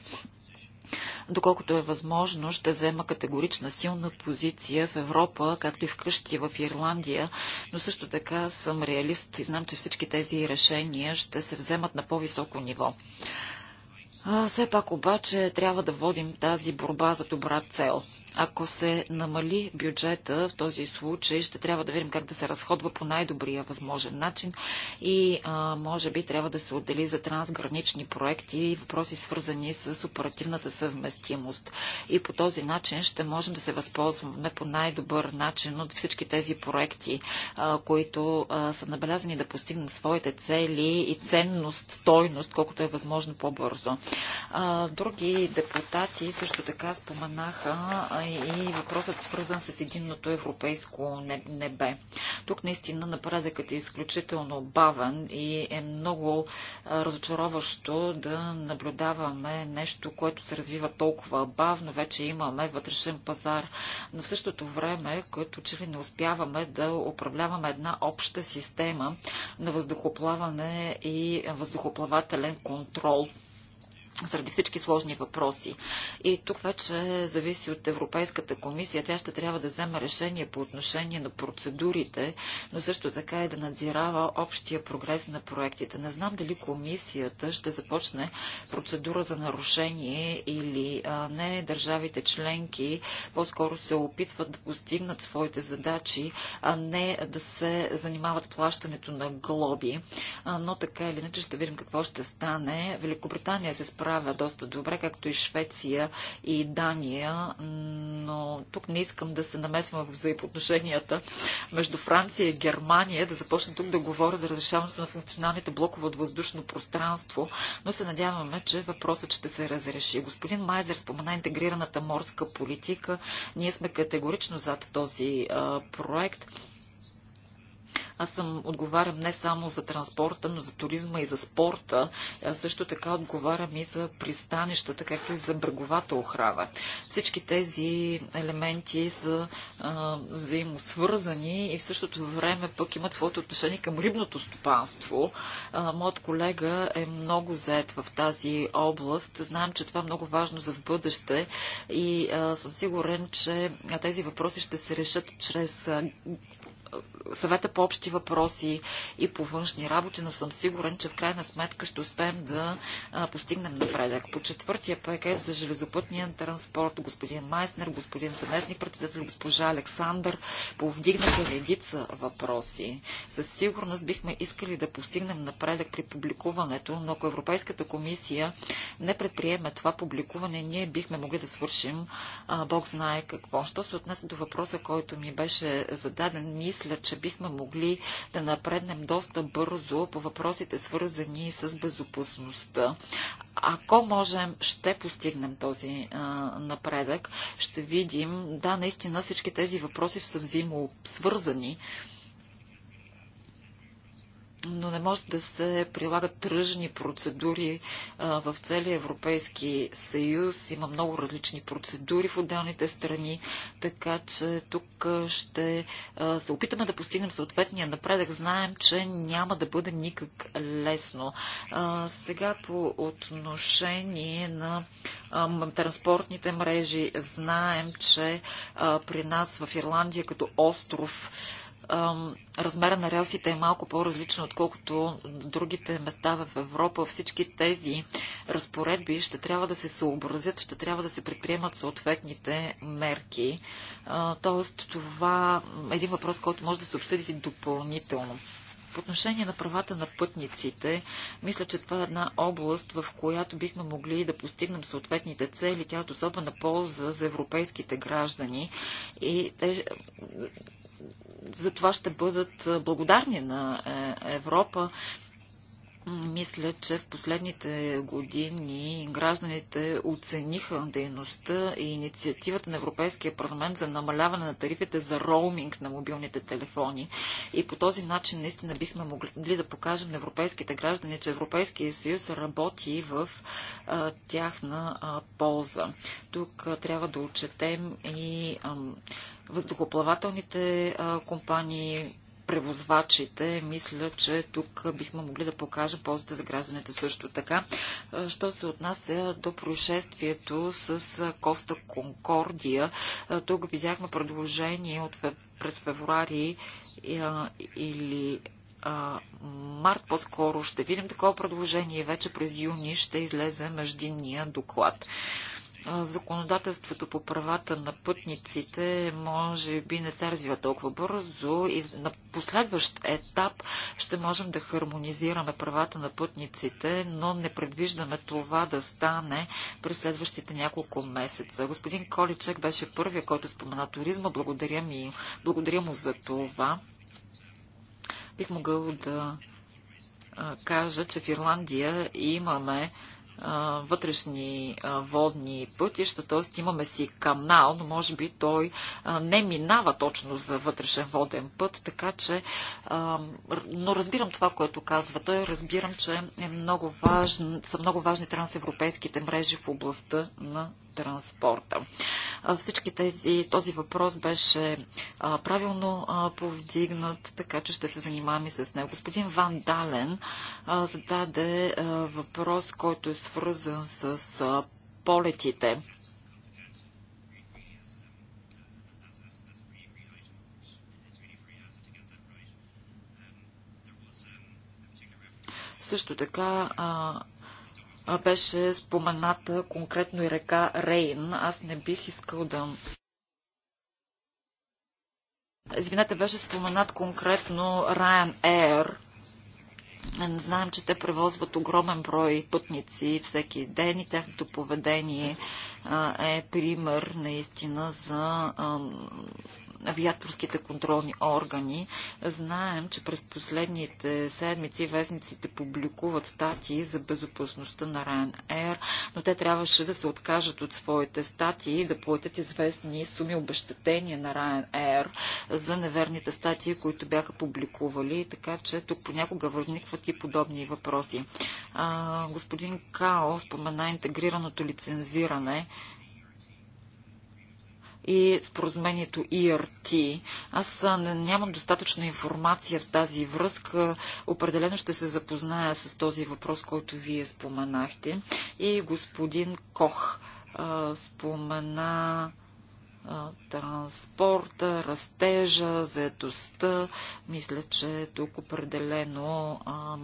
Доколкото е възможно, ще взема категорична силна позиция в Европа, както и вкъщи в Ирландия, но също така съм реалист и знам, че всички тези решения ще се вземат на по-високо ниво. Все пак обаче трябва да водим тази борба за добра цел. Ако се намали бюджета в този случай, ще трябва да видим как да се разходва по най-добрия възможен начин и а, може би трябва да се отдели за трансгранични проекти и въпроси свързани с оперативната съвместимост. И по този начин ще можем да се възползваме по най-добър начин от всички тези проекти, а, които а, са набелязани да постигнат своите цели и ценност, стойност, колкото е възможно по-бързо. други депутати също така споменаха и въпросът свързан с единното европейско небе. Тук наистина напредъкът е изключително бавен и е много разочароващо да наблюдаваме нещо, което се развива толкова бавно. Вече имаме вътрешен пазар, но в същото време, като че ли не успяваме да управляваме една обща система на въздухоплаване и въздухоплавателен контрол заради всички сложни въпроси. И тук вече зависи от Европейската комисия. Тя ще трябва да вземе решение по отношение на процедурите, но също така и да надзирава общия прогрес на проектите. Не знам дали комисията ще започне процедура за нарушение или не. Държавите членки по-скоро се опитват да постигнат своите задачи, а не да се занимават с плащането на глоби. но така или иначе ще видим какво ще стане. Великобритания се справя справя доста добре, както и Швеция и Дания, но тук не искам да се намесвам в взаимоотношенията между Франция и Германия, да започна тук да говоря за разрешаването на функционалните блокове от въздушно пространство, но се надяваме, че въпросът ще се разреши. Господин Майзер спомена интегрираната морска политика. Ние сме категорично зад този а, проект аз съм отговарям не само за транспорта, но за туризма и за спорта. А е, също така отговарям и за пристанищата, както и за бреговата охрана. Всички тези елементи са а, взаимосвързани и в същото време пък имат своето отношение към рибното стопанство. А, моят колега е много заед в тази област. Знаем, че това е много важно за в бъдеще и а, съм сигурен, че тези въпроси ще се решат чрез съвета по общи въпроси и по външни работи, но съм сигурен, че в крайна сметка ще успеем да постигнем напредък. По четвъртия пакет за железопътния транспорт господин Майснер, господин съместник председател, госпожа Александър повдигнаха редица въпроси. Със сигурност бихме искали да постигнем напредък при публикуването, но ако Европейската комисия не предприеме това публикуване, ние бихме могли да свършим Бог знае какво. Що се отнесе до въпроса, който ми беше зададен, мисля, мисля, че бихме могли да напреднем доста бързо по въпросите, свързани с безопасността. Ако можем, ще постигнем този а, напредък. Ще видим, да, наистина всички тези въпроси са взаимосвързани. свързани но не може да се прилагат тръжни процедури а, в целия Европейски съюз. Има много различни процедури в отделните страни, така че тук ще а, се опитаме да постигнем съответния напредък. Знаем, че няма да бъде никак лесно. А, сега по отношение на транспортните мрежи знаем, че при нас в Ирландия като остров размера на релсите е малко по-различен, отколкото другите места в Европа. Всички тези разпоредби ще трябва да се съобразят, ще трябва да се предприемат съответните мерки. Тоест, това е един въпрос, който може да се обсъди допълнително. По отношение на правата на пътниците, мисля, че това е една област, в която бихме могли да постигнем съответните цели. Тя е от особена полза за европейските граждани и те за това ще бъдат благодарни на е, Европа. Мисля, че в последните години гражданите оцениха дейността и инициативата на Европейския парламент за намаляване на тарифите за роуминг на мобилните телефони. И по този начин наистина бихме могли да покажем на европейските граждани, че Европейския съюз работи в а, тяхна а, полза. Тук а, трябва да отчетем и. А, въздухоплавателните компании, превозвачите. Мисля, че тук бихме могли да покажем ползите за гражданите също така. Що се отнася до происшествието с Коста Конкордия, тук видяхме продължение от през февруари или март по-скоро ще видим такова продължение. Вече през юни ще излезе междинния доклад законодателството по правата на пътниците може би не се развива толкова бързо и на последващ етап ще можем да хармонизираме правата на пътниците, но не предвиждаме това да стане през следващите няколко месеца. Господин Количек беше първия, който спомена туризма. Благодаря, ми, благодаря му за това. Бих могъл да кажа, че в Ирландия имаме вътрешни водни пътища, т.е. имаме си канал, но може би той не минава точно за вътрешен воден път, така че, но разбирам това, което казвате, разбирам, че е много важен, са много важни трансевропейските мрежи в областта на транспорта. Всички тези, този въпрос беше правилно повдигнат, така че ще се занимаваме с него. Господин Ван Дален зададе въпрос, който е свързан с полетите. Също така а, беше спомената конкретно и река Рейн. Аз не бих искал да. Извинете, беше споменат конкретно Ryan Air. Е, знаем, че те превозват огромен брой пътници всеки ден и тяхното поведение е пример наистина за авиаторските контролни органи. Знаем, че през последните седмици вестниците публикуват статии за безопасността на Ryanair, но те трябваше да се откажат от своите статии и да платят известни суми обещетения на Ryanair за неверните статии, които бяха публикували, така че тук понякога възникват и подобни въпроси. А, господин Као спомена интегрираното лицензиране и споразумението ERT. Аз нямам достатъчно информация в тази връзка. Определено ще се запозная с този въпрос, който вие споменахте. И господин Кох а, спомена транспорта, растежа, заедостта. Мисля, че тук определено а,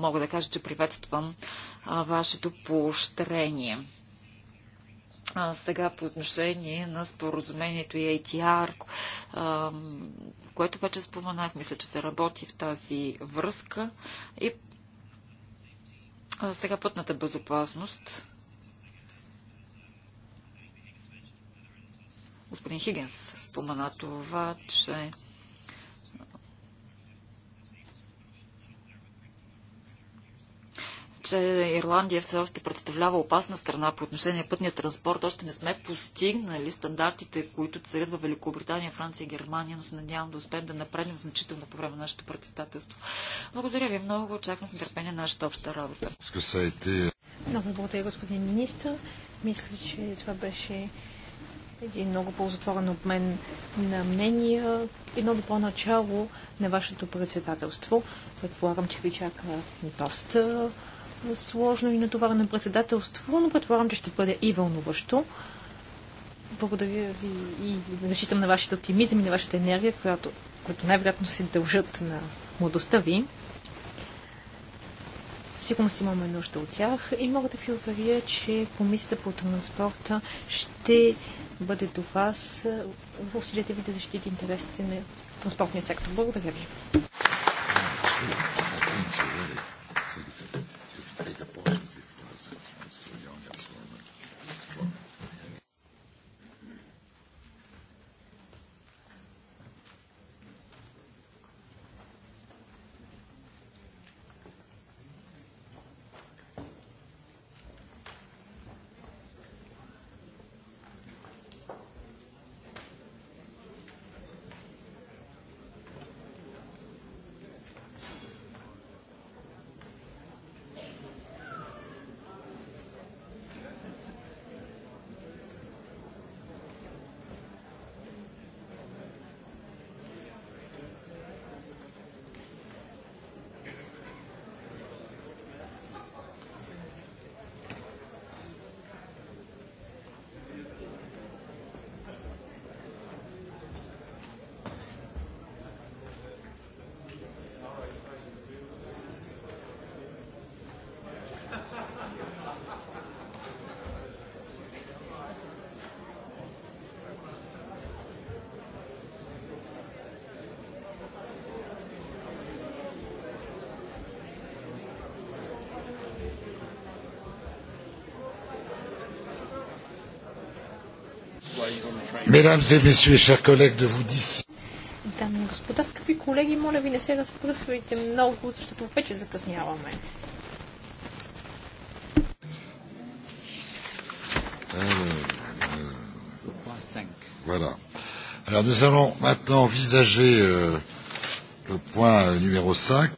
мога да кажа, че приветствам а, вашето поощрение. А, сега по отношение на споразумението и ATR, а, което вече споменах, мисля, че се работи в тази връзка. И а, сега пътната безопасност. Господин Хигенс спомена това, че че Ирландия все още представлява опасна страна по отношение на пътния транспорт. Още не сме постигнали стандартите, които царят в Великобритания, Франция и Германия, но се надявам да успеем да напреднем значително по време на нашето председателство. Благодаря ви много. Очаквам с нетърпение нашата обща работа. Много благодаря, господин министр. Мисля, че това беше един много ползотворен обмен на мнения. Едно добро начало на вашето председателство. Предполагам, че ви чака доста сложно и натоварено председателство, но предполагам, че ще бъде и вълнуващо. Благодаря ви и разчитам на вашите оптимизъм и на вашата енергия, която, която най-вероятно се дължат на младостта ви. Сигурно си имаме нужда от тях и мога да ви уверя, че комисията по транспорта ще бъде до вас в усилията ви да защитите интересите на транспортния сектор. Благодаря ви. Mesdames et messieurs, chers collègues, de vous Дами и господа, скъпи колеги, моля ви не се разпръсвайте много, защото вече закъсняваме. Voilà. Alors nous allons maintenant envisager euh, le point numéro 5.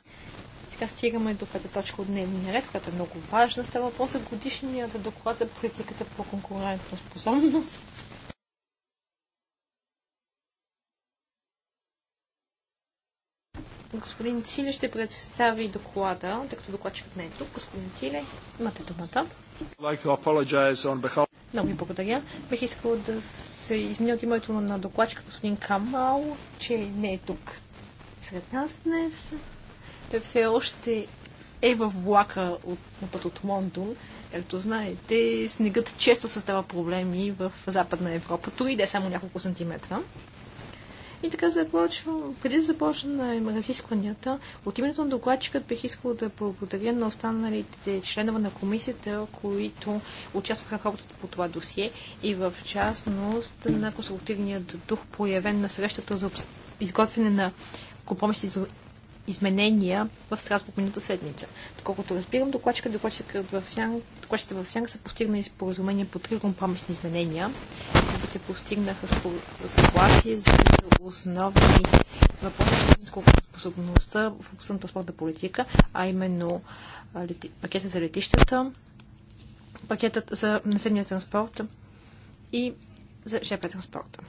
Сега стигаме до пета точка от дневния ред, която е много важна. Става въпрос за годишният доклад за политиката по конкурентна способност. Господин Циле ще представи доклада, тъй като докладчикът не е тук. Господин Циле, имате думата. Много ви благодаря. Бих искал да се изменя от името на докладчика господин Камал, че не е тук сред нас днес. Той все още е в влака от, на път от Лондон. Както знаете, снегът често създава проблеми в Западна Европа, дори да е само няколко сантиметра. И така, започвам, преди да започна разискванията, от името на докладчикът бих искал да благодаря на останалите членове на комисията, които участваха в работата по това досие и в частност на консултивният дух, проявен на срещата за изготвяне на компромиси за изменения в Страсбург миналата седмица. Доколкото разбирам, докладчика докладчикът е в сянка докладчите в сянка са постигнали споразумение по три компромисни изменения. те постигнаха съгласие за основни въпроси, свързани с способността в областта на транспортна политика, а именно пакета за летищата, пакетът за наземния транспорт и за ЖП транспорта.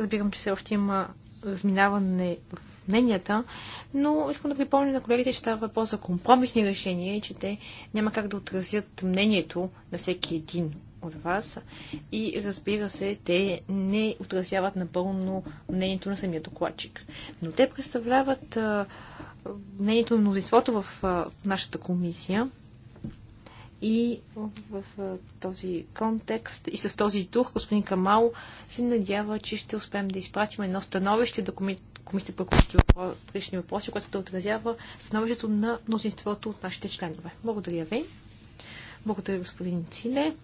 Разбирам, че все още има разминаване в мненията, но искам да припомня на колегите, че става въпрос за компромисни решения и че те няма как да отразят мнението на всеки един от вас. И разбира се, те не отразяват напълно мнението на самия докладчик. Но те представляват мнението на мнозинството в нашата комисия и в този контекст и с този дух господин Камал се надява, че ще успеем да изпратим едно становище до Комисията по економически въпроси, което да отразява становището на мнозинството от нашите членове. Благодаря ви. Благодаря господин Циле.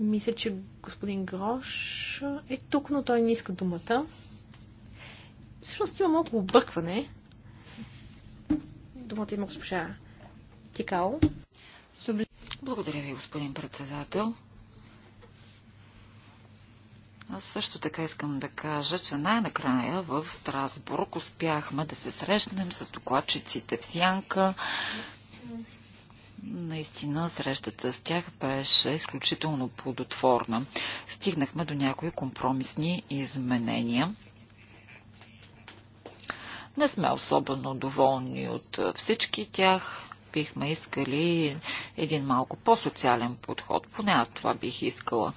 Мисля, че господин Грош е тук, но той не иска думата. Всъщност има малко объркване. Думата има госпожа Тикао. Благодаря ви, господин председател. Аз също така искам да кажа, че най-накрая в Страсбург успяхме да се срещнем с докладчиците в Сянка. Наистина срещата с тях беше изключително плодотворна. Стигнахме до някои компромисни изменения. Не сме особено доволни от всички тях бихме искали един малко по-социален подход. Поне аз това бих искала.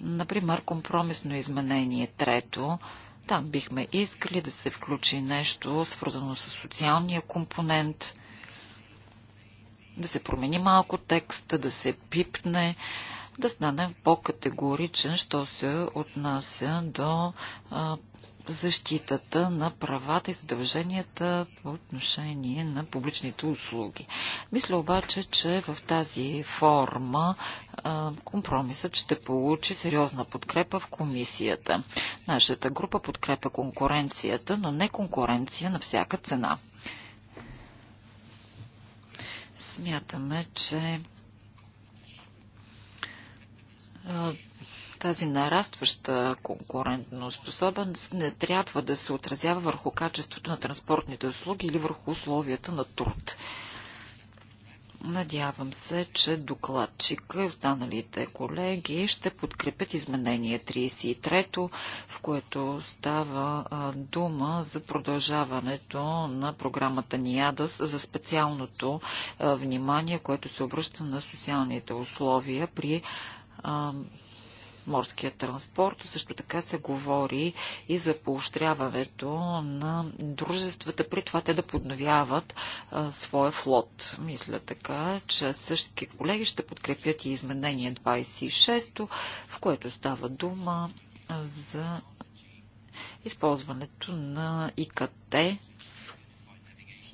Например, компромисно изменение трето. Там бихме искали да се включи нещо свързано с социалния компонент, да се промени малко текста, да се пипне да стане по-категоричен, що се отнася до а, защитата на правата и задълженията по отношение на публичните услуги. Мисля обаче, че в тази форма компромисът ще получи сериозна подкрепа в комисията. Нашата група подкрепя конкуренцията, но не конкуренция на всяка цена. Смятаме, че тази нарастваща конкурентноспособност не трябва да се отразява върху качеството на транспортните услуги или върху условията на труд. Надявам се, че докладчика и останалите колеги ще подкрепят изменение 33-то, в което става дума за продължаването на програмата НИАДАС за специалното внимание, което се обръща на социалните условия при морския транспорт. Също така се говори и за поощряването на дружествата, при това те да подновяват а, своя флот. Мисля така, че същите колеги ще подкрепят и изменение 26, в което става дума за използването на ИКТ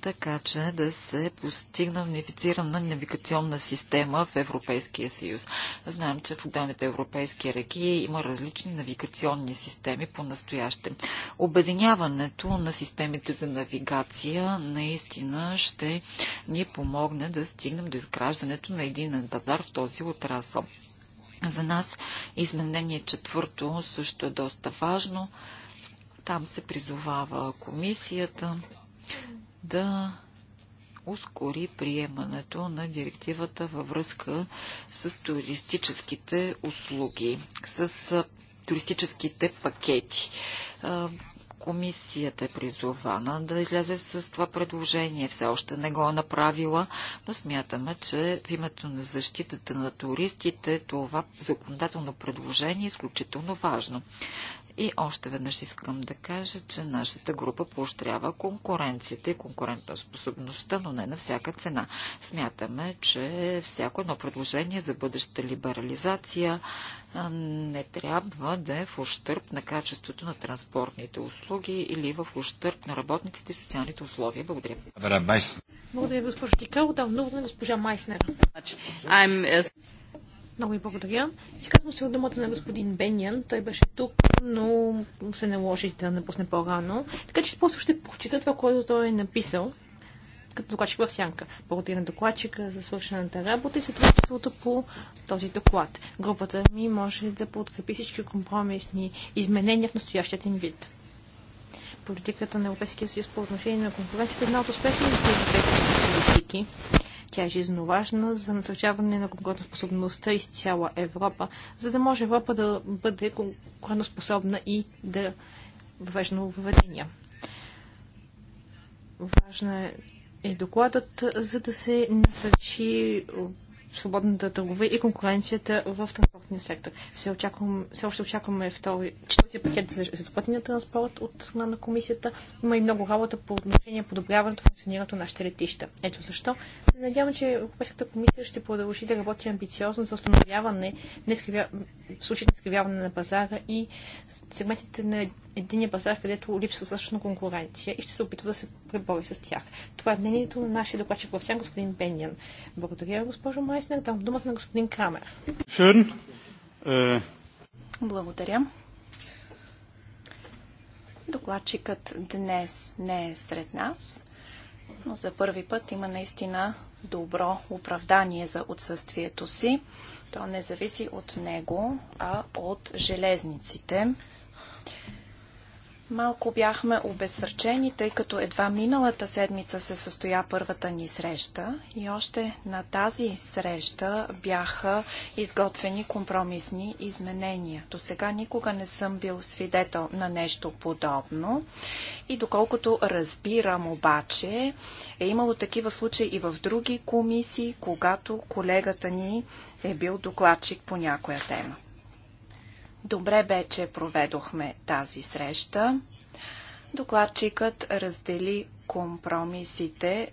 така че да се постигна унифицирана навигационна система в Европейския съюз. Знаем, че в отделните европейски реки има различни навигационни системи по-настояще. Обединяването на системите за навигация наистина ще ни помогне да стигнем до изграждането на един пазар в този отрасъл. За нас изменение четвърто също е доста важно. Там се призовава комисията да ускори приемането на директивата във връзка с туристическите услуги, с туристическите пакети. Комисията е призована да излезе с това предложение. Все още не го е направила, но смятаме, че в името на защитата на туристите това законодателно предложение е изключително важно. И още веднъж искам да кажа, че нашата група поощрява конкуренцията и конкурентоспособността, но не на всяка цена. Смятаме, че всяко едно предложение за бъдеща либерализация не трябва да е в ущърп на качеството на транспортните услуги или в ущърп на работниците и социалните условия. Благодаря. Благодаря, госпожа Тикал. Давно госпожа Майснер. Много ви благодаря. Изказвам се от думата на господин Бенян. Той беше тук, но се наложи да напусне по-рано. Така че просто ще прочита това, което той е написал като докладчик в сянка. Благодаря на докладчика за свършената работа и сътрудничеството по този доклад. Групата ми може да подкрепи всички компромисни изменения в настоящия им вид. Политиката на Европейския съюз по отношение на конкуренцията е една от успешните европейските политики тя е жизненно важна за насърчаване на конкурентоспособността из цяла Европа, за да може Европа да бъде конкурентоспособна и да въвежда нововведения. Важна е, е докладът, за да се насърчи свободната търговия и конкуренцията в транспортния сектор. Все, очаквам, все още очакваме втори, четвъртия пакет за железопътния транспорт от страна на комисията. Има и много работа по отношение подобряването функционирането на нашите летища. Ето защо се надявам, че Европейската комисия ще продължи да работи амбициозно за установяване на скривя... случаи на скривяване на пазара и сегментите на единия пазар, където липсва достатъчно конкуренция и ще се опитва да се пребори с тях. Това е мнението на нашия докладчик в господин Бенян. Благодаря, госпожо Майснер. Дам думата на господин Крамер. Е, Благодаря. Докладчикът днес не е сред нас, но за първи път има наистина добро оправдание за отсъствието си. То не зависи от него, а от железниците. Малко бяхме обесърчени, тъй като едва миналата седмица се състоя първата ни среща и още на тази среща бяха изготвени компромисни изменения. До сега никога не съм бил свидетел на нещо подобно и доколкото разбирам обаче, е имало такива случаи и в други комисии, когато колегата ни е бил докладчик по някоя тема. Добре бе, че проведохме тази среща. Докладчикът раздели компромисите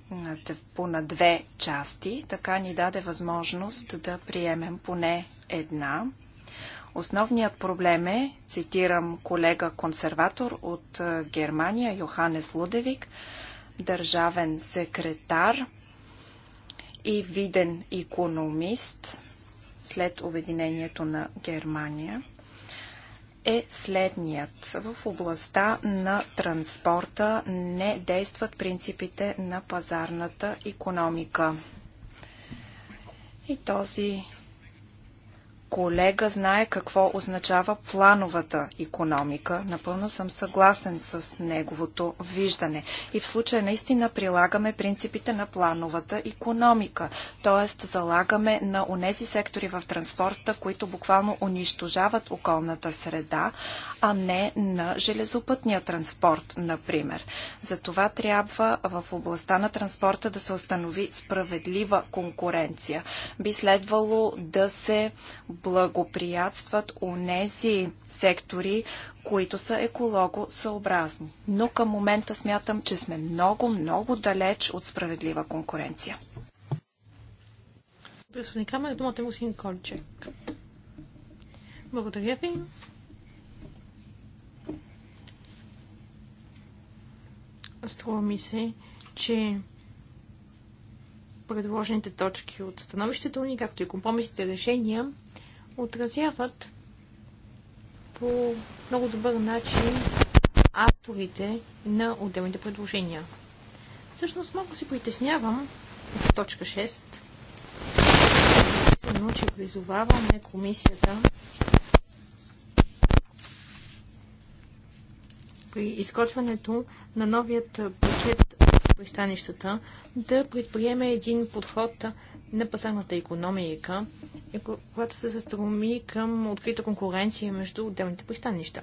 по на две части, така ни даде възможност да приемем поне една. Основният проблем е, цитирам колега консерватор от Германия, Йоханес Лудевик, държавен секретар и виден економист след обединението на Германия – е следният. В областта на транспорта не действат принципите на пазарната економика. И този колега знае какво означава плановата економика. Напълно съм съгласен с неговото виждане. И в случая наистина прилагаме принципите на плановата економика. Тоест залагаме на онези сектори в транспорта, които буквално унищожават околната среда, а не на железопътния транспорт, например. Затова трябва в областта на транспорта да се установи справедлива конкуренция. Би следвало да се благоприятстват онези сектори, които са екологосъобразни. Но към момента смятам, че сме много, много далеч от справедлива конкуренция. Господин Камер, думата му син Колчек. Благодаря ви. Струва ми се, че предложените точки от становището ни, както и компромисните решения, отразяват по много добър начин авторите на отделните предложения. Всъщност малко се притеснявам от точка 6, но че призоваваме комисията при изготвянето на новият пакет пристанищата да предприеме един подход на пазарната економика, която се застроми към открита конкуренция между отделните пристанища.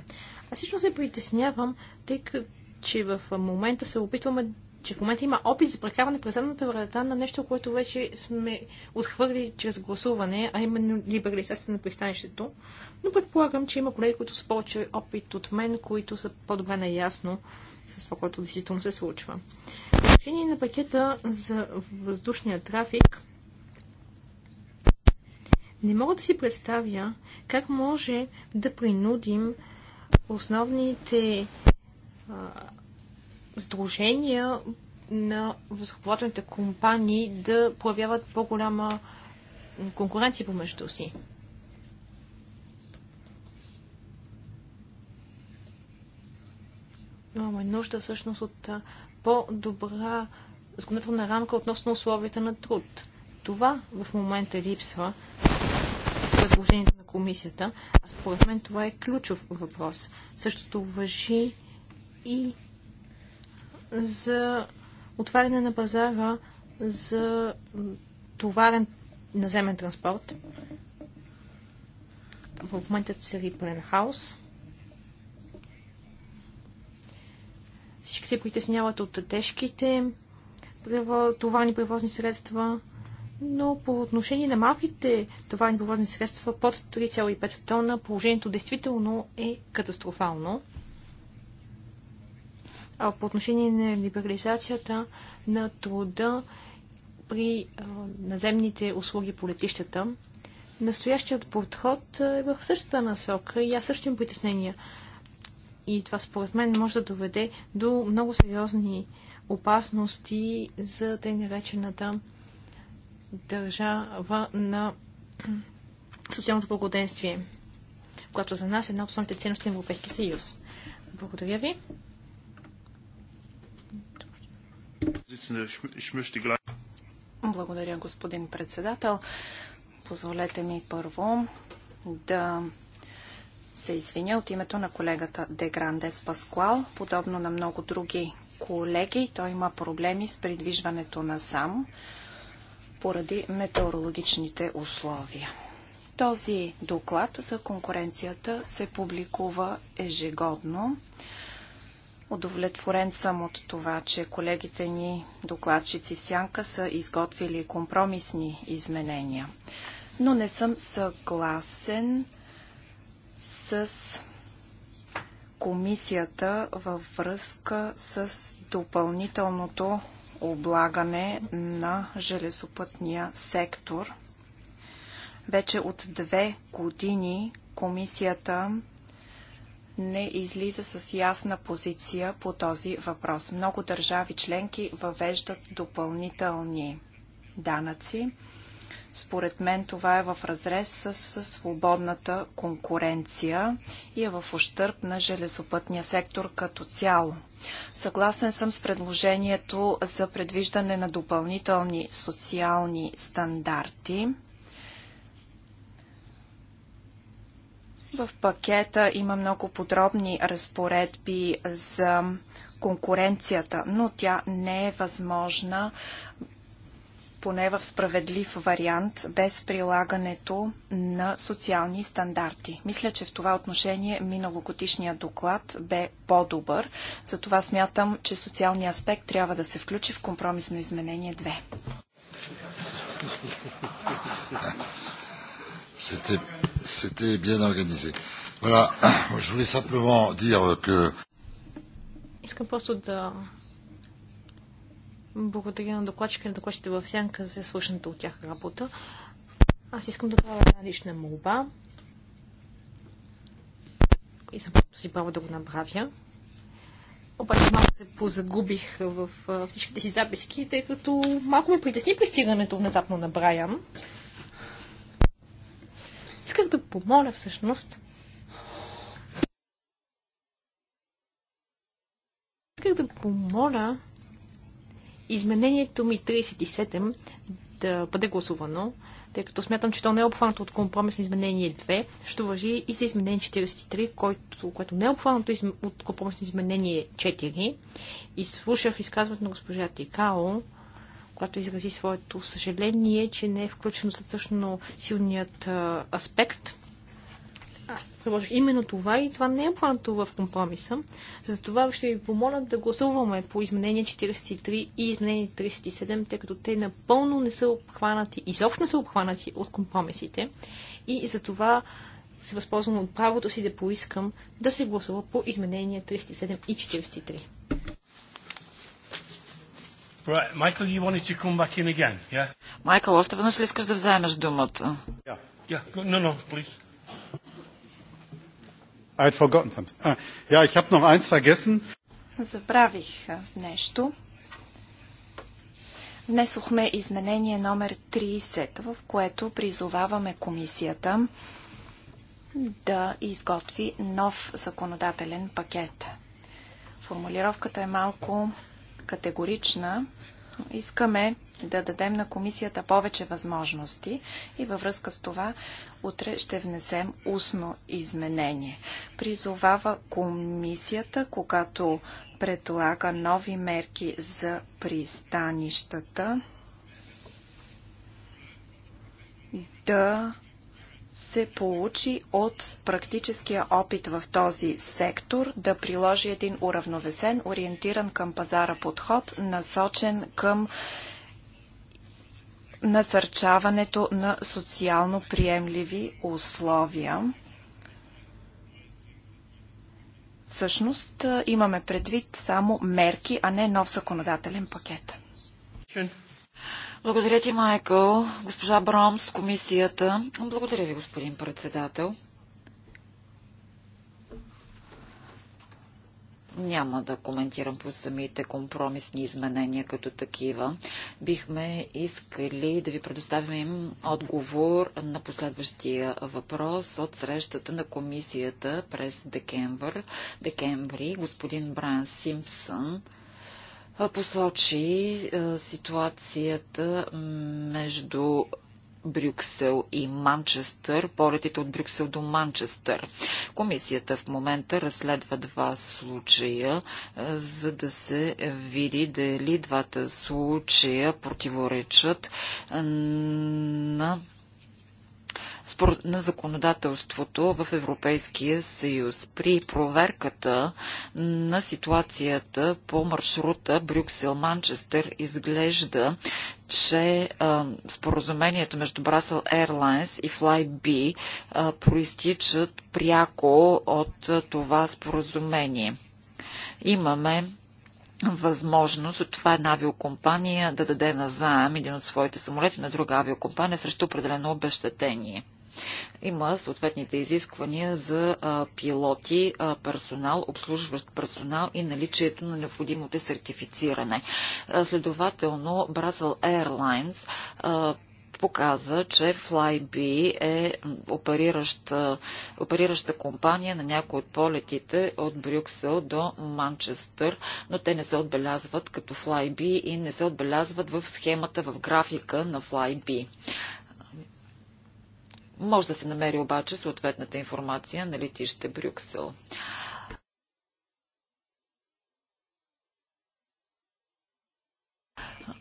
Аз лично се притеснявам, тъй като че в момента се опитваме че в момента има опит за прекарване през задната врата на нещо, което вече сме отхвърли чрез гласуване, а именно либерализация на пристанището. Но предполагам, че има колеги, които са повече опит от мен, които са по-добре наясно с това, което действително се случва. По отношение на пакета за въздушния трафик, не мога да си представя как може да принудим основните а, сдружения на възхоплателните компании да проявяват по-голяма конкуренция помежду си. Имаме нужда всъщност от по-добра законодателна рамка относно условията на труд. Това в момента липсва предложението на комисията. А според мен това е ключов въпрос. Същото въжи и за отваряне на пазара за товарен наземен транспорт. В момента цари пълен хаос. Всички се притесняват от тежките товарни превозни средства, но по отношение на малките товарни превозни средства под 3,5 тона положението действително е катастрофално. А по отношение на либерализацията на труда при наземните услуги по летищата, настоящият подход е в същата насока и аз също имам притеснения. И това според мен може да доведе до много сериозни опасности за тъй наречената държава на социалното благоденствие, която за нас е една от основните ценности на Европейския съюз. Благодаря ви. Благодаря, господин председател. Позволете ми първо да се извиня от името на колегата Деграндес Паскуал. Подобно на много други колеги, той има проблеми с придвижването на сам поради метеорологичните условия. Този доклад за конкуренцията се публикува ежегодно. Удовлетворен съм от това, че колегите ни докладчици в Сянка са изготвили компромисни изменения. Но не съм съгласен с комисията във връзка с допълнителното облагане на железопътния сектор. Вече от две години комисията не излиза с ясна позиция по този въпрос. Много държави членки въвеждат допълнителни данъци. Според мен това е в разрез с, с свободната конкуренция и е в ущърп на железопътния сектор като цяло. Съгласен съм с предложението за предвиждане на допълнителни социални стандарти. В пакета има много подробни разпоредби за конкуренцията, но тя не е възможна поне в справедлив вариант, без прилагането на социални стандарти. Мисля, че в това отношение миналогодишният доклад бе по-добър. Затова смятам, че социалния аспект трябва да се включи в компромисно изменение 2. C'était bien organisé. Voilà, je voulais simplement dire que... Искам просто да благодаря на докладчика и на докладчите в сянка за свършената от тях работа. Аз искам да правя една лична молба. И съм си право да го направя. Обаче малко се позагубих в всичките си записки, тъй като малко ме притесни пристигането внезапно на Брайан. Исках да помоля всъщност исках да помоля изменението ми 37 да бъде гласувано, тъй като смятам, че то не е обхванато от компромисно изменение 2, ще въжи и за изменение 43, което, което не е обхванато от компромисно изменение 4. И слушах изказването на госпожа Тикао, която изрази своето съжаление, че не е включено достатъчно силният а, аспект аз предложих именно това и това не е обхванато в компромиса. Затова ще ви помоля да гласуваме по изменение 43 и изменение 37, тъй като те напълно не са обхванати, изобщо не са обхванати от компромисите. И затова се възползвам от правото си да поискам да се гласува по изменение 37 и 43. Right. Michael, you wanted to come back in again, yeah? Майкъл, още веднъж ли искаш да вземеш думата? Yeah. Yeah. No, no, please. I'd forgotten something. Ah, ja, ich habe noch eins vergessen. Забравих нещо. Внесохме изменение номер 30, в което призоваваме комисията да изготви нов законодателен пакет. Формулировката е малко категорична. Искаме да дадем на комисията повече възможности и във връзка с това утре ще внесем устно изменение. Призовава комисията, когато предлага нови мерки за пристанищата, да се получи от практическия опит в този сектор да приложи един уравновесен, ориентиран към пазара подход, насочен към насърчаването на социално приемливи условия. Всъщност имаме предвид само мерки, а не нов законодателен пакет. Благодаря ти, Майкъл. Госпожа Бромс, комисията. Благодаря ви, господин председател. Няма да коментирам по самите компромисни изменения като такива. Бихме искали да ви предоставим отговор на последващия въпрос от срещата на комисията през декември. декември господин Брайан Симпсън посочи ситуацията между Брюксел и Манчестър, полетите от Брюксел до Манчестър. Комисията в момента разследва два случая, е, за да се види дали двата случая противоречат на на законодателството в Европейския съюз. При проверката на ситуацията по маршрута Брюксел-Манчестър изглежда, че споразумението между Brussels Airlines и FlyB проистичат пряко от това споразумение. Имаме възможност от това една авиокомпания да даде на заем един от своите самолети на друга авиокомпания срещу определено обещетение. Има съответните изисквания за а, пилоти, а, персонал, обслужващ персонал и наличието на необходимото сертифициране. А, следователно, Brussels Airlines показа, че Flybe е оперираща, оперираща компания на някои от полетите от Брюксел до Манчестър, но те не се отбелязват като Flybe и не се отбелязват в схемата, в графика на Flybe. Може да се намери обаче съответната информация на летище Брюксел.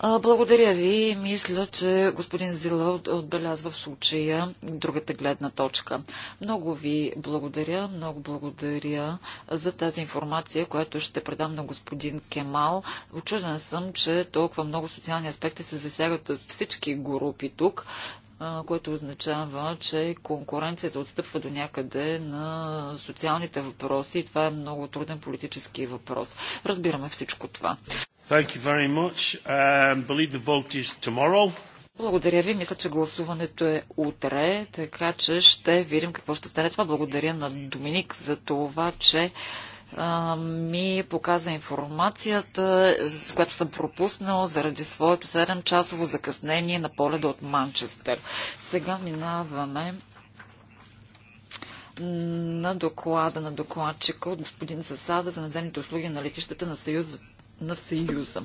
Благодаря ви. Мисля, че господин Зила отбелязва в случая другата гледна точка. Много ви благодаря, много благодаря за тази информация, която ще предам на господин Кемал. Очуден съм, че толкова много социални аспекти се засягат от всички групи тук което означава, че конкуренцията отстъпва до някъде на социалните въпроси и това е много труден политически въпрос. Разбираме всичко това. Um, Благодаря ви. Мисля, че гласуването е утре, така че ще видим какво ще стане това. Благодаря на Доминик за това, че ми показа информацията, с която съм пропуснал заради своето 7-часово закъснение на поледа от Манчестър. Сега минаваме на доклада на докладчика от господин Сасада за наземните услуги на летищата на Съюзът на Съюза.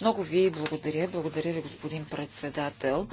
Много ви благодаря. Благодаря ви, господин председател.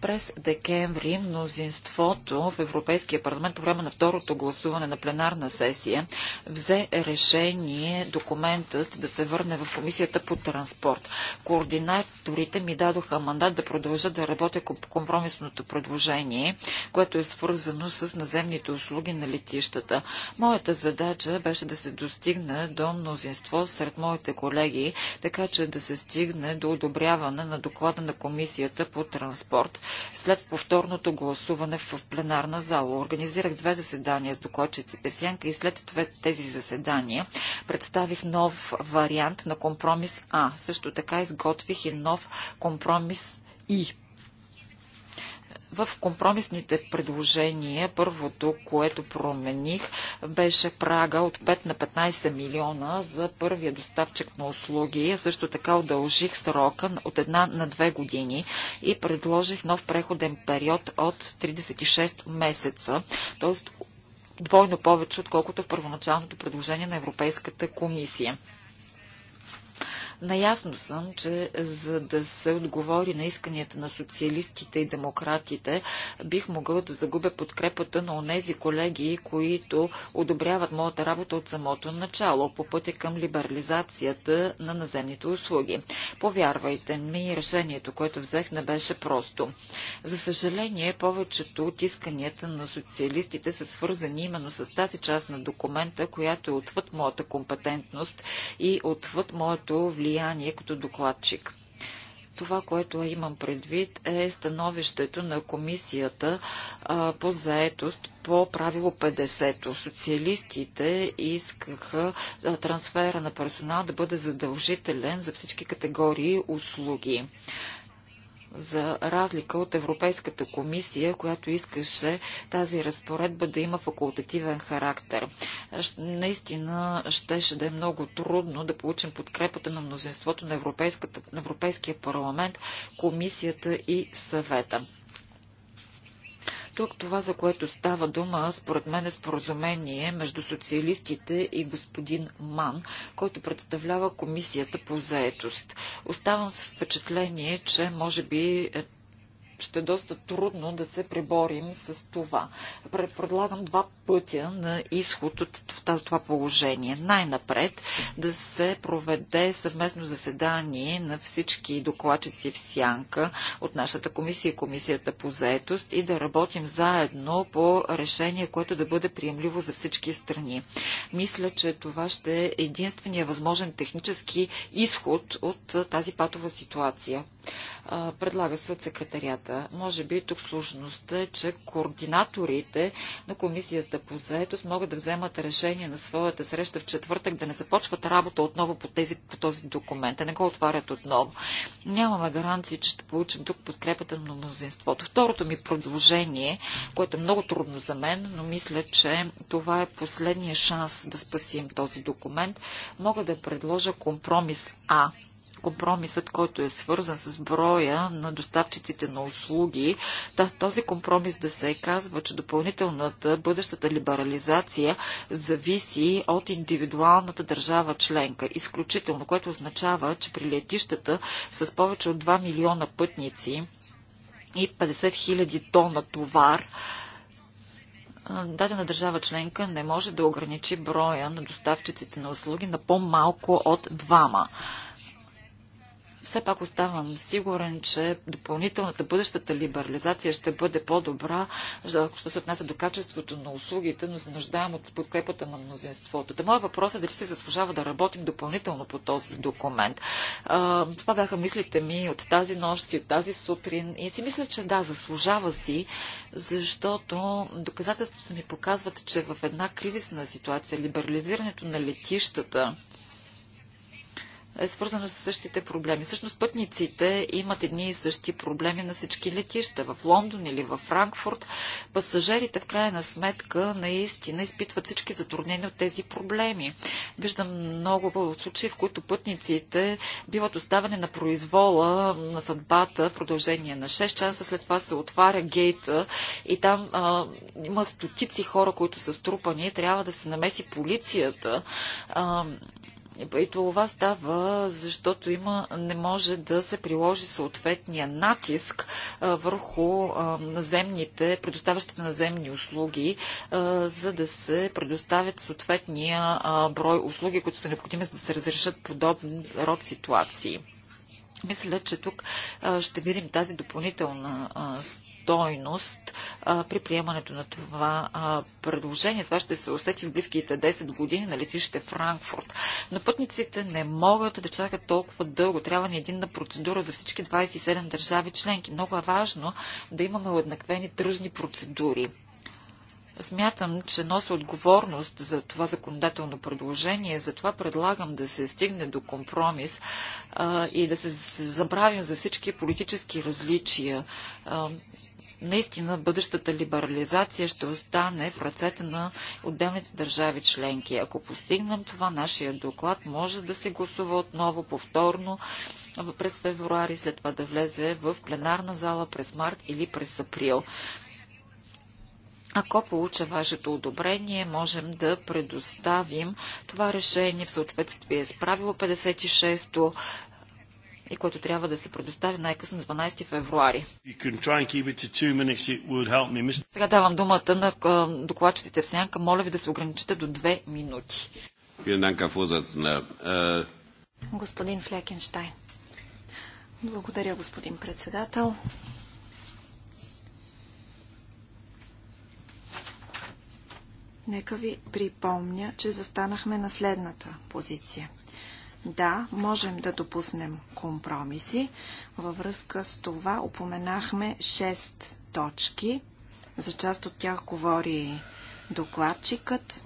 През декември мнозинството в Европейския парламент по време на второто гласуване на пленарна сесия взе решение документът да се върне в комисията по транспорт. Координаторите ми дадоха мандат да продължа да работя по компромисното предложение, което е свързано с наземните услуги на летищата. Моята задача беше да се достигне до мнозинство сред моите колеги, така че да се стигне до одобряване на доклада на Комисията по транспорт след повторното гласуване в пленарна зала. Организирах две заседания с докладчиците в Сянка и след това тези заседания представих нов вариант на компромис А. Също така изготвих и нов компромис И в компромисните предложения първото, което промених, беше прага от 5 на 15 милиона за първия доставчик на услуги. Също така удължих срока от една на две години и предложих нов преходен период от 36 месеца, т.е. двойно повече, отколкото в първоначалното предложение на Европейската комисия. Наясно съм, че за да се отговори на исканията на социалистите и демократите, бих могъл да загубя подкрепата на онези колеги, които одобряват моята работа от самото начало по пътя към либерализацията на наземните услуги. Повярвайте ми, решението, което взех, не беше просто. За съжаление, повечето от исканията на социалистите са свързани именно с тази част на документа, която е отвъд моята компетентност и отвъд моето влияние влияние като докладчик. Това, което имам предвид, е становището на комисията а, по заетост по правило 50-то. Социалистите искаха а, трансфера на персонал да бъде задължителен за всички категории услуги за разлика от Европейската комисия, която искаше тази разпоредба да има факултативен характер. Наистина щеше да е много трудно да получим подкрепата на мнозинството на, на Европейския парламент, комисията и съвета тук това, за което става дума, според мен е споразумение между социалистите и господин Ман, който представлява комисията по заетост. Оставам с впечатление, че може би е ще е доста трудно да се преборим с това. Предлагам два пътя на изход от това положение. Най-напред да се проведе съвместно заседание на всички докладчици в Сянка от нашата комисия и комисията по заетост и да работим заедно по решение, което да бъде приемливо за всички страни. Мисля, че това ще е единствения възможен технически изход от тази патова ситуация предлага се от секретарията. Може би тук сложността е, че координаторите на комисията по заетост могат да вземат решение на своята среща в четвъртък, да не започват работа отново по, тези, по този документ, а не го отварят отново. Нямаме гаранции, че ще получим тук подкрепата на мнозинството. Второто ми предложение, което е много трудно за мен, но мисля, че това е последния шанс да спасим този документ, мога да предложа компромис А компромисът, който е свързан с броя на доставчиците на услуги, да, този компромис да се казва, че допълнителната бъдещата либерализация зависи от индивидуалната държава членка. Изключително, което означава, че при летищата с повече от 2 милиона пътници и 50 хиляди тона товар, дадена държава членка не може да ограничи броя на доставчиците на услуги на по-малко от двама все пак оставам сигурен, че допълнителната бъдещата либерализация ще бъде по-добра, ако ще се отнася до качеството на услугите, но се нуждаем от подкрепата на мнозинството. Та моят въпрос е дали се заслужава да работим допълнително по този документ. А, това бяха мислите ми от тази нощ и от тази сутрин и си мисля, че да, заслужава си, защото доказателствата ми показват, че в една кризисна ситуация либерализирането на летищата е свързано с същите проблеми. Всъщност пътниците имат едни и същи проблеми на всички летища. В Лондон или в Франкфурт пасажирите в крайна сметка наистина изпитват всички затруднения от тези проблеми. Виждам много случаи, в които пътниците биват оставени на произвола на съдбата в продължение на 6 часа. След това се отваря гейта и там а, има стотици хора, които са струпани. Трябва да се намеси полицията. А, и това става, защото има, не може да се приложи съответния натиск а, върху а, наземните, предоставящите наземни услуги, а, за да се предоставят съответния брой услуги, които са необходими, за да се разрешат подобен род ситуации. Мисля, че тук ще видим тази допълнителна стъпка стойност а, при приемането на това а, предложение. Това ще се усети в близките 10 години на летище Франкфурт. Но пътниците не могат да чакат толкова дълго. Трябва ни единна процедура за всички 27 държави членки. Много е важно да имаме уеднаквени тръжни процедури. Смятам, че нося отговорност за това законодателно предложение, затова предлагам да се стигне до компромис а, и да се забравим за всички политически различия. А, наистина бъдещата либерализация ще остане в ръцете на отделните държави членки. Ако постигнем това, нашия доклад може да се гласува отново повторно през февруари, след това да влезе в пленарна зала през март или през април. Ако получа вашето одобрение, можем да предоставим това решение в съответствие с правило 56-то и което трябва да се предостави най-късно 12 февруари. Сега давам думата на докладчиците в сянка. Моля ви да се ограничите до две минути. Е, господин Флекенштайн. Благодаря, господин председател. Нека ви припомня, че застанахме на следната позиция – да, можем да допуснем компромиси. Във връзка с това упоменахме 6 точки. За част от тях говори докладчикът.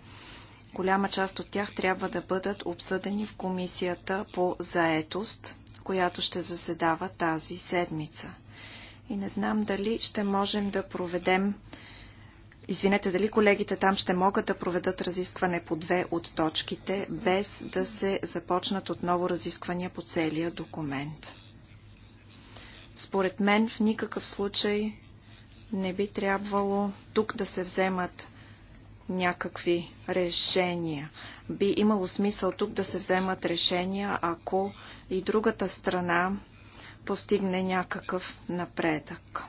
Голяма част от тях трябва да бъдат обсъдени в комисията по заетост, която ще заседава тази седмица. И не знам дали ще можем да проведем Извинете, дали колегите там ще могат да проведат разискване по две от точките, без да се започнат отново разисквания по целия документ? Според мен в никакъв случай не би трябвало тук да се вземат някакви решения. Би имало смисъл тук да се вземат решения, ако и другата страна постигне някакъв напредък.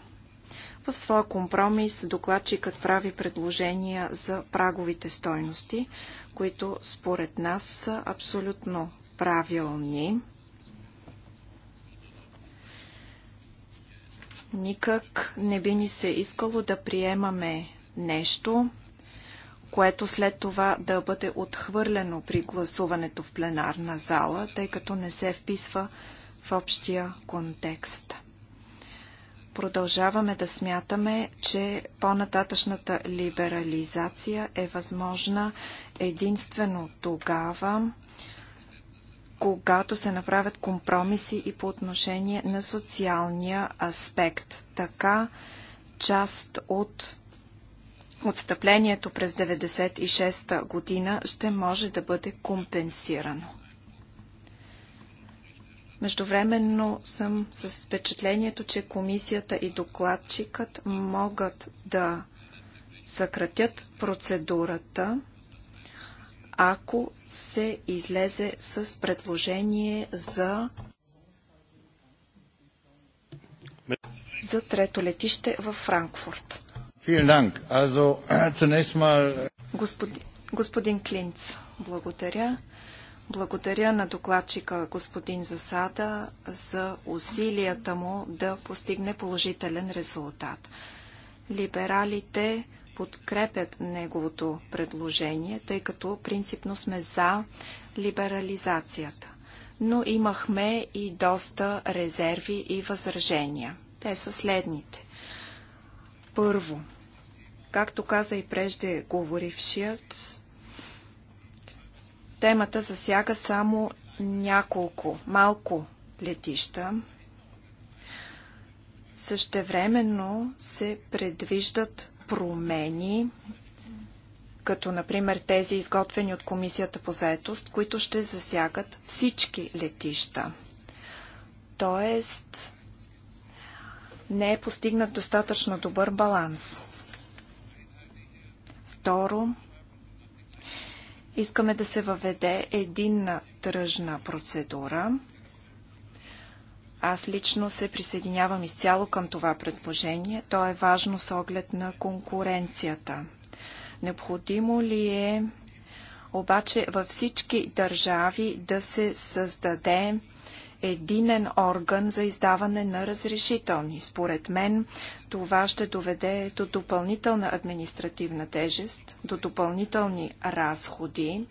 В своя компромис докладчикът прави предложения за праговите стойности, които според нас са абсолютно правилни. Никак не би ни се искало да приемаме нещо, което след това да бъде отхвърлено при гласуването в пленарна зала, тъй като не се вписва в общия контекст продължаваме да смятаме, че по-нататъчната либерализация е възможна единствено тогава, когато се направят компромиси и по отношение на социалния аспект. Така, част от отстъплението през 1996 година ще може да бъде компенсирано. Междувременно съм с впечатлението, че комисията и докладчикът могат да съкратят процедурата, ако се излезе с предложение за за трето летище в Франкфурт. Äh, äh, господин, господин Клинц, благодаря. Благодаря на докладчика господин Засада за усилията му да постигне положителен резултат. Либералите подкрепят неговото предложение, тъй като принципно сме за либерализацията. Но имахме и доста резерви и възражения. Те са следните. Първо, както каза и прежде говорившият, Темата засяга само няколко, малко летища. Същевременно се предвиждат промени, като например тези изготвени от Комисията по заетост, които ще засягат всички летища. Тоест, не е постигнат достатъчно добър баланс. Второ, Искаме да се въведе единна тръжна процедура. Аз лично се присъединявам изцяло към това предложение. То е важно с оглед на конкуренцията. Необходимо ли е обаче във всички държави да се създаде единен орган за издаване на разрешителни. Според мен това ще доведе до допълнителна административна тежест, до допълнителни разходи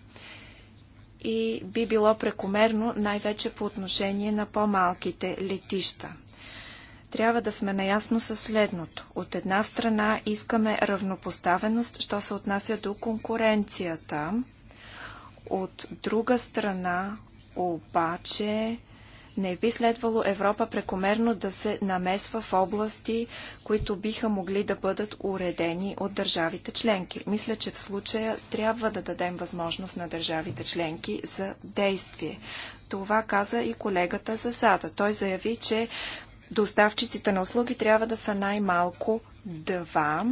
и би било прекомерно най-вече по отношение на по-малките летища. Трябва да сме наясно със следното. От една страна искаме равнопоставеност, що се отнася до конкуренцията. От друга страна обаче не би следвало Европа прекомерно да се намесва в области, които биха могли да бъдат уредени от държавите членки. Мисля, че в случая трябва да дадем възможност на държавите членки за действие. Това каза и колегата Засада. Той заяви, че доставчиците на услуги трябва да са най-малко два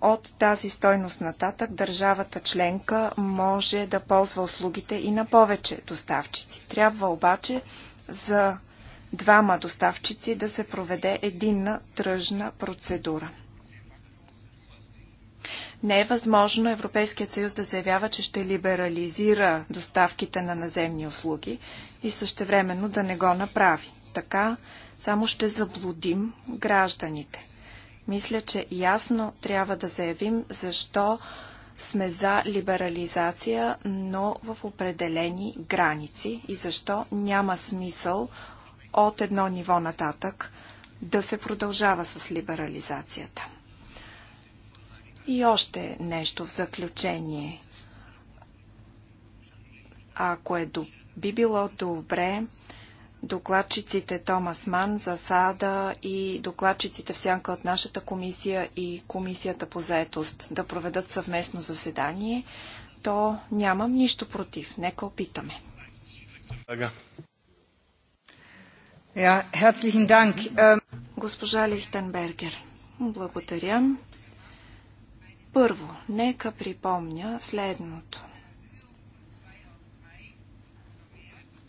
от тази стойност нататък държавата членка може да ползва услугите и на повече доставчици. Трябва обаче за двама доставчици да се проведе единна тръжна процедура. Не е възможно Европейският съюз да заявява, че ще либерализира доставките на наземни услуги и същевременно да не го направи. Така само ще заблудим гражданите. Мисля, че ясно трябва да заявим защо сме за либерализация, но в определени граници и защо няма смисъл от едно ниво нататък да се продължава с либерализацията. И още нещо в заключение. Ако е до... би било добре докладчиците Томас Ман, сада и докладчиците в сянка от нашата комисия и комисията по заетост да проведат съвместно заседание, то нямам нищо против. Нека опитаме. Госпожа Лихтенбергер, благодаря. Първо, нека припомня следното.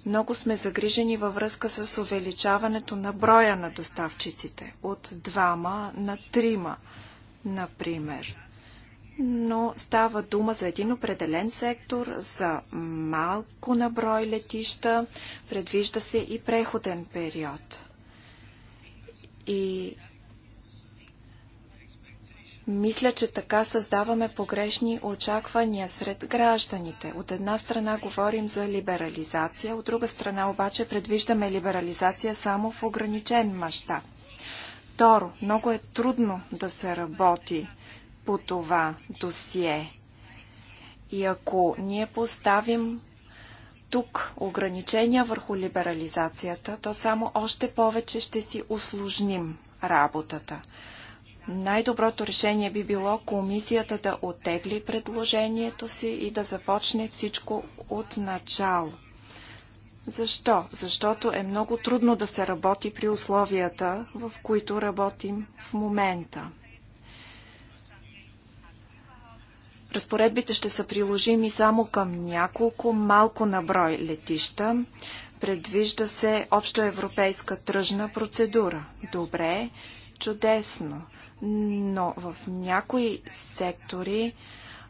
Много сме загрижени във връзка с увеличаването на броя на доставчиците от двама на трима, например. Но става дума за един определен сектор, за малко на брой летища, предвижда се и преходен период. И мисля, че така създаваме погрешни очаквания сред гражданите. От една страна говорим за либерализация, от друга страна обаче предвиждаме либерализация само в ограничен мащаб. Второ, много е трудно да се работи по това досие. И ако ние поставим тук ограничения върху либерализацията, то само още повече ще си усложним работата. Най-доброто решение би било комисията да отегли предложението си и да започне всичко от начало. Защо? Защото е много трудно да се работи при условията, в които работим в момента. Разпоредбите ще са приложими само към няколко малко наброй летища. Предвижда се общоевропейска тръжна процедура. Добре, чудесно но в някои сектори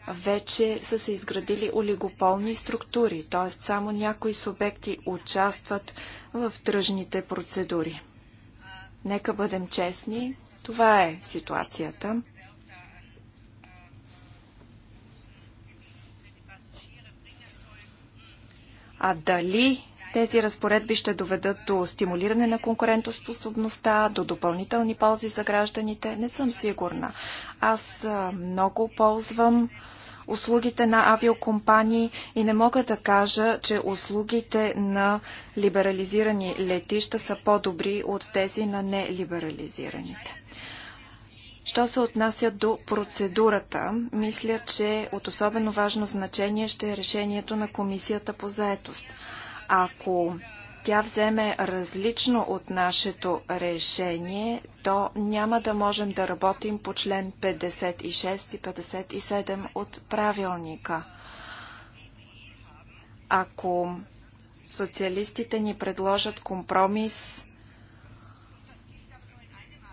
вече са се изградили олигополни структури, т.е. само някои субекти участват в тръжните процедури. Нека бъдем честни, това е ситуацията. А дали тези разпоредби ще доведат до стимулиране на конкурентоспособността, до допълнителни ползи за гражданите. Не съм сигурна. Аз много ползвам услугите на авиокомпании и не мога да кажа, че услугите на либерализирани летища са по-добри от тези на нелиберализираните. Що се отнася до процедурата, мисля, че от особено важно значение ще е решението на Комисията по заетост. Ако тя вземе различно от нашето решение, то няма да можем да работим по член 56 и 57 от правилника. Ако социалистите ни предложат компромис,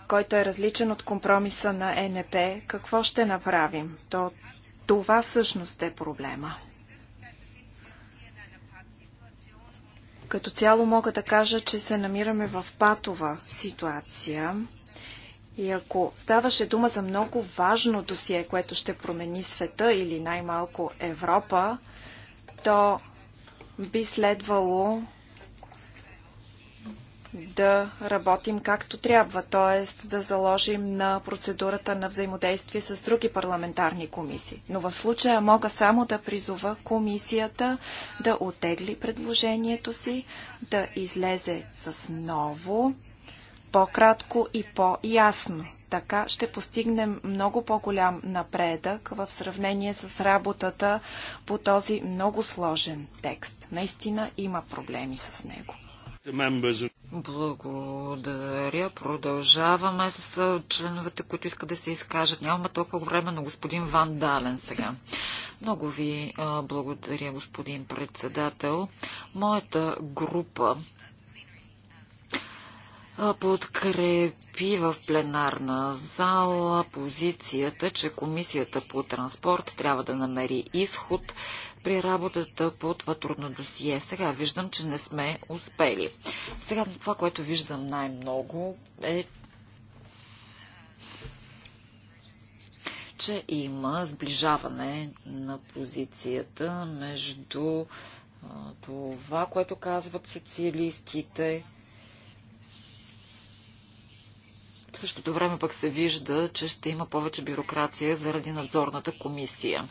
който е различен от компромиса на НП, какво ще направим? То това всъщност е проблема. Като цяло мога да кажа, че се намираме в патова ситуация. И ако ставаше дума за много важно досие, което ще промени света или най-малко Европа, то би следвало да работим както трябва, т.е. да заложим на процедурата на взаимодействие с други парламентарни комисии. Но в случая мога само да призова комисията да отегли предложението си, да излезе с ново, по-кратко и по-ясно. Така ще постигнем много по-голям напредък в сравнение с работата по този много сложен текст. Наистина има проблеми с него. Благодаря. Продължаваме с членовете, които искат да се изкажат. Нямаме толкова време, но господин Ван Дален сега. Много ви благодаря, господин председател. Моята група подкрепи в пленарна зала позицията, че Комисията по транспорт трябва да намери изход при работата по това трудно досие. Сега виждам, че не сме успели. Сега това, което виждам най-много е че има сближаване на позицията между това, което казват социалистите. В същото време пък се вижда, че ще има повече бюрокрация заради надзорната комисия.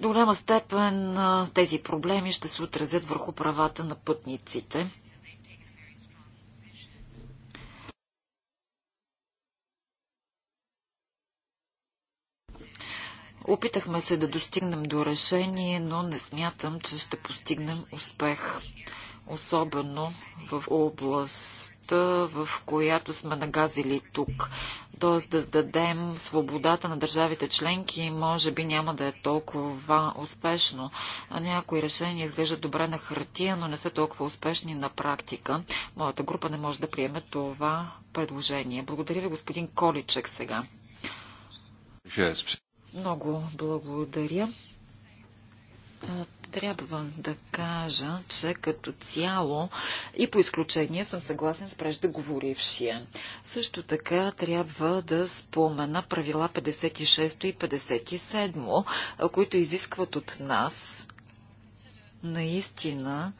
До голяма степен тези проблеми ще се отразят върху правата на пътниците. Опитахме се да достигнем до решение, но не смятам, че ще постигнем успех особено в областта, в която сме нагазили тук. Тоест да дадем свободата на държавите членки, може би няма да е толкова успешно. някои решения изглеждат добре на хартия, но не са толкова успешни на практика. Моята група не може да приеме това предложение. Благодаря ви, господин Количек, сега. Много благодаря трябва да кажа, че като цяло и по изключение съм съгласен с преждеговорившия. Също така трябва да спомена правила 56 и 57, които изискват от нас наистина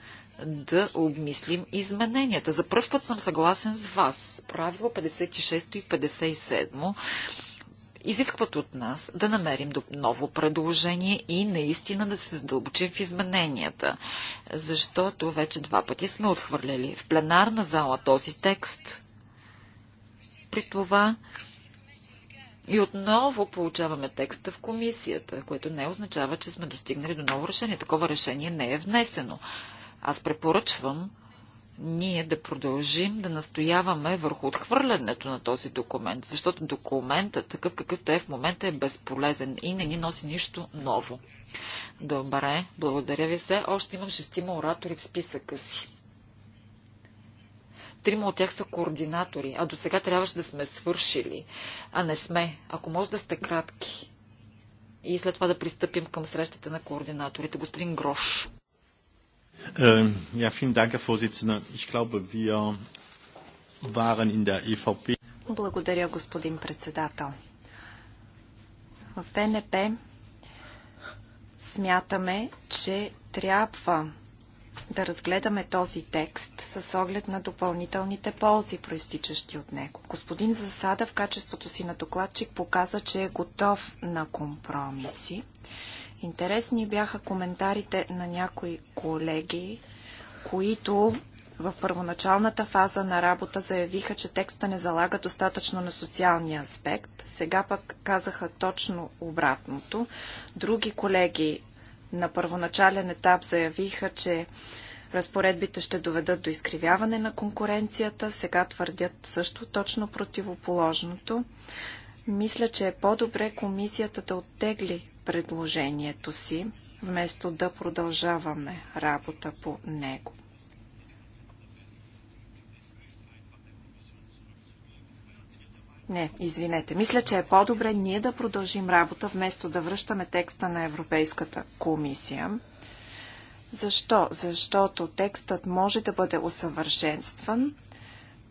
да обмислим измененията. За първ път съм съгласен с вас. Правило 56 и 57 изискват от нас да намерим ново предложение и наистина да се задълбочим в измененията, защото вече два пъти сме отхвърляли в пленарна зала този текст. При това и отново получаваме текста в комисията, което не означава, че сме достигнали до ново решение. Такова решение не е внесено. Аз препоръчвам ние да продължим да настояваме върху отхвърлянето на този документ, защото документът, такъв какъвто е в момента, е безполезен и не ни носи нищо ново. Добре, благодаря ви се. Още имам шестима оратори в списъка си. Трима от тях са координатори, а до сега трябваше да сме свършили, а не сме. Ако може да сте кратки. И след това да пристъпим към срещата на координаторите. Господин Грош. Ähm, ja, vielen Dank, Herr Vorsitzender. Ich glaube, wir waren in der EVP. Благодаря, господин председател. В ВНП смятаме, че трябва да разгледаме този текст с оглед на допълнителните ползи, проистичащи от него. Господин Засада в качеството си на докладчик показа, че е готов на компромиси. Интересни бяха коментарите на някои колеги, които в първоначалната фаза на работа заявиха, че текста не залага достатъчно на социалния аспект. Сега пък казаха точно обратното. Други колеги на първоначален етап заявиха, че разпоредбите ще доведат до изкривяване на конкуренцията. Сега твърдят също точно противоположното. Мисля, че е по-добре комисията да оттегли предложението си, вместо да продължаваме работа по него. Не, извинете. Мисля, че е по-добре ние да продължим работа, вместо да връщаме текста на Европейската комисия. Защо? Защото текстът може да бъде усъвършенстван,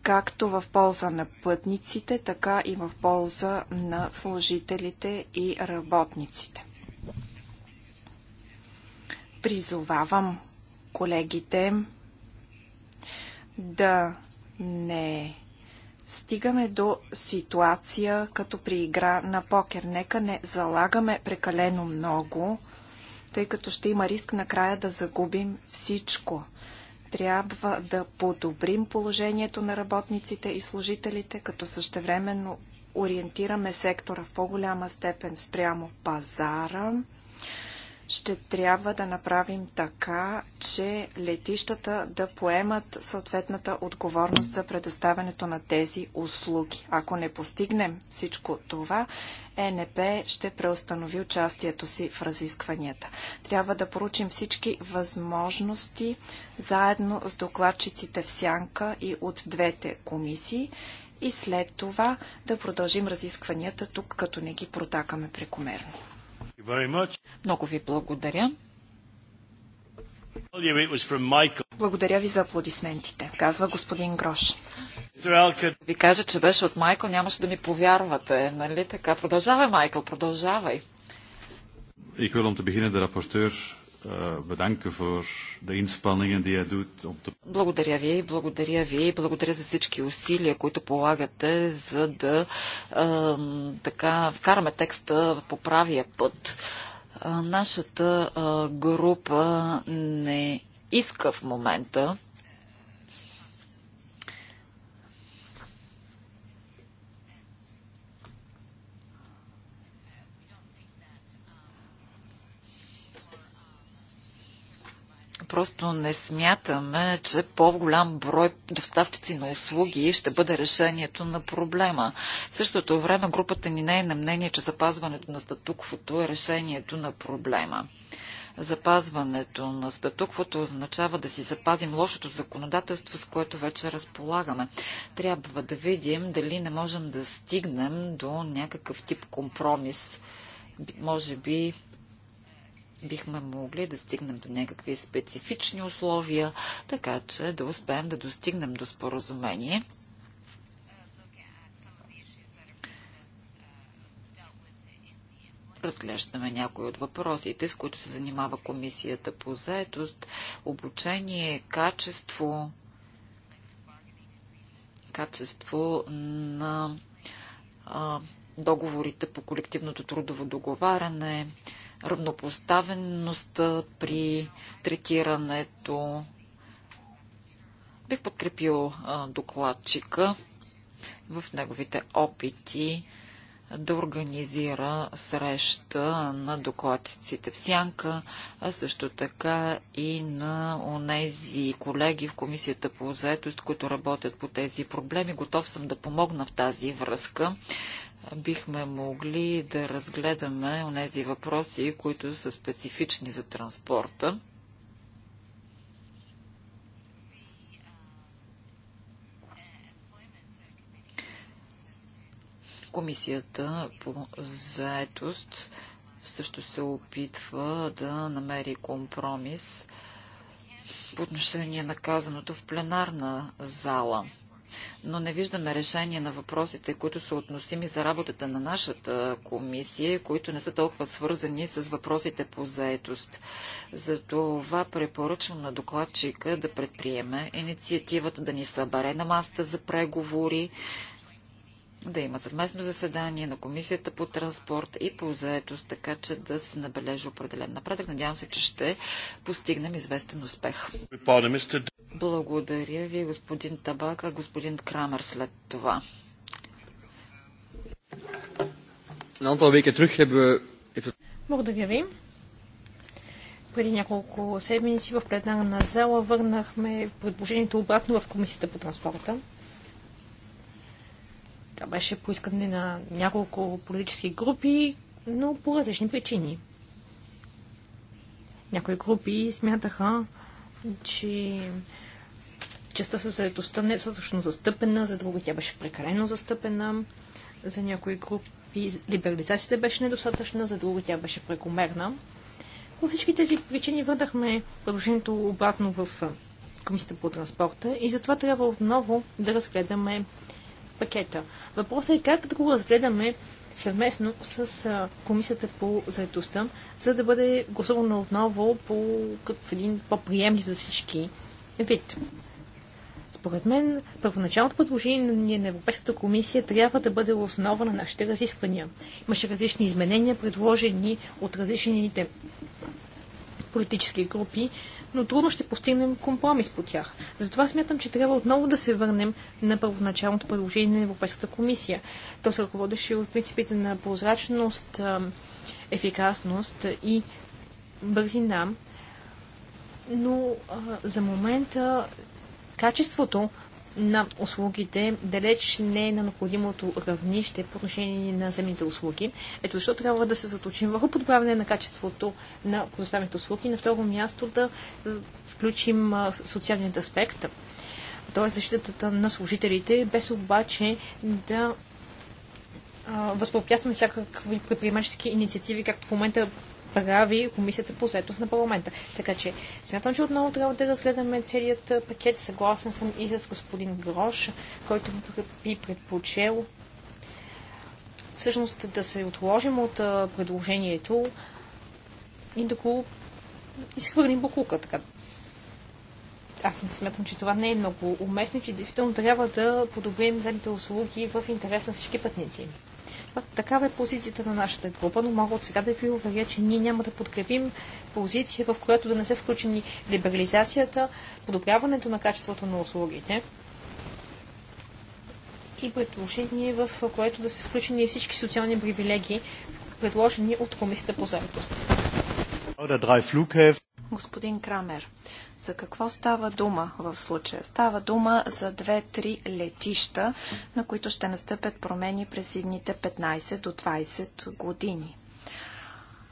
както в полза на пътниците, така и в полза на служителите и работниците. Призовавам колегите да не стигаме до ситуация като при игра на покер. Нека не залагаме прекалено много, тъй като ще има риск накрая да загубим всичко – трябва да подобрим положението на работниците и служителите, като същевременно ориентираме сектора в по-голяма степен спрямо пазара, ще трябва да направим така, че летищата да поемат съответната отговорност за предоставянето на тези услуги. Ако не постигнем всичко това, ЕНП ще преустанови участието си в разискванията. Трябва да поручим всички възможности заедно с докладчиците в Сянка и от двете комисии и след това да продължим разискванията тук, като не ги протакаме прекомерно. Много ви благодаря. Благодаря ви за аплодисментите, казва господин Грош. Ви кажа, че беше от Майкъл, нямаше да ми повярвате, нали така? Продължавай, Майкъл, продължавай. Ik wil om te beginnen de rapporteur Eh, voor de inspanningen die hij doet. Благодаря ви, благодаря ви, благодаря за всички усилия, които полагате, за да така вкараме текста по правия път. Е, нашата е, група не иска в момента просто не смятаме, че по-голям брой доставчици на услуги ще бъде решението на проблема. В същото време групата ни не е на мнение, че запазването на статуквото е решението на проблема. Запазването на статуквото означава да си запазим лошото законодателство, с което вече разполагаме. Трябва да видим дали не можем да стигнем до някакъв тип компромис. Може би бихме могли да стигнем до някакви специфични условия, така че да успеем да достигнем до споразумение. разглеждаме някои от въпросите, с които се занимава комисията по заетост, обучение, качество, качество на а, договорите по колективното трудово договаряне, равнопоставеността при третирането. Бих подкрепил докладчика в неговите опити да организира среща на докладчиците в Сянка, а също така и на онези колеги в Комисията по заетост, които работят по тези проблеми. Готов съм да помогна в тази връзка бихме могли да разгледаме онези въпроси, които са специфични за транспорта. Комисията по заетост също се опитва да намери компромис по отношение на казаното в пленарна зала – но не виждаме решение на въпросите, които са относими за работата на нашата комисия, които не са толкова свързани с въпросите по заетост. Затова препоръчвам на докладчика да предприеме инициативата да ни събере на масата за преговори, да има съвместно заседание на Комисията по транспорт и по заетост, така че да се набележи определен напредък. Надявам се, че ще постигнем известен успех. Благодаря ви, господин Табак, а господин Крамер след това. Благодаря ви. Преди няколко седмици в пленарна зала върнахме предложението обратно в Комисията по транспорта. Това беше поискане на няколко политически групи, но по различни причини. Някои групи смятаха, че частта със заедостта не е достатъчно застъпена, за други тя беше прекалено застъпена, за някои групи либерализацията беше недостатъчна, за други тя беше прекомерна. По всички тези причини върнахме предложението обратно в Комисията по транспорта и затова трябва отново да разгледаме пакета. Въпросът е как да го разгледаме съвместно с Комисията по заедостта, за да бъде гласувано отново по какъв един по-приемлив за всички вид. Според мен, първоначалното предложение на Европейската комисия трябва да бъде основа на нашите разисквания. Имаше различни изменения, предложени от различните политически групи, но трудно ще постигнем компромис по тях. Затова смятам, че трябва отново да се върнем на първоначалното предложение на Европейската комисия. То се ръководеше от принципите на прозрачност, ефикасност и бързина, но а, за момента качеството на услугите далеч не е на необходимото равнище по отношение на земните услуги. Ето защо трябва да се заточим върху подправяне на качеството на предоставените услуги. На второ място да включим социалният аспект, т.е. защитата на служителите, без обаче да възпрепятстваме всякакви предприемачески инициативи, както в момента прави комисията по заедост на парламента. Така че смятам, че отново трябва да разгледаме целият пакет. Съгласен съм и с господин Грош, който би предпочел всъщност да се отложим от предложението и да го изхвърлим буклука. Така. Аз не смятам, че това не е много уместно, че действително трябва да подобрим земните услуги в интерес на всички пътници. Такава е позицията на нашата група, но мога от сега да ви уверя, че ние няма да подкрепим позиция, в която да не са включени либерализацията, подобряването на качеството на услугите и предложение, в което да са включени всички социални привилегии, предложени от Комисията по заедост. Господин Крамер, за какво става дума в случая? Става дума за две-три летища, на които ще настъпят промени през едните 15 до 20 години.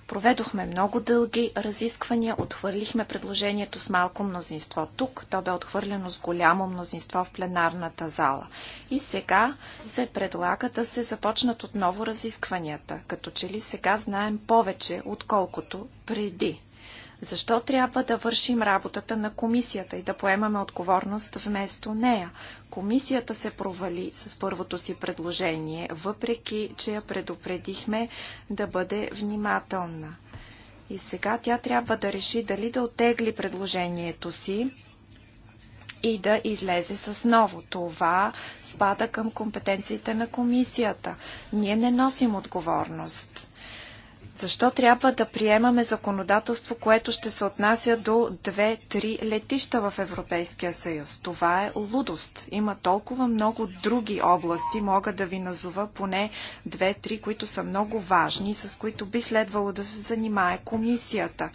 Проведохме много дълги разисквания, отхвърлихме предложението с малко мнозинство тук, то бе отхвърлено с голямо мнозинство в пленарната зала. И сега се предлага да се започнат отново разискванията, като че ли сега знаем повече, отколкото преди. Защо трябва да вършим работата на комисията и да поемаме отговорност вместо нея? Комисията се провали с първото си предложение, въпреки че я предупредихме да бъде внимателна. И сега тя трябва да реши дали да отегли предложението си и да излезе с ново. Това спада към компетенциите на комисията. Ние не носим отговорност. Защо трябва да приемаме законодателство, което ще се отнася до 2-3 летища в Европейския съюз? Това е лудост. Има толкова много други области, мога да ви назова поне 2-3, които са много важни, с които би следвало да се занимае комисията.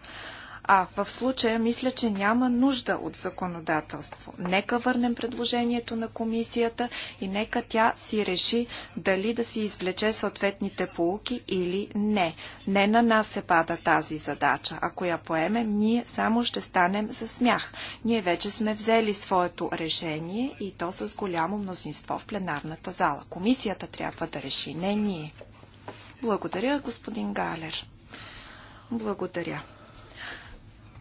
А в случая мисля, че няма нужда от законодателство. Нека върнем предложението на комисията и нека тя си реши дали да си извлече съответните полуки или не. Не на нас се пада тази задача. Ако я поемем, ние само ще станем за смях. Ние вече сме взели своето решение и то с голямо мнозинство в пленарната зала. Комисията трябва да реши, не ние. Благодаря, господин Галер. Благодаря.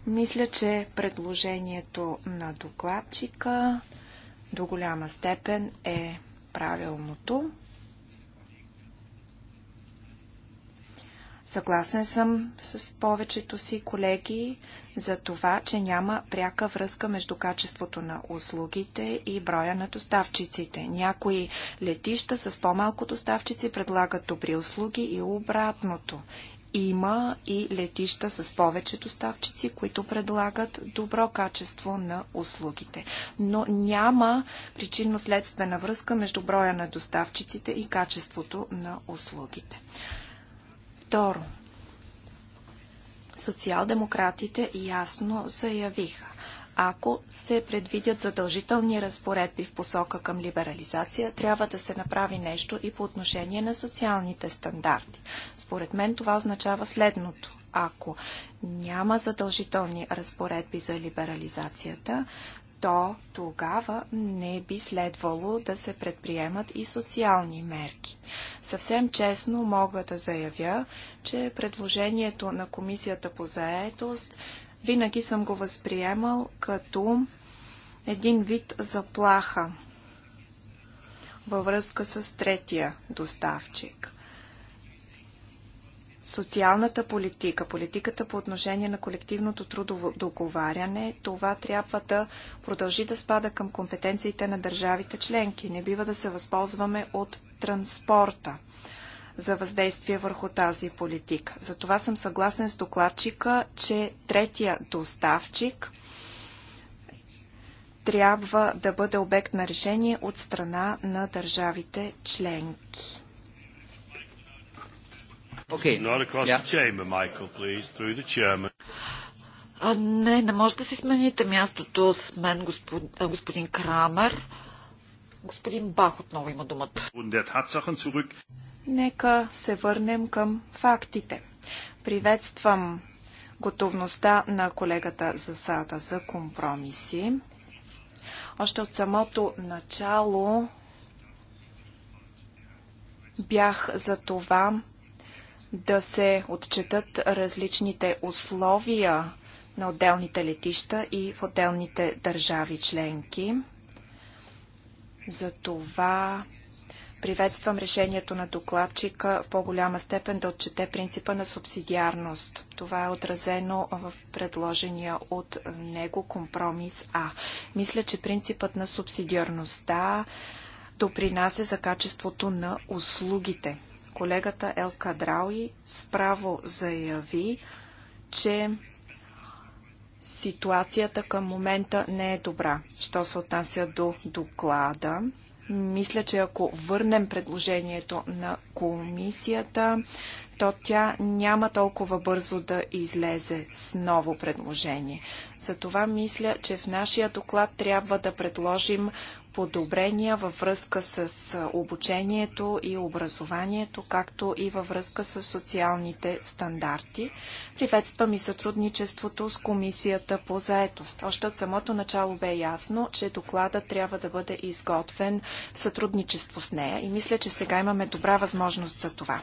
Мисля, че предложението на докладчика до голяма степен е правилното. Съгласен съм с повечето си колеги за това, че няма пряка връзка между качеството на услугите и броя на доставчиците. Някои летища с по-малко доставчици предлагат добри услуги и обратното. Има и летища с повече доставчици, които предлагат добро качество на услугите. Но няма причинно-следствена връзка между броя на доставчиците и качеството на услугите. Второ, социал-демократите ясно заявиха. Ако се предвидят задължителни разпоредби в посока към либерализация, трябва да се направи нещо и по отношение на социалните стандарти. Според мен това означава следното. Ако няма задължителни разпоредби за либерализацията, то тогава не би следвало да се предприемат и социални мерки. Съвсем честно мога да заявя, че предложението на Комисията по заетост винаги съм го възприемал като един вид заплаха във връзка с третия доставчик. Социалната политика, политиката по отношение на колективното трудово договаряне, това трябва да продължи да спада към компетенциите на държавите членки. Не бива да се възползваме от транспорта за въздействие върху тази политика. Затова съм съгласен с докладчика, че третия доставчик трябва да бъде обект на решение от страна на държавите членки. Okay. А, не, не може да си смените мястото с мен, господин, господин Крамер. Господин Бах отново има думата. Нека се върнем към фактите. Приветствам готовността на колегата за сада за компромиси. Още от самото начало бях за това да се отчетат различните условия на отделните летища и в отделните държави членки. За това Приветствам решението на докладчика в по-голяма степен да отчете принципа на субсидиарност. Това е отразено в предложения от него компромис А. Мисля, че принципът на субсидиарността допринася за качеството на услугите. Колегата Ел Кадрауи справо заяви, че ситуацията към момента не е добра. Що се отнася до доклада, мисля, че ако върнем предложението на комисията, то тя няма толкова бързо да излезе с ново предложение. Затова мисля, че в нашия доклад трябва да предложим подобрения във връзка с обучението и образованието, както и във връзка с социалните стандарти. Приветствам и сътрудничеството с Комисията по заетост. Още от самото начало бе ясно, че доклада трябва да бъде изготвен в сътрудничество с нея и мисля, че сега имаме добра възможност за това.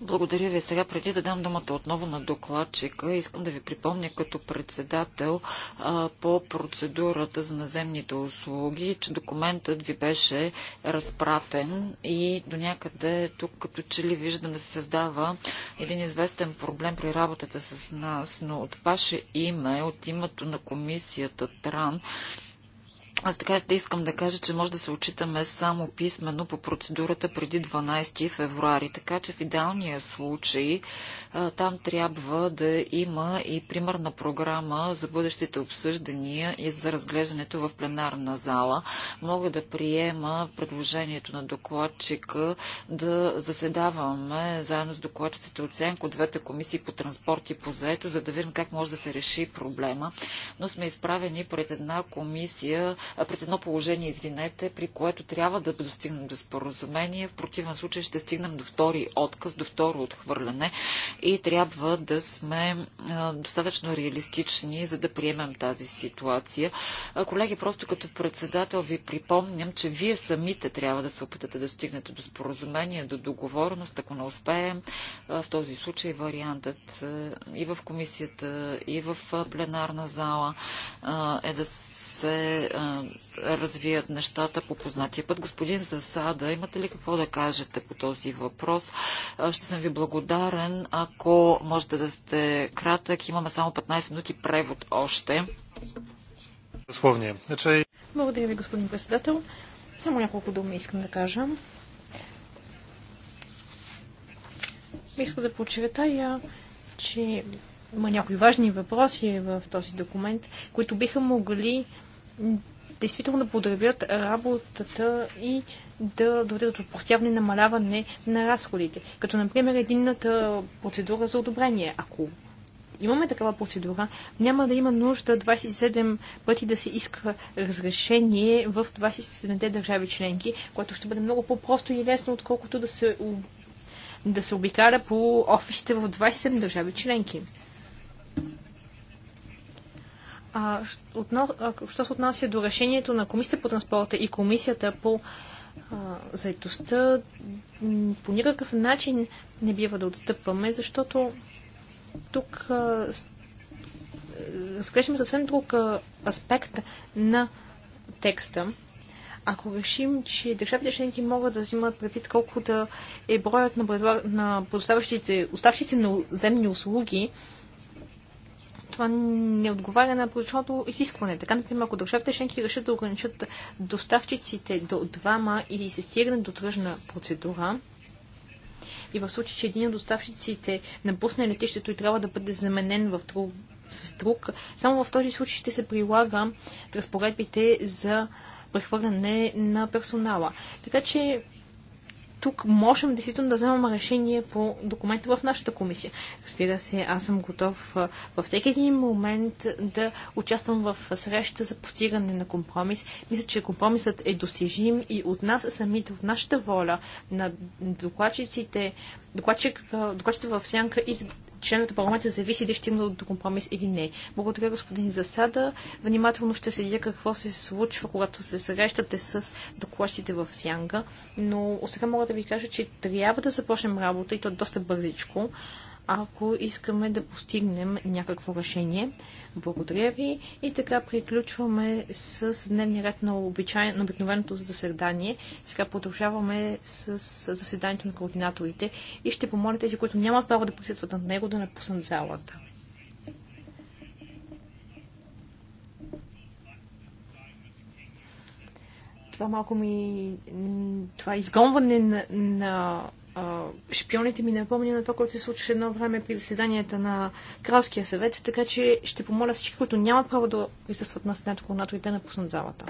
Благодаря ви. Сега, преди да дам думата отново на докладчика, искам да ви припомня като председател а, по процедурата за наземните услуги, че документът ви беше разпратен и до някъде тук като че ли виждам да се създава един известен проблем при работата с нас, но от ваше име, от името на комисията ТРАН, аз така те искам да кажа, че може да се отчитаме само писменно по процедурата преди 12 февруари. Така че в идеалния случай там трябва да има и примерна програма за бъдещите обсъждания и за разглеждането в пленарна зала. Мога да приема предложението на докладчика да заседаваме заедно с докладчиците оценка от двете комисии по транспорт и по заето, за да видим как може да се реши проблема. Но сме изправени пред една комисия, пред едно положение, извинете, при което трябва да достигнем до споразумение. В противен случай ще стигнем до втори отказ, до второ отхвърляне и трябва да сме достатъчно реалистични, за да приемем тази ситуация. Колеги, просто като председател ви припомням, че вие самите трябва да се опитате да достигнете до споразумение, до договореност. Ако не успеем, в този случай вариантът и в комисията, и в пленарна зала е да се а, развият нещата по познатия път. Господин Засада, имате ли какво да кажете по този въпрос? А, ще съм ви благодарен, ако можете да сте кратък. Имаме само 15 минути превод още. Значи- Благодаря ви, господин председател. Само няколко думи искам да кажа. Искам да почеветая, че има някои важни въпроси в този документ, които биха могли действително да подобрят работата и да доведат до простяване намаляване на разходите. Като, например, единната процедура за одобрение. Ако имаме такава процедура, няма да има нужда 27 пъти да се иска разрешение в 27-те държави членки, което ще бъде много по-просто и лесно, отколкото да се, да се обикаля по офисите в 27 държави членки. А, отно, що се отнася до решението на Комисията по транспорта и Комисията по а, заедостта, по никакъв начин не бива да отстъпваме, защото тук а, съвсем друг а, аспект на текста. Ако решим, че държавите членки могат да взимат предвид колко да е броят на, на предоставящите, оставащите на земни услуги, това не отговаря на прочното изискване. Така, например, ако държавите членки решат да ограничат доставчиците до двама и се стигне до тръжна процедура, и в случай, че един от доставчиците напусне летището и трябва да бъде заменен в друг, с друг, само в този случай ще се прилага разпоредбите за прехвърляне на персонала. Така че тук можем действително да вземем решение по документа в нашата комисия. Разбира се, аз съм готов във всеки един момент да участвам в среща за постигане на компромис. Мисля, че компромисът е достижим и от нас самите, от нашата воля на докладчиците, докладчиците в сянка и членовете парламента зависи дали ще има до компромис или не. Благодаря, господин Засада. Внимателно ще следя какво се случва, когато се срещате с докладчите в Сянга. Но сега мога да ви кажа, че трябва да започнем работа и то доста бързичко, ако искаме да постигнем някакво решение. Благодаря ви. И така приключваме с дневния ред на, обичай... на обикновеното заседание. Сега продължаваме с заседанието на координаторите и ще помоля тези, които нямат право да присъстват на него, да напуснат залата. Това малко ми... Това изгонване на, на шпионите ми напомня на това, което се случваше едно време при заседанията на Кралския съвет, така че ще помоля всички, които нямат право да присъстват на сената, когато и те напуснат залата.